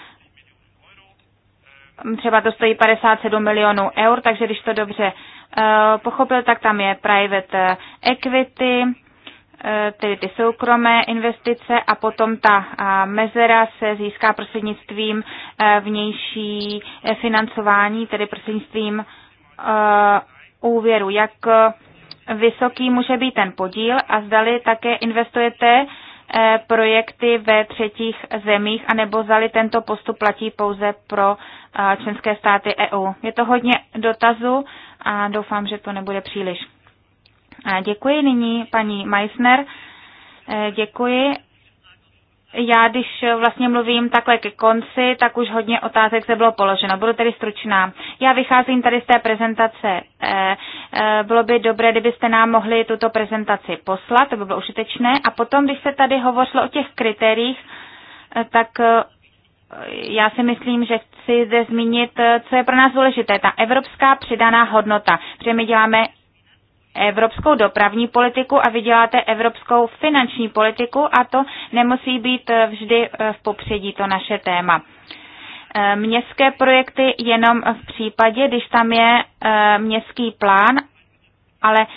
třeba to stojí 57 milionů eur, takže když to dobře eh, pochopil, tak tam je private eh, equity, tedy ty soukromé investice a potom ta mezera se získá prostřednictvím vnější financování, tedy prostřednictvím Eh, úvěru, jak vysoký může být ten podíl a zdali také investujete eh, projekty ve třetích zemích, anebo zdali tento postup platí pouze pro eh, členské státy EU. Je to hodně dotazů a doufám, že to nebude příliš. Děkuji nyní paní Meissner. Děkuji. Já, když eh, vlastně mluvím takhle ke konci, tak už hodně otázek se bylo položeno. Budu tedy stručná. Já vycházím tady z té prezentace. Eh, eh, bylo by dobré, kdybyste nám mohli tuto prezentaci poslat, to by bylo užitečné. A potom, když se tady hovořilo o těch kritériích, tak já si myslím, že chci zde zmínit, co je pro nás důležité, ta evropská přidaná hodnota, protože my děláme evropskou dopravní politiku a vyděláte evropskou finanční politiku a to nemusí být eh, vždy eh, v popředí to naše téma. Eh, městské projekty jenom v případě, když tam je městský plán, ale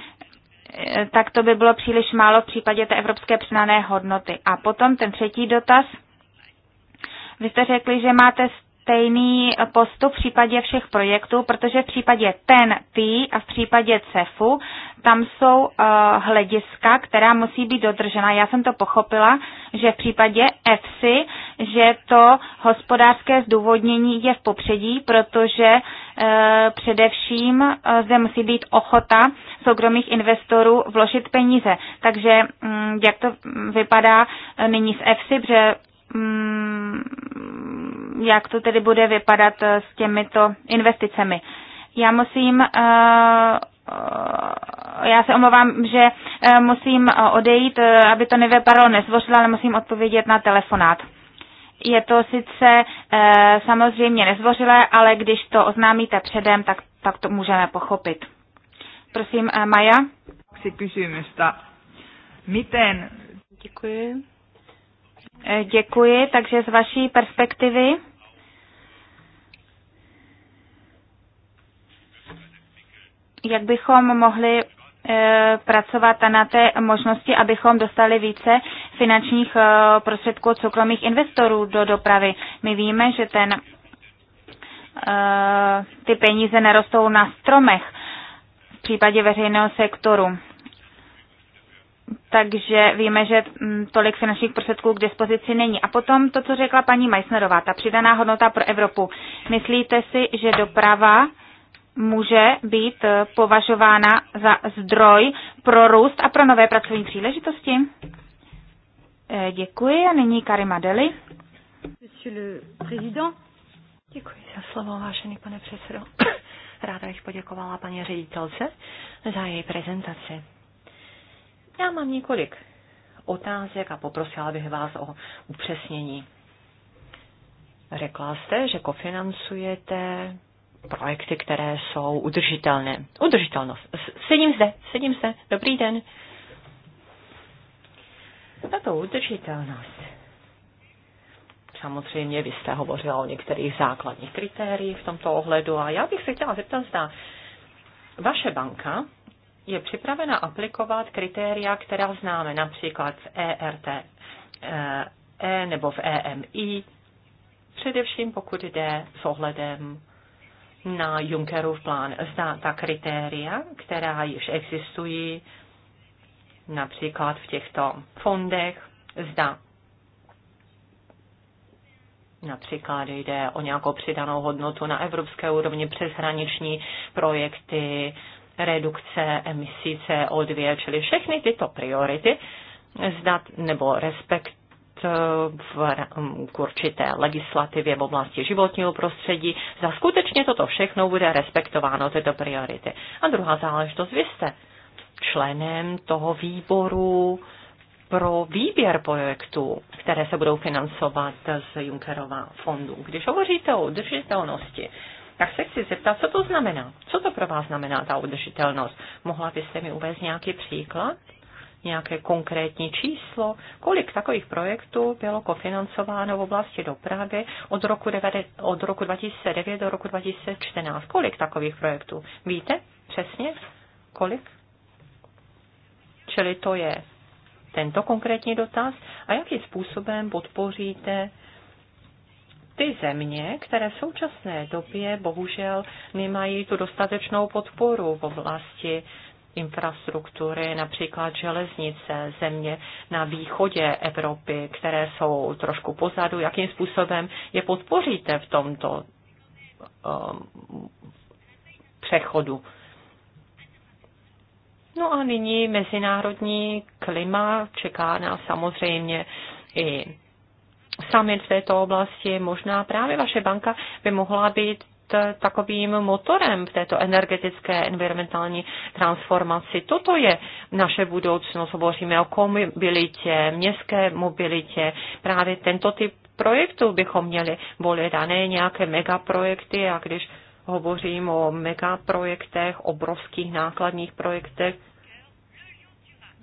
tak to by bylo příliš málo v případě té evropské přinané hodnoty. A potom ten třetí dotaz. Vy jste řekli, že máte stejný postup v případě všech projektů, protože v případě TEN-T a v případě CEFu tam jsou uh, hlediska, která musí být dodržena. Já jsem to pochopila, že v případě EFSI, že to hospodářské zdůvodnění je v popředí, protože uh, především uh, zde musí být ochota soukromých investorů vložit peníze. Takže um, jak to vypadá nyní s EFSI, protože Mm, jak to tedy bude vypadat eh, s těmito investicemi. Já musím eh, eh, já se omlouvám, že musím odejít, aby to nevypadalo nezvořilo, ale musím odpovědět na telefonát. Je to sice samozřejmě nezvořilé, ale když to oznámíte předem, tak, tak to můžeme pochopit. Prosím, Maja. Miten? Děkuji. Eh, děkuji, takže z vaší perspektivy. Jak bychom mohli eh, pracovat na té možnosti, abychom dostali více finančních eh, prostředků od soukromých investorů do dopravy. My víme, že ten, ty peníze nerostou na stromech v případě veřejného sektoru takže víme, že mm, tolik finančních prostředků k dispozici není. A potom to, co řekla paní Meissnerová, ta přidaná hodnota pro Evropu. Myslíte si, že doprava může být eh, považována za zdroj pro růst a pro nové pracovní příležitosti? Eh, děkuji a nyní Karima Deli. Děkuji za slovo, vážený pane předsedo. Ráda bych poděkovala paní ředitelce za její prezentaci. Já mám několik otázek a poprosila bych vás o upřesnění. Řekla jste, že kofinancujete projekty, které jsou udržitelné. Udržitelnost. Sedím zde, sedím zde. Dobrý den. Tato udržitelnost. Samozřejmě vy jste hovořila o některých základních kritériích v tomto ohledu a já bych se chtěla zeptat, zda vaše banka je připravena aplikovat kritéria, která známe například z ERT eh, e, nebo v EMI, především pokud jde s ohledem na Junckerův plán. zda ta kritéria, která již existují například v těchto fondech, zda Například jde o nějakou přidanou hodnotu na evropské úrovni, přeshraniční projekty, redukce emisí CO2, čili všechny tyto priority zdat nebo respekt eh, v, mm, k určité legislativě v oblasti životního prostředí. Za skutečně toto všechno bude respektováno, tyto priority. A druhá záležitost, vy jste členem toho výboru pro výběr projektů, které se budou financovat z Junckerova fondu. Když hovoříte o udržitelnosti, tak se chci zeptat, co to znamená? Co to pro vás znamená ta udržitelnost? Mohla byste mi uvést nějaký příklad? Nějaké konkrétní číslo? Kolik takových projektů bylo kofinancováno v oblasti dopravy od roku, 9, od roku 2009 do roku 2014? Kolik takových projektů? Víte přesně? Kolik? Čili to je tento konkrétní dotaz a jakým způsobem podpoříte ty země, které v současné době bohužel nemají tu dostatečnou podporu v oblasti infrastruktury, například železnice, země na východě Evropy, které jsou trošku pozadu, jakým způsobem je podpoříte v tomto um, přechodu. No a nyní mezinárodní klima čeká nás samozřejmě i summit v této oblasti. Možná právě vaše banka by mohla být eh, takovým motorem v této energetické environmentální transformaci. Toto je naše budoucnost. Hovoříme o komobilitě, městské mobilitě. Právě tento typ projektů bychom měli volit a ne nějaké megaprojekty. A když hovořím o megaprojektech, obrovských nákladních projektech,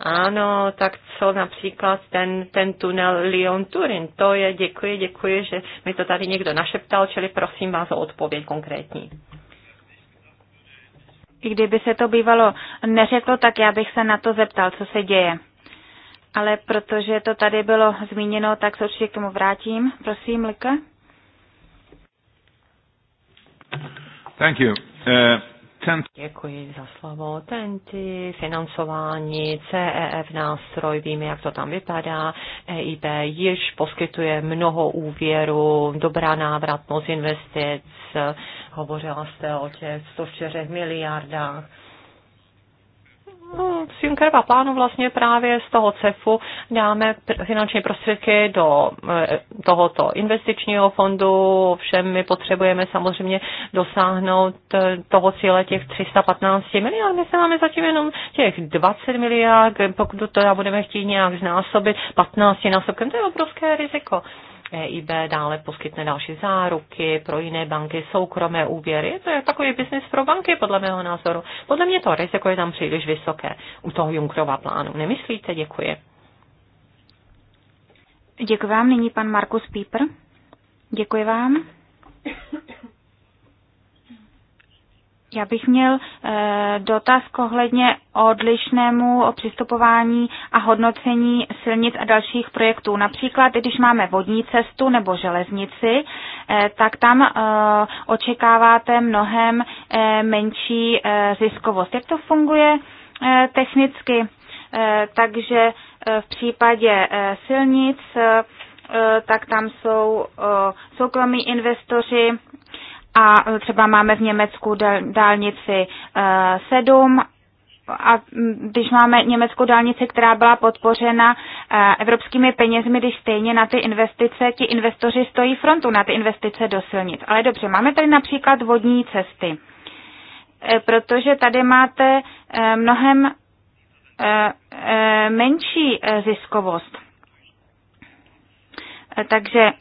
ano, tak co například ten, ten tunel Lyon-Turin, to je, děkuji, děkuji, že mi to tady někdo našeptal, čili prosím vás o odpověď konkrétní. I kdyby se to bývalo neřeklo, tak já bych se na to zeptal, co se děje. Ale protože to tady bylo zmíněno, tak se určitě k tomu vrátím. Prosím, Lika. Thank you. Uh... Děkuji za slovo. Tenty, financování, CEF nástroj, víme, jak to tam vypadá. EIB již poskytuje mnoho úvěru, dobrá návratnost investic, hovořila jste o těch 104 miliardách z Junckerova plánu vlastně právě z toho CEFu dáme finanční prostředky do eh, tohoto investičního fondu. Všem my potřebujeme samozřejmě dosáhnout eh, toho cíle těch 315 miliard. My se máme zatím jenom těch 20 miliard, pokud to budeme chtít nějak znásobit 15 násobkem, to je obrovské riziko. EIB dále poskytne další záruky pro jiné banky, soukromé úvěry. To je takový biznis pro banky, podle mého názoru. Podle mě to riziko je tam příliš vysoké u toho Junkrova plánu. Nemyslíte? Děkuji. Děkuji vám. Nyní pan Markus Píper. Děkuji vám. Já bych měl eh, dotaz kohledně odlišnému přistupování a hodnocení silnic a dalších projektů. Například, když máme vodní cestu nebo železnici, eh, tak tam eh, očekáváte mnohem menší ziskovost. Jak to funguje technicky? Takže v případě silnic, tak tam jsou soukromí investoři, a třeba máme v Německu dálnici 7 eh, a když máme německou dálnici, která byla podpořena eh, evropskými penězmi, když stejně na ty investice, ti investoři stojí frontu na ty investice do silnic. Ale dobře, máme tady například vodní cesty, eh, protože tady máte mnohem menší ziskovost. Takže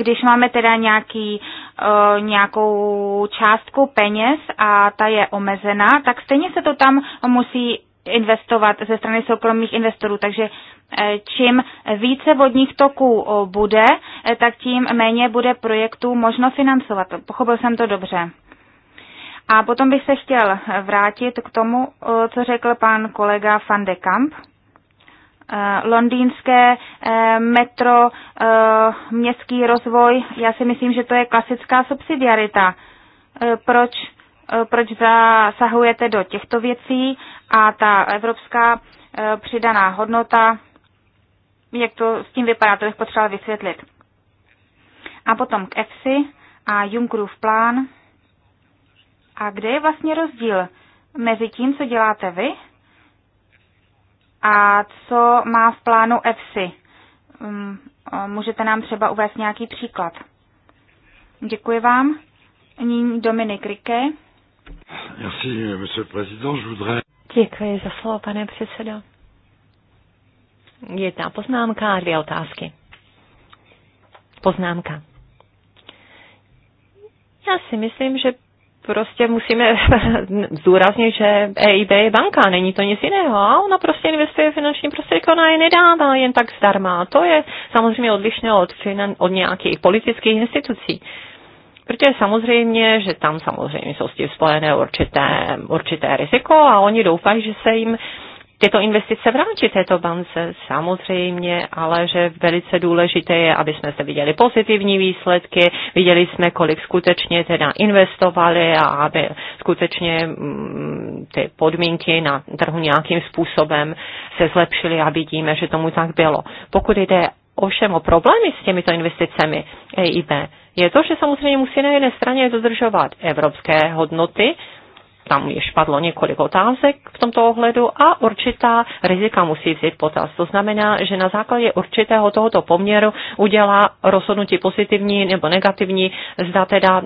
když máme teda nějaký Eh, nějakou částku peněz a ta je omezená, tak stejně se to tam musí investovat ze strany soukromých investorů. Takže eh, čím více vodních toků eh, bude, tak tím méně bude projektů možno financovat. Pochopil jsem to dobře. A potom bych se chtěl vrátit k tomu, co řekl pan kolega Van de Kamp. Eh, londýnské eh, metro, eh, městský rozvoj. Já si myslím, že to je klasická subsidiarita. Proč, proč zasahujete do těchto věcí a ta evropská přidaná hodnota, jak to s tím vypadá, to bych potřeba vysvětlit. A potom k EFSI a Junckerův plán. A kde je vlastně rozdíl mezi tím, co děláte vy a co má v plánu EFSI? Um, můžete nám třeba uvést nějaký příklad? Děkuji vám. Nyní Dominik Rike. Merci, monsieur le président. Je voudrais... Děkuji za slovo, pane předsedo. Jedna poznámka a dvě otázky. Poznámka. Já si myslím, že prostě musíme zdůraznit, že EIB je banka, není to nic jiného. A ona prostě investuje finanční prostředky, ona je nedává jen tak zdarma. To je samozřejmě odlišné od, finan, od nějakých politických institucí. Protože samozřejmě, že tam samozřejmě jsou s tím spojené určité, určité riziko a oni doufají, že se jim tyto investice vrátit této bance, samozřejmě, ale že velice důležité je, aby jsme se viděli pozitivní výsledky, viděli jsme, kolik skutečně teda investovali a aby skutečně mm, ty podmínky na trhu nějakým způsobem se zlepšily a vidíme, že tomu tak bylo. Pokud jde ovšem o problémy s těmito investicemi EIB, je to, že samozřejmě musí na jedné straně dodržovat evropské hodnoty, tam již padlo několik otázek v tomto ohledu a určitá rizika musí vzít potaz. To znamená, že na základě určitého tohoto poměru udělá rozhodnutí pozitivní nebo negativní, zda teda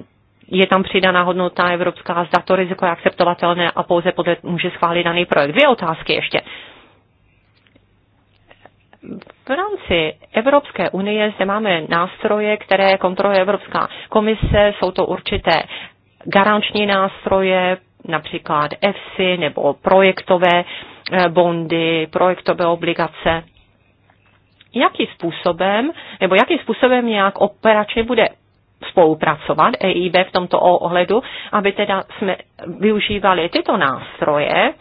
je tam přidaná hodnota evropská, zda to riziko je akceptovatelné a pouze podle může schválit daný projekt. Dvě otázky ještě. V rámci Evropské unie zde máme nástroje, které kontroluje Evropská komise, jsou to určité garanční nástroje například EFSI nebo projektové eh, bondy, projektové obligace. Jakým způsobem, nebo jakým způsobem nějak operačně bude spolupracovat EIB v tomto ohledu, aby teda jsme využívali tyto nástroje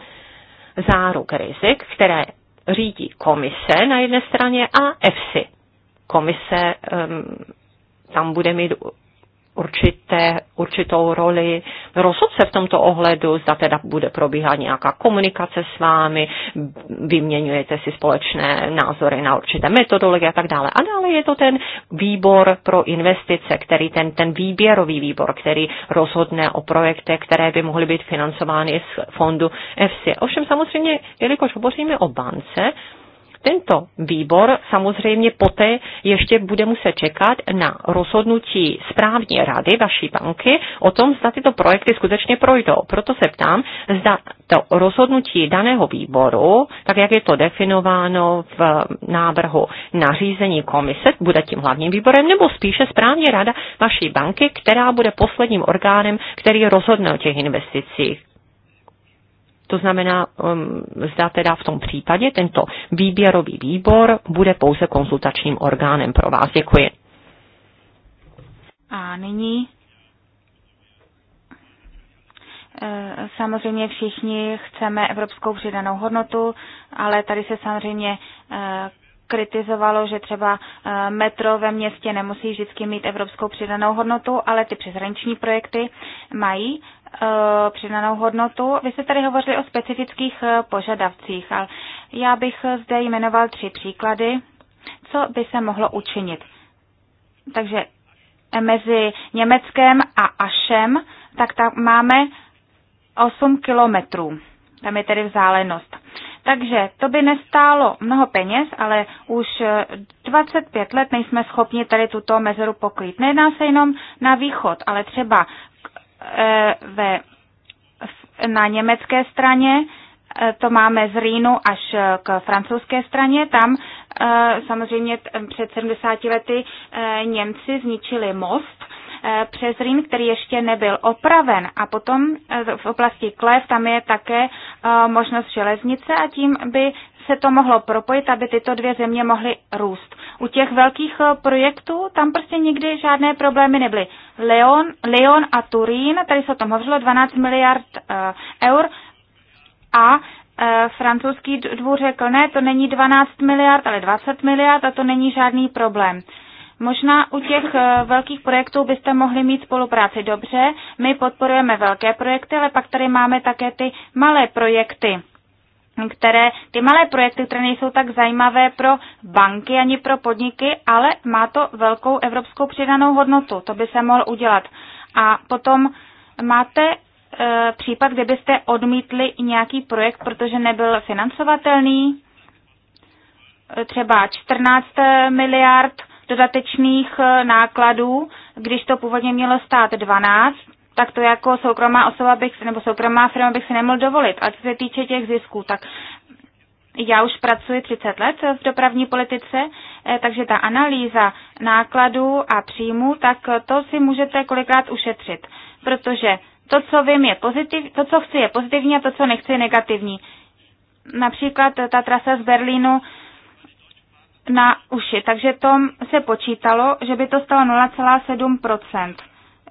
záruk rizik, které řídí komise na jedné straně a EFSI. Komise um, tam bude mít určité, určitou roli rozhodce v tomto ohledu, zda teda bude probíhat nějaká komunikace s vámi, vyměňujete si společné názory na určité metodologie a tak dále. A dále je to ten výbor pro investice, který ten, ten výběrový výbor, který rozhodne o projektech, které by mohly být financovány z fondu FC. Ovšem samozřejmě, jelikož hovoříme o bance, tento výbor samozřejmě poté ještě bude muset čekat na rozhodnutí správní rady vaší banky o tom, zda tyto projekty skutečně projdou. Proto se ptám, zda to rozhodnutí daného výboru, tak jak je to definováno v návrhu nařízení komise, bude tím hlavním výborem, nebo spíše správní rada vaší banky, která bude posledním orgánem, který rozhodne o těch investicích. To znamená, um, zda teda v tom případě tento výběrový výbor bude pouze konzultačním orgánem pro vás. Děkuji. A nyní eh, Samozřejmě všichni chceme evropskou přidanou hodnotu, ale tady se samozřejmě eh, kritizovalo, že třeba eh, metro ve městě nemusí vždycky mít evropskou přidanou hodnotu, ale ty přeshraniční projekty mají Eh, přidanou hodnotu. Vy jste tady hovořili o specifických eh, požadavcích, ale já bych zde jmenoval tři příklady, co by se mohlo učinit. Takže mezi Německem a Ašem, tak tam máme 8 kilometrů. Tam je tedy vzdálenost. Takže to by nestálo mnoho peněz, ale už 25 eh, let nejsme schopni tady tuto mezeru pokrýt. Nejedná se jenom na východ, ale třeba ve, na německé straně, e, to máme z Rýnu až k francouzské straně. Tam e, samozřejmě před 70 lety e, Němci zničili most přes Rýn, který ještě nebyl opraven. A potom v oblasti Klev tam je také možnost železnice a tím by se to mohlo propojit, aby tyto dvě země mohly růst. U těch velkých eh, projektů tam prostě nikdy žádné problémy nebyly. Leon, Leon a Turín, tady se o tom hovořilo, 12 miliard uh, eur a eh, francouzský dvůr řekl, ne, to není 12 miliard, ale 20 miliard a to není žádný problém. Možná u těch velkých projektů byste mohli mít spolupráci dobře. My podporujeme velké projekty, ale pak tady máme také ty malé projekty které, ty malé projekty, které nejsou tak zajímavé pro banky ani pro podniky, ale má to velkou evropskou přidanou hodnotu. To by se mohl udělat. A potom máte e, případ, kde byste odmítli nějaký projekt, protože nebyl financovatelný, e, třeba 14 miliard dodatečných e, nákladů, když to původně mělo stát 12, tak to jako soukromá osoba bych, nebo soukromá firma bych si nemohl dovolit. A co se týče těch zisků, tak já už pracuji 30 let v dopravní politice, eh, takže ta analýza nákladů a příjmů, tak to si můžete kolikrát ušetřit, protože to, co vím, je pozitiv, to, co chci, je pozitivní a to, co nechci, je negativní. Například ta trasa z Berlínu na uši, takže to se počítalo, že by to stalo 0,7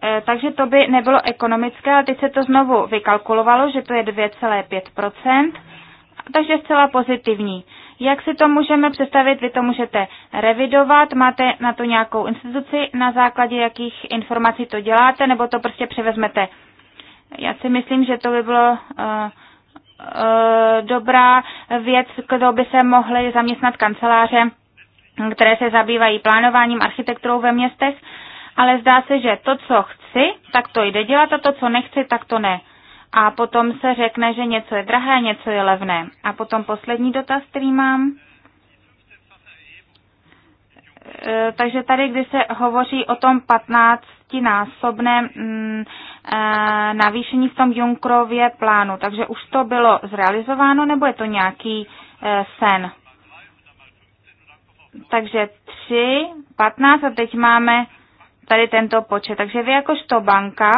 Eh, takže to by nebylo ekonomické, ale teď se to znovu vykalkulovalo, že to je 2,5%, takže zcela pozitivní. Jak si to můžeme představit? Vy to můžete revidovat, máte na to nějakou instituci, na základě jakých informací to děláte, nebo to prostě převezmete. Já si myslím, že to by bylo uh, uh, dobrá věc, kdo by se mohly zaměstnat kanceláře, které se zabývají plánováním, architekturou ve městech, uh, ale zdá se, že to, co chci, tak to jde dělat a to, co nechci, tak to ne. A potom se řekne, že něco je drahé, něco je levné. A potom poslední dotaz, který mám. E, takže tady, kdy se hovoří o tom 15-násobném mm, e, navýšení v tom Junkrově plánu, takže už to bylo zrealizováno, nebo je to nějaký e, sen? Takže 3, 15 a teď máme tady tento počet. Takže vy jakožto banka,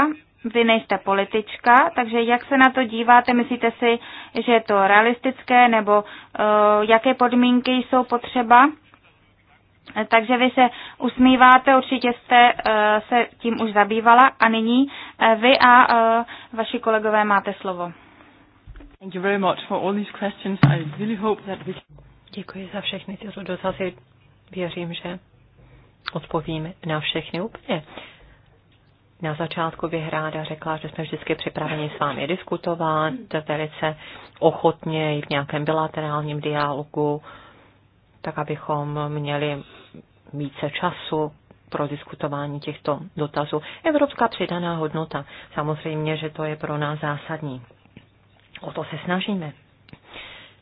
vy nejste politička, takže jak se na to díváte? Myslíte si, že je to realistické nebo uh, jaké podmínky jsou potřeba? Takže vy se usmíváte, určitě jste uh, se tím už zabývala a nyní uh, vy a uh, vaši kolegové máte slovo. Děkuji za všechny tyto dotazy. Věřím, že odpovím na všechny úplně. Na začátku bych ráda řekla, že jsme vždycky připraveni s vámi diskutovat, velice ochotně i v nějakém bilaterálním dialogu, tak abychom měli více času pro diskutování těchto dotazů. Evropská přidaná hodnota, samozřejmě, že to je pro nás zásadní. O to se snažíme.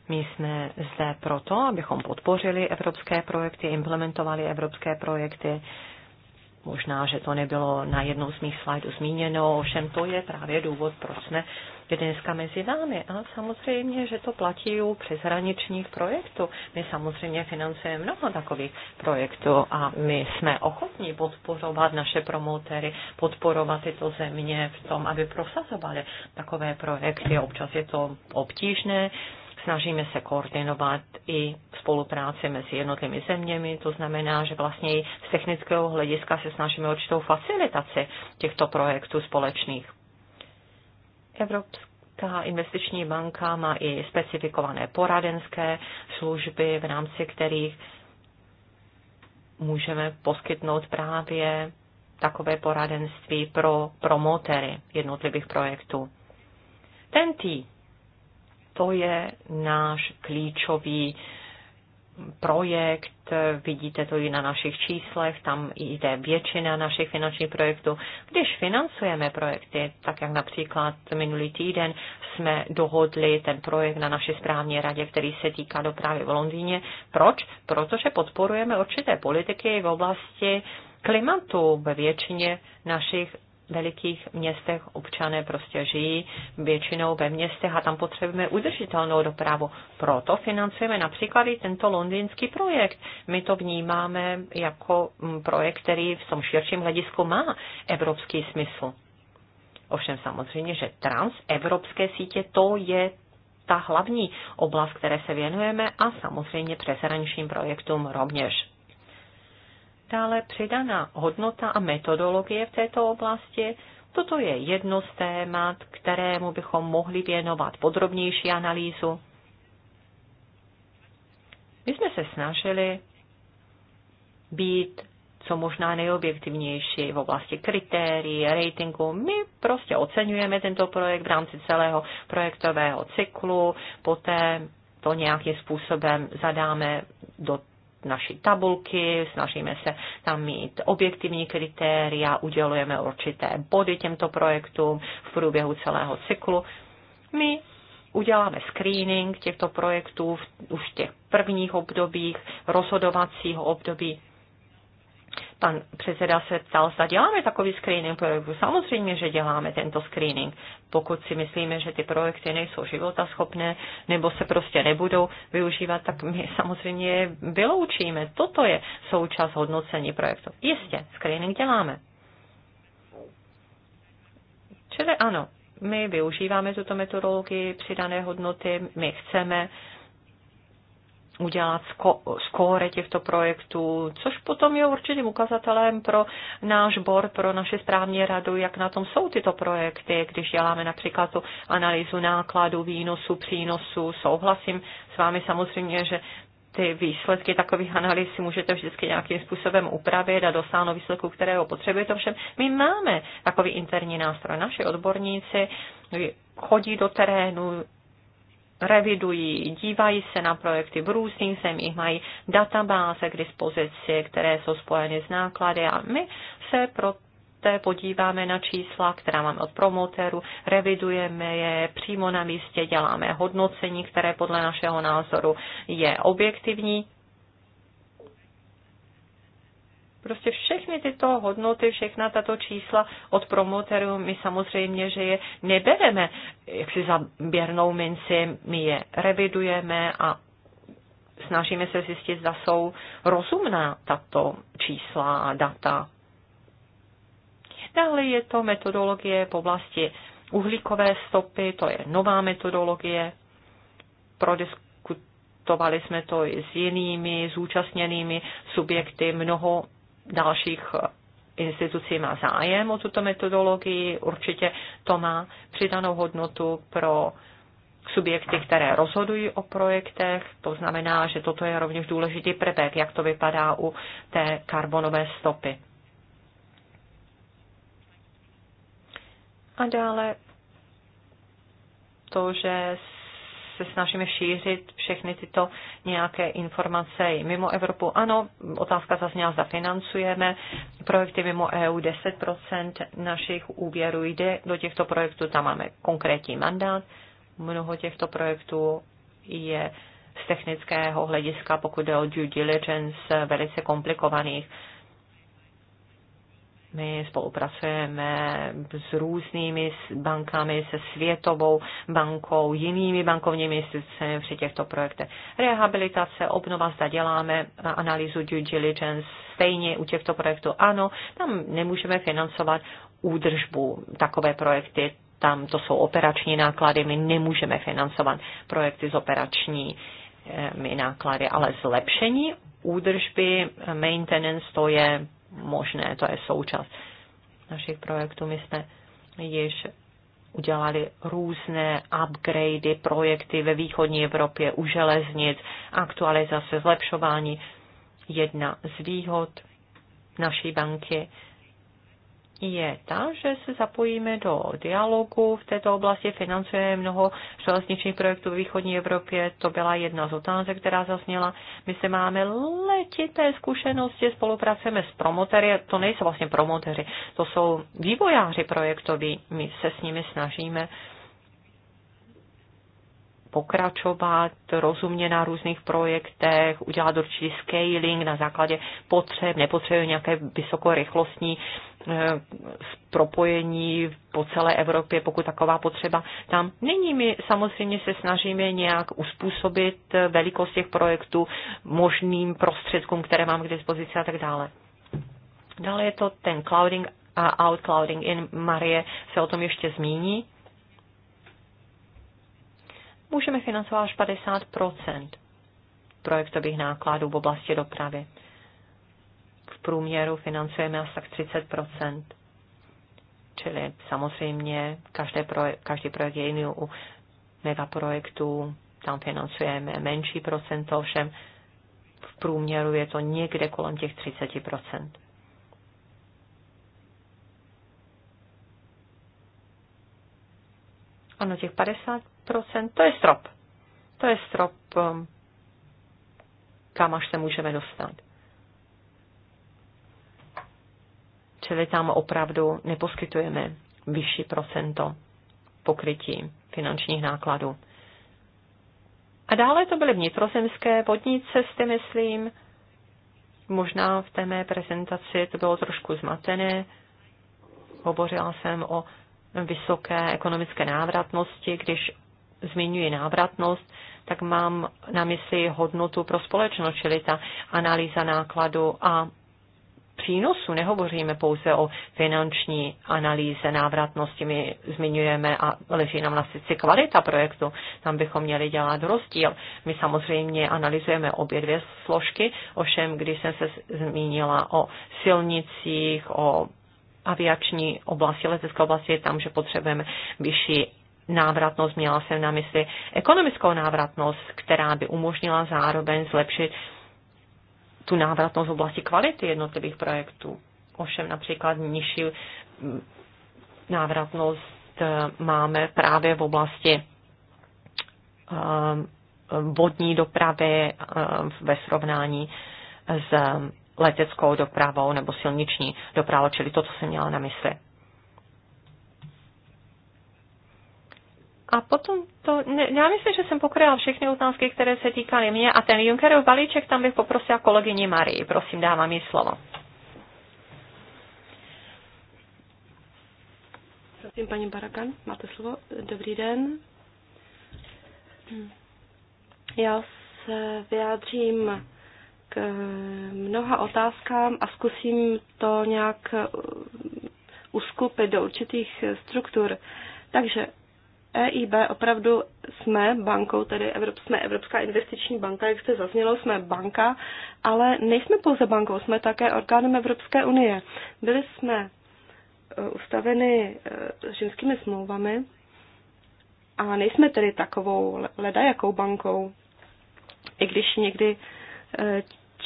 My jsme zde proto, abychom podpořili evropské projekty, implementovali evropské projekty. Možná, že to nebylo na jednou z mých slajdů zmíněno, ovšem to je právě důvod, proč jsme dneska mezi námi. A samozřejmě, že to platí u přeshraničních projektů. My samozřejmě financujeme mnoho takových projektů a my jsme ochotní podporovat naše promotéry, podporovat tyto země v tom, aby prosazovali takové projekty. Občas je to obtížné, snažíme se koordinovat i spolupráci mezi jednotlivými zeměmi, to znamená, že vlastně i z technického hlediska se snažíme určitou facilitaci těchto projektů společných. Evropská investiční banka má i specifikované poradenské služby, v rámci kterých můžeme poskytnout právě takové poradenství pro promotery jednotlivých projektů. TNT to je náš klíčový projekt. Vidíte to i na našich číslech, tam jde většina našich finančních projektů. Když financujeme projekty, tak jak například minulý týden jsme dohodli ten projekt na naší správní radě, který se týká dopravy v Londýně. Proč? Protože podporujeme určité politiky v oblasti klimatu ve většině našich velikých městech občané prostě žijí většinou ve městech a tam potřebujeme udržitelnou dopravu. Proto financujeme například i tento londýnský projekt. My to vnímáme jako mm, projekt, který v tom širším hledisku má evropský smysl. Ovšem samozřejmě, že transevropské sítě to je ta hlavní oblast, které se věnujeme a samozřejmě přeshraničním projektům rovněž. Dále přidaná hodnota a metodologie v této oblasti. Toto je jedno z témat, kterému bychom mohli věnovat podrobnější analýzu. My jsme se snažili být co možná nejobjektivnější v oblasti kritérií, ratingu. My prostě oceňujeme tento projekt v rámci celého projektového cyklu, poté to nějakým způsobem zadáme do naší tabulky, snažíme se tam mít objektivní kritéria, udělujeme určité body těmto projektům v průběhu celého cyklu. My uděláme screening těchto projektů v, už v těch prvních obdobích rozhodovacího období Pan předseda se ptal, zda děláme takový screening projektu. Samozřejmě, že děláme tento screening. Pokud si myslíme, že ty projekty nejsou životaschopné nebo se prostě nebudou využívat, tak my samozřejmě je vyloučíme. Toto je součást hodnocení projektu. Jistě, screening děláme. Čili ano, my využíváme tuto metodologii přidané hodnoty, my chceme uh, udělat skóre těchto projektů, což potom je určitým ukazatelem pro náš bor, pro naše správní radu, jak na tom jsou tyto projekty, když děláme například tu analýzu nákladů, výnosu, přínosu. Souhlasím s vámi samozřejmě, že ty výsledky takových analýz si můžete vždycky nějakým způsobem upravit a dosáhnout výsledku, kterého potřebujete. Ovšem, my máme takový interní nástroj. Naši odborníci chodí do terénu, revidují, dívají se na projekty v různých zemích, mají databáze k dispozici, které jsou spojeny s náklady a my se pro to podíváme na čísla, která máme od promotéru, revidujeme je přímo na místě, děláme hodnocení, které podle našeho názoru je objektivní Prostě všechny tyto hodnoty, všechna tato čísla od promoterů, my samozřejmě, že je nebereme jak si za běrnou minci, my je revidujeme a snažíme se zjistit, zda jsou rozumná tato čísla a data. Dále je to metodologie v oblasti uhlíkové stopy, to je nová metodologie. Prodiskutovali jsme to i s jinými zúčastněnými subjekty. Mnoho dalších eh, institucí má zájem o tuto metodologii, určitě to má přidanou hodnotu pro subjekty, které rozhodují o projektech. To znamená, že toto je rovněž důležitý prvek, jak to vypadá u té karbonové stopy. A dále to, že se snažíme šířit všechny tyto nějaké informace i mimo Evropu. Ano, otázka zazněla, zafinancujeme projekty mimo EU, 10% našich úvěrů jde do těchto projektů, tam máme konkrétní mandát, mnoho těchto projektů je z technického hlediska, pokud jde o due diligence, velice komplikovaných. My spolupracujeme s různými bankami, se Světovou bankou, jinými bankovními institucemi při těchto projektech. Rehabilitace, obnova, zda děláme analýzu due diligence, stejně u těchto projektů ano, tam nemůžeme financovat údržbu takové projekty, tam to jsou operační náklady, my nemůžeme financovat projekty s operačními eh, náklady, ale zlepšení údržby, maintenance, to je možné, to je součást našich projektů. My jsme již udělali různé upgrady, projekty ve východní Evropě u železnic, aktualizace, zlepšování. Jedna z výhod naší banky je ta, že se zapojíme do dialogu. V této oblasti financuje mnoho železničních projektů v východní Evropě. To byla jedna z otázek, která zazněla. My se máme letité zkušenosti, spolupracujeme s promotery, to nejsou vlastně promotery, to jsou vývojáři projektoví. My se s nimi snažíme pokračovat rozumně na různých projektech, udělat určitý scaling na základě potřeb, nepotřebuje nějaké vysokorychlostní Eh, propojení po celé Evropě, pokud taková potřeba tam není. My samozřejmě se snažíme nějak uspůsobit velikost těch projektů možným prostředkům, které mám k dispozici a tak dále. Dále je to ten clouding a outclouding. In Marie se o tom ještě zmíní. Můžeme financovat až 50 projektových nákladů v oblasti dopravy průměru financujeme asi tak 30 Čili samozřejmě každé projekt, každý projekt je jiný u megaprojektů, tam financujeme menší procento, ovšem v průměru je to někde kolem těch 30 Ano, těch 50 to je strop. To je strop, um, kam až se můžeme dostat. čili tam opravdu neposkytujeme vyšší procento pokrytí finančních nákladů. A dále to byly vnitrozemské vodní cesty, myslím. Možná v té mé prezentaci to bylo trošku zmatené. Hovořila jsem o vysoké ekonomické návratnosti. Když zmiňuji návratnost, tak mám na mysli hodnotu pro společnost, čili ta analýza nákladu a přínosu. Nehovoříme pouze o finanční analýze návratnosti. My zmiňujeme a leží nám na sice kvalita projektu. Tam bychom měli dělat rozdíl. My samozřejmě analyzujeme obě dvě složky, ovšem když jsem se zmínila o silnicích, o aviační oblasti, letecké oblasti, je tam, že potřebujeme vyšší návratnost, měla jsem na mysli ekonomickou návratnost, která by umožnila zároveň zlepšit tu návratnost v oblasti kvality jednotlivých projektů. Ovšem například nižší návratnost e, máme právě v oblasti e, vodní dopravy e, ve srovnání s leteckou dopravou nebo silniční dopravou, čili to, co jsem měla na mysli. A potom to, ne, já myslím, že jsem pokryla všechny otázky, které se týkaly mě a ten Junckerův balíček tam bych poprosila kolegyni Marii. Prosím, dávám jí slovo. Prosím, paní Barakan, máte slovo. Dobrý den. Já se vyjádřím k mnoha otázkám a zkusím to nějak uskupit do určitých struktur. Takže EIB opravdu jsme bankou, tedy Evrop, jsme Evropská investiční banka, jak jste zaznělo, jsme banka, ale nejsme pouze bankou, jsme také orgánem Evropské unie. Byli jsme e, ustaveny římskými e, smlouvami a nejsme tedy takovou ledajakou bankou, i když někdy e,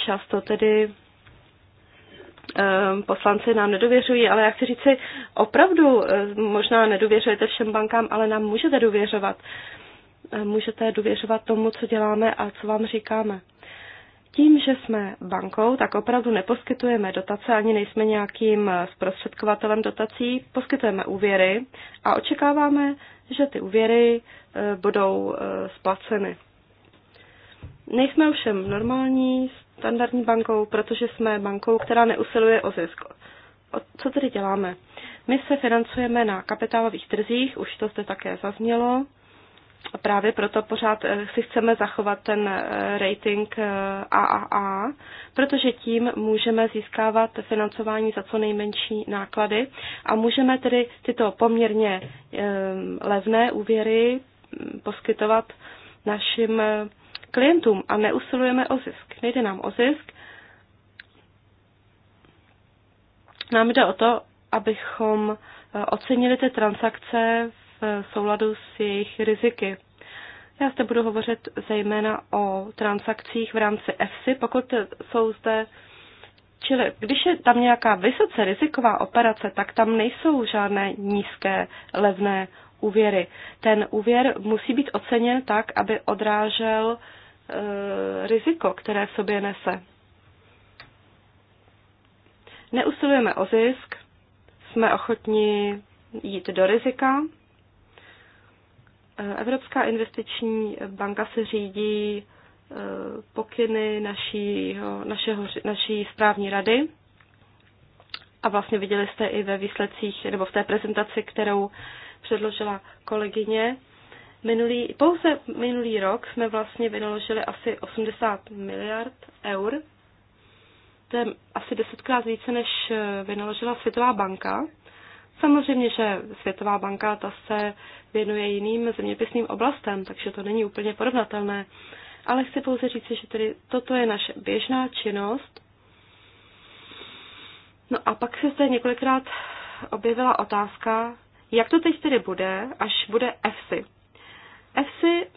často tedy Ehm, poslanci nám nedověřují, ale já chci říci, opravdu ehm, možná nedověřujete všem bankám, ale nám můžete důvěřovat. Ehm, můžete důvěřovat tomu, co děláme a co vám říkáme. Tím, že jsme bankou, tak opravdu neposkytujeme dotace, ani nejsme nějakým eh, zprostředkovatelem dotací, poskytujeme úvěry a očekáváme, že ty úvěry eh, budou eh, splaceny. Nejsme ovšem normální standardní bankou, protože jsme bankou, která neusiluje o zisk. O co tedy děláme? My se financujeme na kapitálových trzích, už to zde také zaznělo. A právě proto pořád eh, si chceme zachovat ten eh, rating AAA, eh, protože tím můžeme získávat financování za co nejmenší náklady a můžeme tedy tyto poměrně levné úvěry mm, poskytovat našim klientům a neusilujeme o zisk. Nejde nám o zisk. Nám jde o to, abychom eh, ocenili ty transakce v eh, souladu s jejich riziky. Já zde budu hovořit zejména o transakcích v rámci EFSI, pokud jsou zde Čili když je tam nějaká vysoce riziková operace, tak tam nejsou žádné nízké levné úvěry. Ten úvěr musí být oceněn tak, aby odrážel Eh, riziko, které v sobě nese. Neusilujeme o zisk, jsme ochotni jít do rizika. Eh, Evropská investiční banka se řídí eh, pokyny naší, našeho, naší správní rady. A vlastně viděli jste i ve výsledcích, nebo v té prezentaci, kterou předložila kolegyně, Minulý, pouze minulý rok jsme vlastně vynaložili asi 80 miliard eur. To je asi desetkrát více, než eh, vynaložila Světová banka. Samozřejmě, že Světová banka ta se věnuje jiným zeměpisným oblastem, takže to není úplně porovnatelné. Ale chci pouze říct, že tedy toto je naše běžná činnost. No a pak se zde několikrát objevila otázka, jak to teď tedy bude, až bude EFSI, EFSI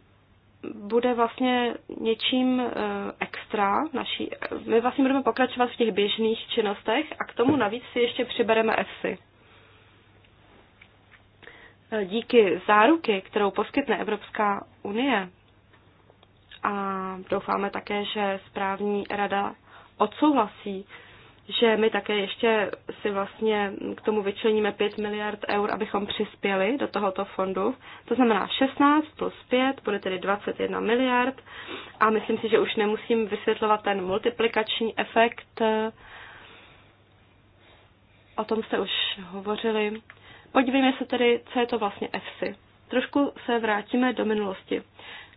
bude vlastně něčím eh, extra naší. My vlastně budeme pokračovat v těch běžných činnostech a k tomu navíc si ještě přibereme EFSI. Eh, díky záruky, kterou poskytne Evropská unie, a doufáme také, že správní rada odsouhlasí že my také ještě si vlastně k tomu vyčleníme 5 miliard eur, abychom přispěli do tohoto fondu. To znamená 16 plus 5 bude tedy 21 miliard a myslím si, že už nemusím vysvětlovat ten multiplikační efekt. O tom jste už hovořili. Podívejme se tedy, co je to vlastně EFSI. Trošku se vrátíme do minulosti.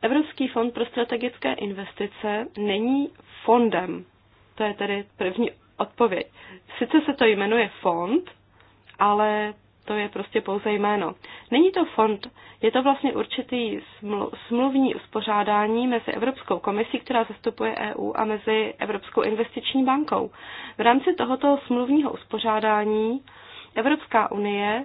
Evropský fond pro strategické investice není fondem. To je tedy první Odpověď. Sice se to jmenuje fond, ale to je prostě pouze jméno. Není to fond, je to vlastně určitý smluvní uspořádání mezi Evropskou komisí, která zastupuje EU, a mezi Evropskou investiční bankou. V rámci tohoto smluvního uspořádání Evropská unie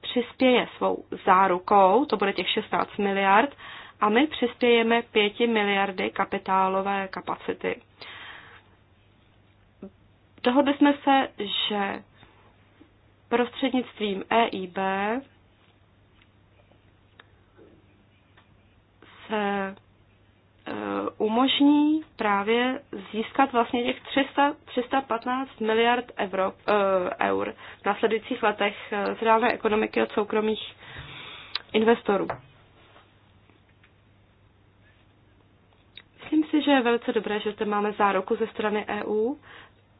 přispěje svou zárukou, to bude těch 16 miliard, a my přispějeme 5 miliardy kapitálové kapacity. Dohodli jsme se, že prostřednictvím EIB se e, umožní právě získat vlastně těch 300, 315 miliard euro, e, eur v následujících letech e, z reálné ekonomiky od soukromých investorů. Myslím si, že je velice dobré, že zde máme záruku ze strany EU,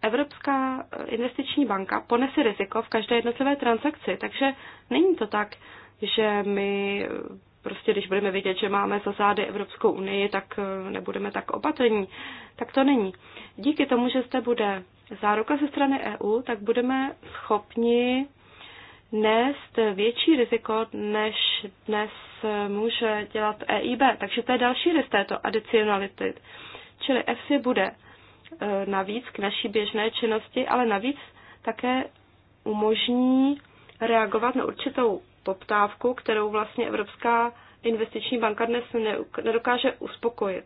Evropská eh, investiční banka ponese riziko v každé jednotlivé transakci, takže není to tak, že my eh, prostě když budeme vidět, že máme za zády Evropskou unii, tak eh, nebudeme tak opatrní. Tak to není. Díky tomu, že zde bude záruka ze strany EU, tak budeme schopni nést větší riziko, než dnes může dělat EIB. Takže to je další risk této adicionality. Čili FC bude E, navíc k naší běžné činnosti, ale navíc také umožní reagovat na určitou poptávku, kterou vlastně Evropská investiční banka dnes nedokáže uspokojit.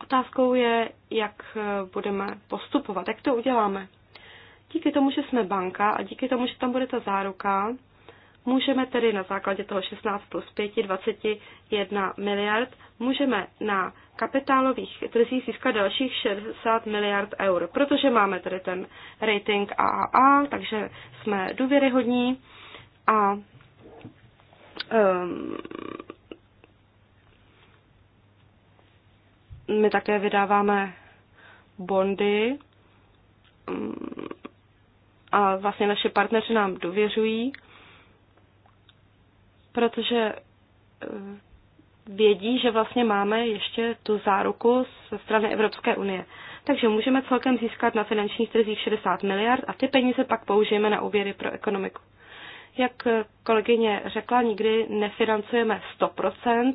Otázkou je, jak e, budeme postupovat, jak to uděláme. Díky tomu, že jsme banka a díky tomu, že tam bude ta záruka, Můžeme tedy na základě toho 16 plus 5, 21 miliard, můžeme na kapitálových trzích získat dalších 60 miliard eur, protože máme tedy ten rating AAA, takže jsme důvěryhodní a um, my také vydáváme bondy ehm, a vlastně naše partneři nám důvěřují protože eh, vědí, že vlastně máme ještě tu záruku ze strany Evropské unie. Takže můžeme celkem získat na finančních trzích 60 miliard a ty peníze pak použijeme na úvěry pro ekonomiku. Jak eh, kolegyně řekla, nikdy nefinancujeme 100%,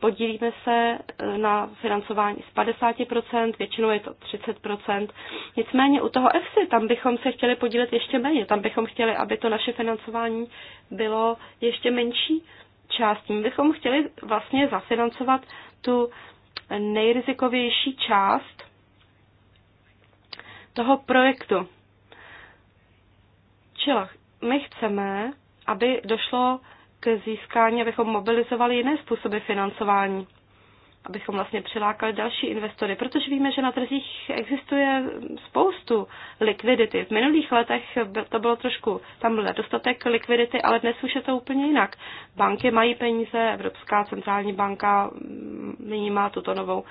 podílíme se eh, na financování z 50%, většinou je to 30%. Nicméně u toho EFSI, tam bychom se chtěli podílet ještě méně, tam bychom chtěli, aby to naše financování bylo ještě menší částí. My bychom chtěli vlastně zafinancovat tu nejrizikovější část toho projektu. Čili my chceme, aby došlo k získání, abychom mobilizovali jiné způsoby financování, abychom vlastně přilákali další investory, protože víme, že na trzích existuje spoustu likvidity. V minulých letech to bylo trošku, tam byl nedostatek likvidity, ale dnes už je to úplně jinak. Banky mají peníze, Evropská centrální banka mm, nyní má tuto novou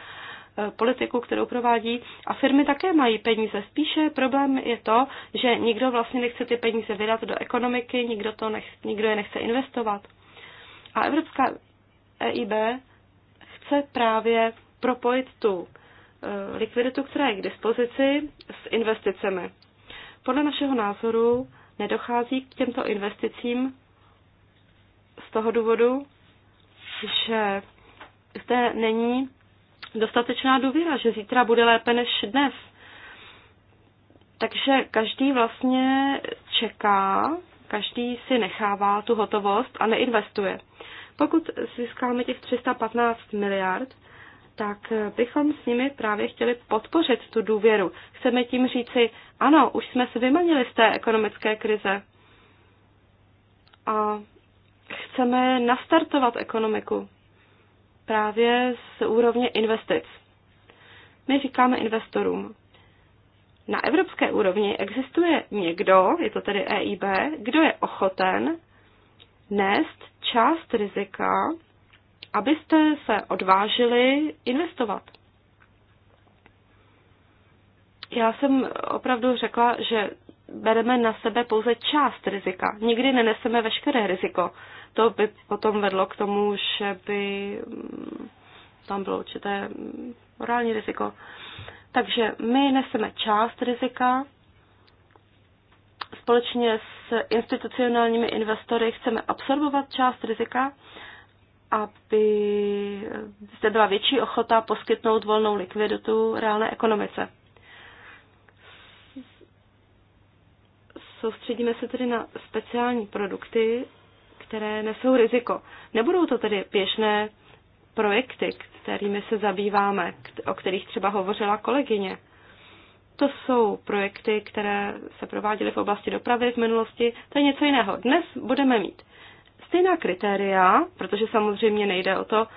politiku, kterou provádí a firmy také mají peníze. Spíše problém je to, že nikdo vlastně nechce ty peníze vydat do ekonomiky, nikdo, to nech, nikdo je nechce investovat. A Evropská EIB chce právě propojit tu eh, likviditu, která je k dispozici, s investicemi. Podle našeho názoru nedochází k těmto investicím z toho důvodu, že zde není dostatečná důvěra, že zítra bude lépe než dnes. Takže každý vlastně čeká, každý si nechává tu hotovost a neinvestuje. Pokud získáme těch 315 miliard, tak bychom s nimi právě chtěli podpořit tu důvěru. Chceme tím říci, ano, už jsme se vymanili z té ekonomické krize. A chceme nastartovat ekonomiku právě z úrovně investic. My říkáme investorům, na evropské úrovni existuje někdo, je to tedy EIB, kdo je ochoten nést část rizika, abyste se odvážili investovat. Já jsem opravdu řekla, že bereme na sebe pouze část rizika. Nikdy neneseme veškeré riziko to by potom vedlo k tomu, že by mm, tam bylo určité mm, morální riziko. Takže my neseme část rizika, společně s institucionálními investory chceme absorbovat část rizika, aby zde byla větší ochota poskytnout volnou likviditu reálné ekonomice. Soustředíme se tedy na speciální produkty které nesou riziko. Nebudou to tedy běžné projekty, kterými se zabýváme, o kterých třeba hovořila kolegyně. To jsou projekty, které se prováděly v oblasti dopravy v minulosti, to je něco jiného. Dnes budeme mít stejná kritéria, protože samozřejmě nejde o to,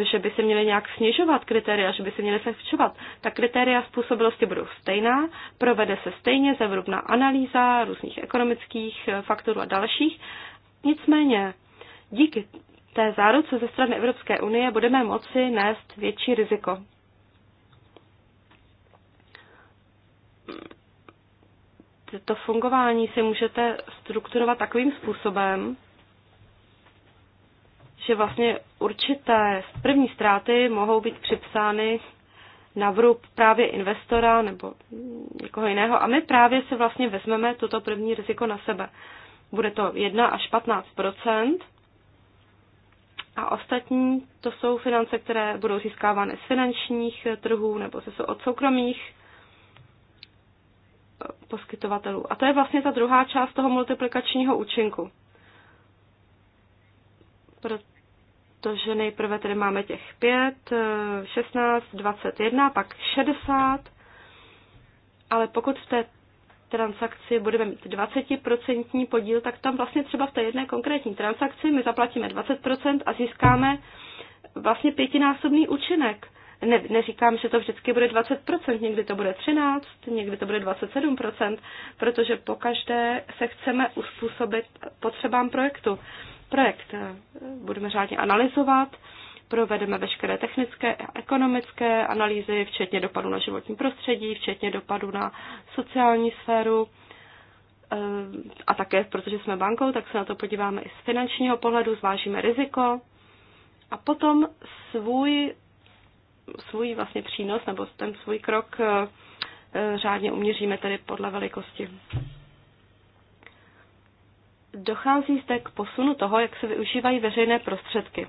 eh, že by se měly nějak snižovat kritéria, že by se měly zlehčovat. Ta kritéria způsobilosti budou stejná, provede se stejně zevrubná analýza různých ekonomických eh, faktorů a dalších Nicméně díky té záruce ze strany Evropské unie budeme moci nést větší riziko. To fungování si můžete strukturovat takovým způsobem, že vlastně určité první ztráty mohou být připsány na vrub právě investora nebo někoho jiného a my právě si vlastně vezmeme toto první riziko na sebe bude to 1 až 15 a ostatní to jsou finance, které budou získávány z finančních trhů nebo se jsou od soukromých eh, poskytovatelů. A to je vlastně ta druhá část toho multiplikačního účinku. Protože nejprve tedy máme těch 5, 16, 21, pak 60, ale pokud v té transakci budeme mít 20% podíl, tak tam vlastně třeba v té jedné konkrétní transakci my zaplatíme 20% a získáme vlastně pětinásobný účinek. Ne, neříkám, že to vždycky bude 20%, někdy to bude 13%, někdy to bude 27%, protože po každé se chceme uspůsobit potřebám projektu. Projekt eh, budeme řádně analyzovat, provedeme veškeré technické a ekonomické analýzy, včetně dopadu na životní prostředí, včetně dopadu na sociální sféru. Eh, a také, protože jsme bankou, tak se na to podíváme i z finančního pohledu, zvážíme riziko a potom svůj, svůj vlastně přínos nebo ten svůj krok eh, eh, řádně uměříme tedy podle velikosti. Dochází zde k posunu toho, jak se využívají veřejné prostředky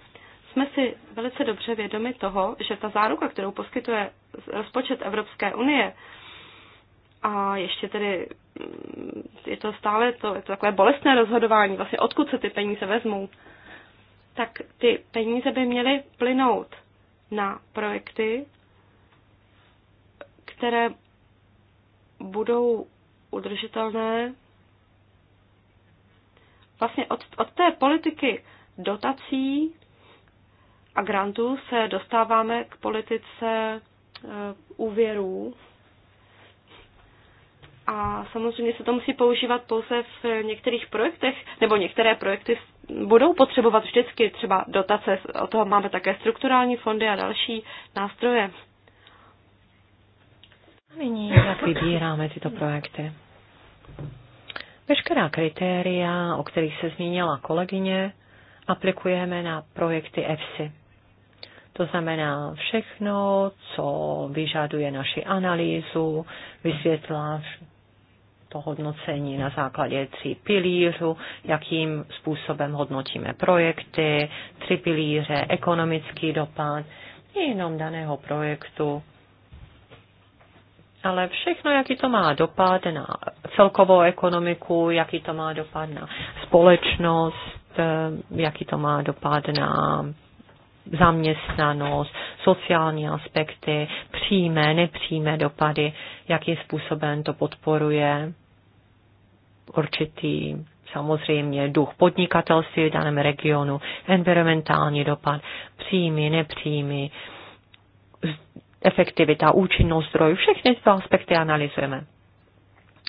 jsme si velice dobře vědomi toho, že ta záruka, kterou poskytuje rozpočet Evropské unie, a ještě tedy mm, je to stále to, je to takové bolestné rozhodování, vlastně odkud se ty peníze vezmou, tak ty peníze by měly plynout na projekty, které budou udržitelné. Vlastně od, od té politiky dotací a grantů se dostáváme k politice eh, úvěrů. A samozřejmě se to musí používat pouze v některých projektech, nebo některé projekty budou potřebovat vždycky třeba dotace, o toho máme také strukturální fondy a další nástroje. Nyní, jak vybíráme tyto projekty? Veškerá kritéria, o kterých se zmínila kolegyně, aplikujeme na projekty EFSI. To znamená všechno, co vyžaduje naši analýzu, vysvětlá to hodnocení na základě tří pilířů, jakým způsobem hodnotíme projekty, tři pilíře, ekonomický dopad, jenom daného projektu, ale všechno, jaký to má dopad na celkovou ekonomiku, jaký to má dopad na společnost, eh, jaký to má dopad na zaměstnanost, sociální aspekty, přímé, nepřímé dopady, jakým způsobem to podporuje určitý samozřejmě duch podnikatelství v daném regionu, environmentální dopad, příjmy, nepříjmy, efektivita, účinnost zdrojů, všechny tyto aspekty analyzujeme.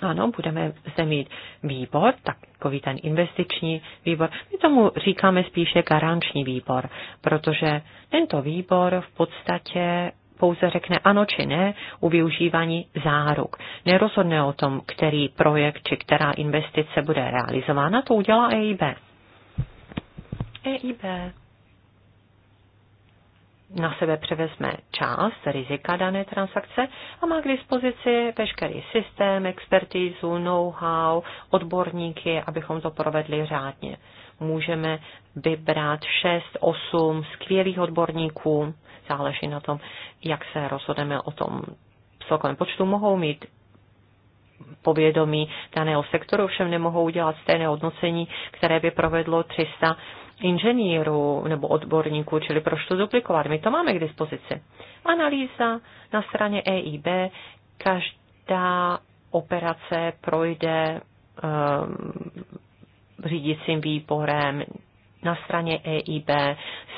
Ano, budeme se mít výbor, takový ten investiční výbor. My tomu říkáme spíše garanční výbor, protože tento výbor v podstatě pouze řekne ano či ne u využívání záruk. Nerozhodne o tom, který projekt či která investice bude realizována, to udělá EIB. EIB na sebe převezme část rizika dané transakce a má k dispozici veškerý systém, expertízu, know-how, odborníky, abychom to provedli řádně. Můžeme vybrat 6-8 skvělých odborníků, záleží na tom, jak se rozhodneme o tom celkovém počtu, mohou mít povědomí daného sektoru, všem nemohou udělat stejné hodnocení, které by provedlo 300 inženýrů nebo odborníků, čili proč to duplikovat? My to máme k dispozici. Analýza na straně EIB, každá operace projde um, řídícím výborem na straně EIB,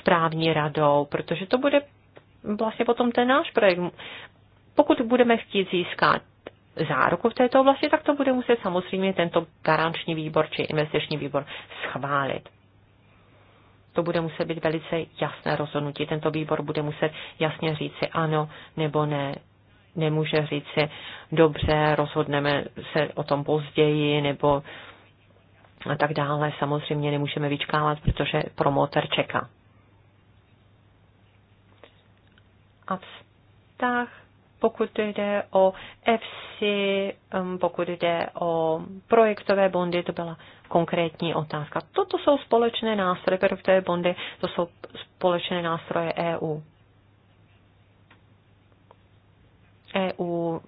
správní radou, protože to bude vlastně potom ten náš projekt. Pokud budeme chtít získat záruku v této oblasti, tak to bude muset samozřejmě tento garanční výbor či investiční výbor schválit to bude muset být velice jasné rozhodnutí. Tento výbor bude muset jasně říci ano nebo ne. Nemůže říci, dobře, rozhodneme se o tom později, nebo a tak dále. Samozřejmě nemůžeme vyčkávat, protože promotor čeká. A vztah pokud jde o FC, um, pokud jde o projektové bondy, to byla konkrétní otázka. Toto jsou společné nástroje, projektové bondy, to jsou společné nástroje EU. EU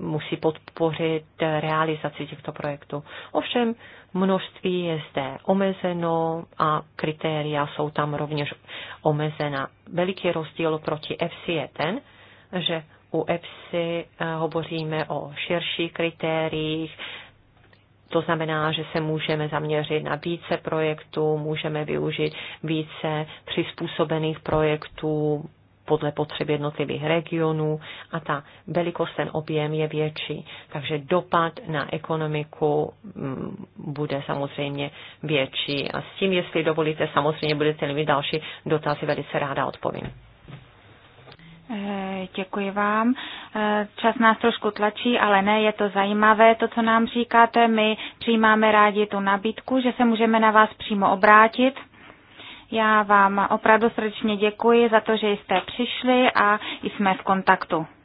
musí podpořit realizaci těchto projektů. Ovšem množství je zde omezeno a kritéria jsou tam rovněž omezena. Veliký rozdíl proti FC je ten, že u EPSI eh, hovoříme o širších kritériích, to znamená, že se můžeme zaměřit na více projektů, můžeme využít více přizpůsobených projektů podle potřeb jednotlivých regionů a ta velikost, ten objem je větší. Takže dopad na ekonomiku mm, bude samozřejmě větší. A s tím, jestli dovolíte, samozřejmě budete mít další dotazy, velice ráda odpovím. Eh, děkuji vám. Eh, čas nás trošku tlačí, ale ne, je to zajímavé, to, co nám říkáte. My přijímáme rádi tu nabídku, že se můžeme na vás přímo obrátit. Já vám opravdu srdečně děkuji za to, že jste přišli a jsme v kontaktu.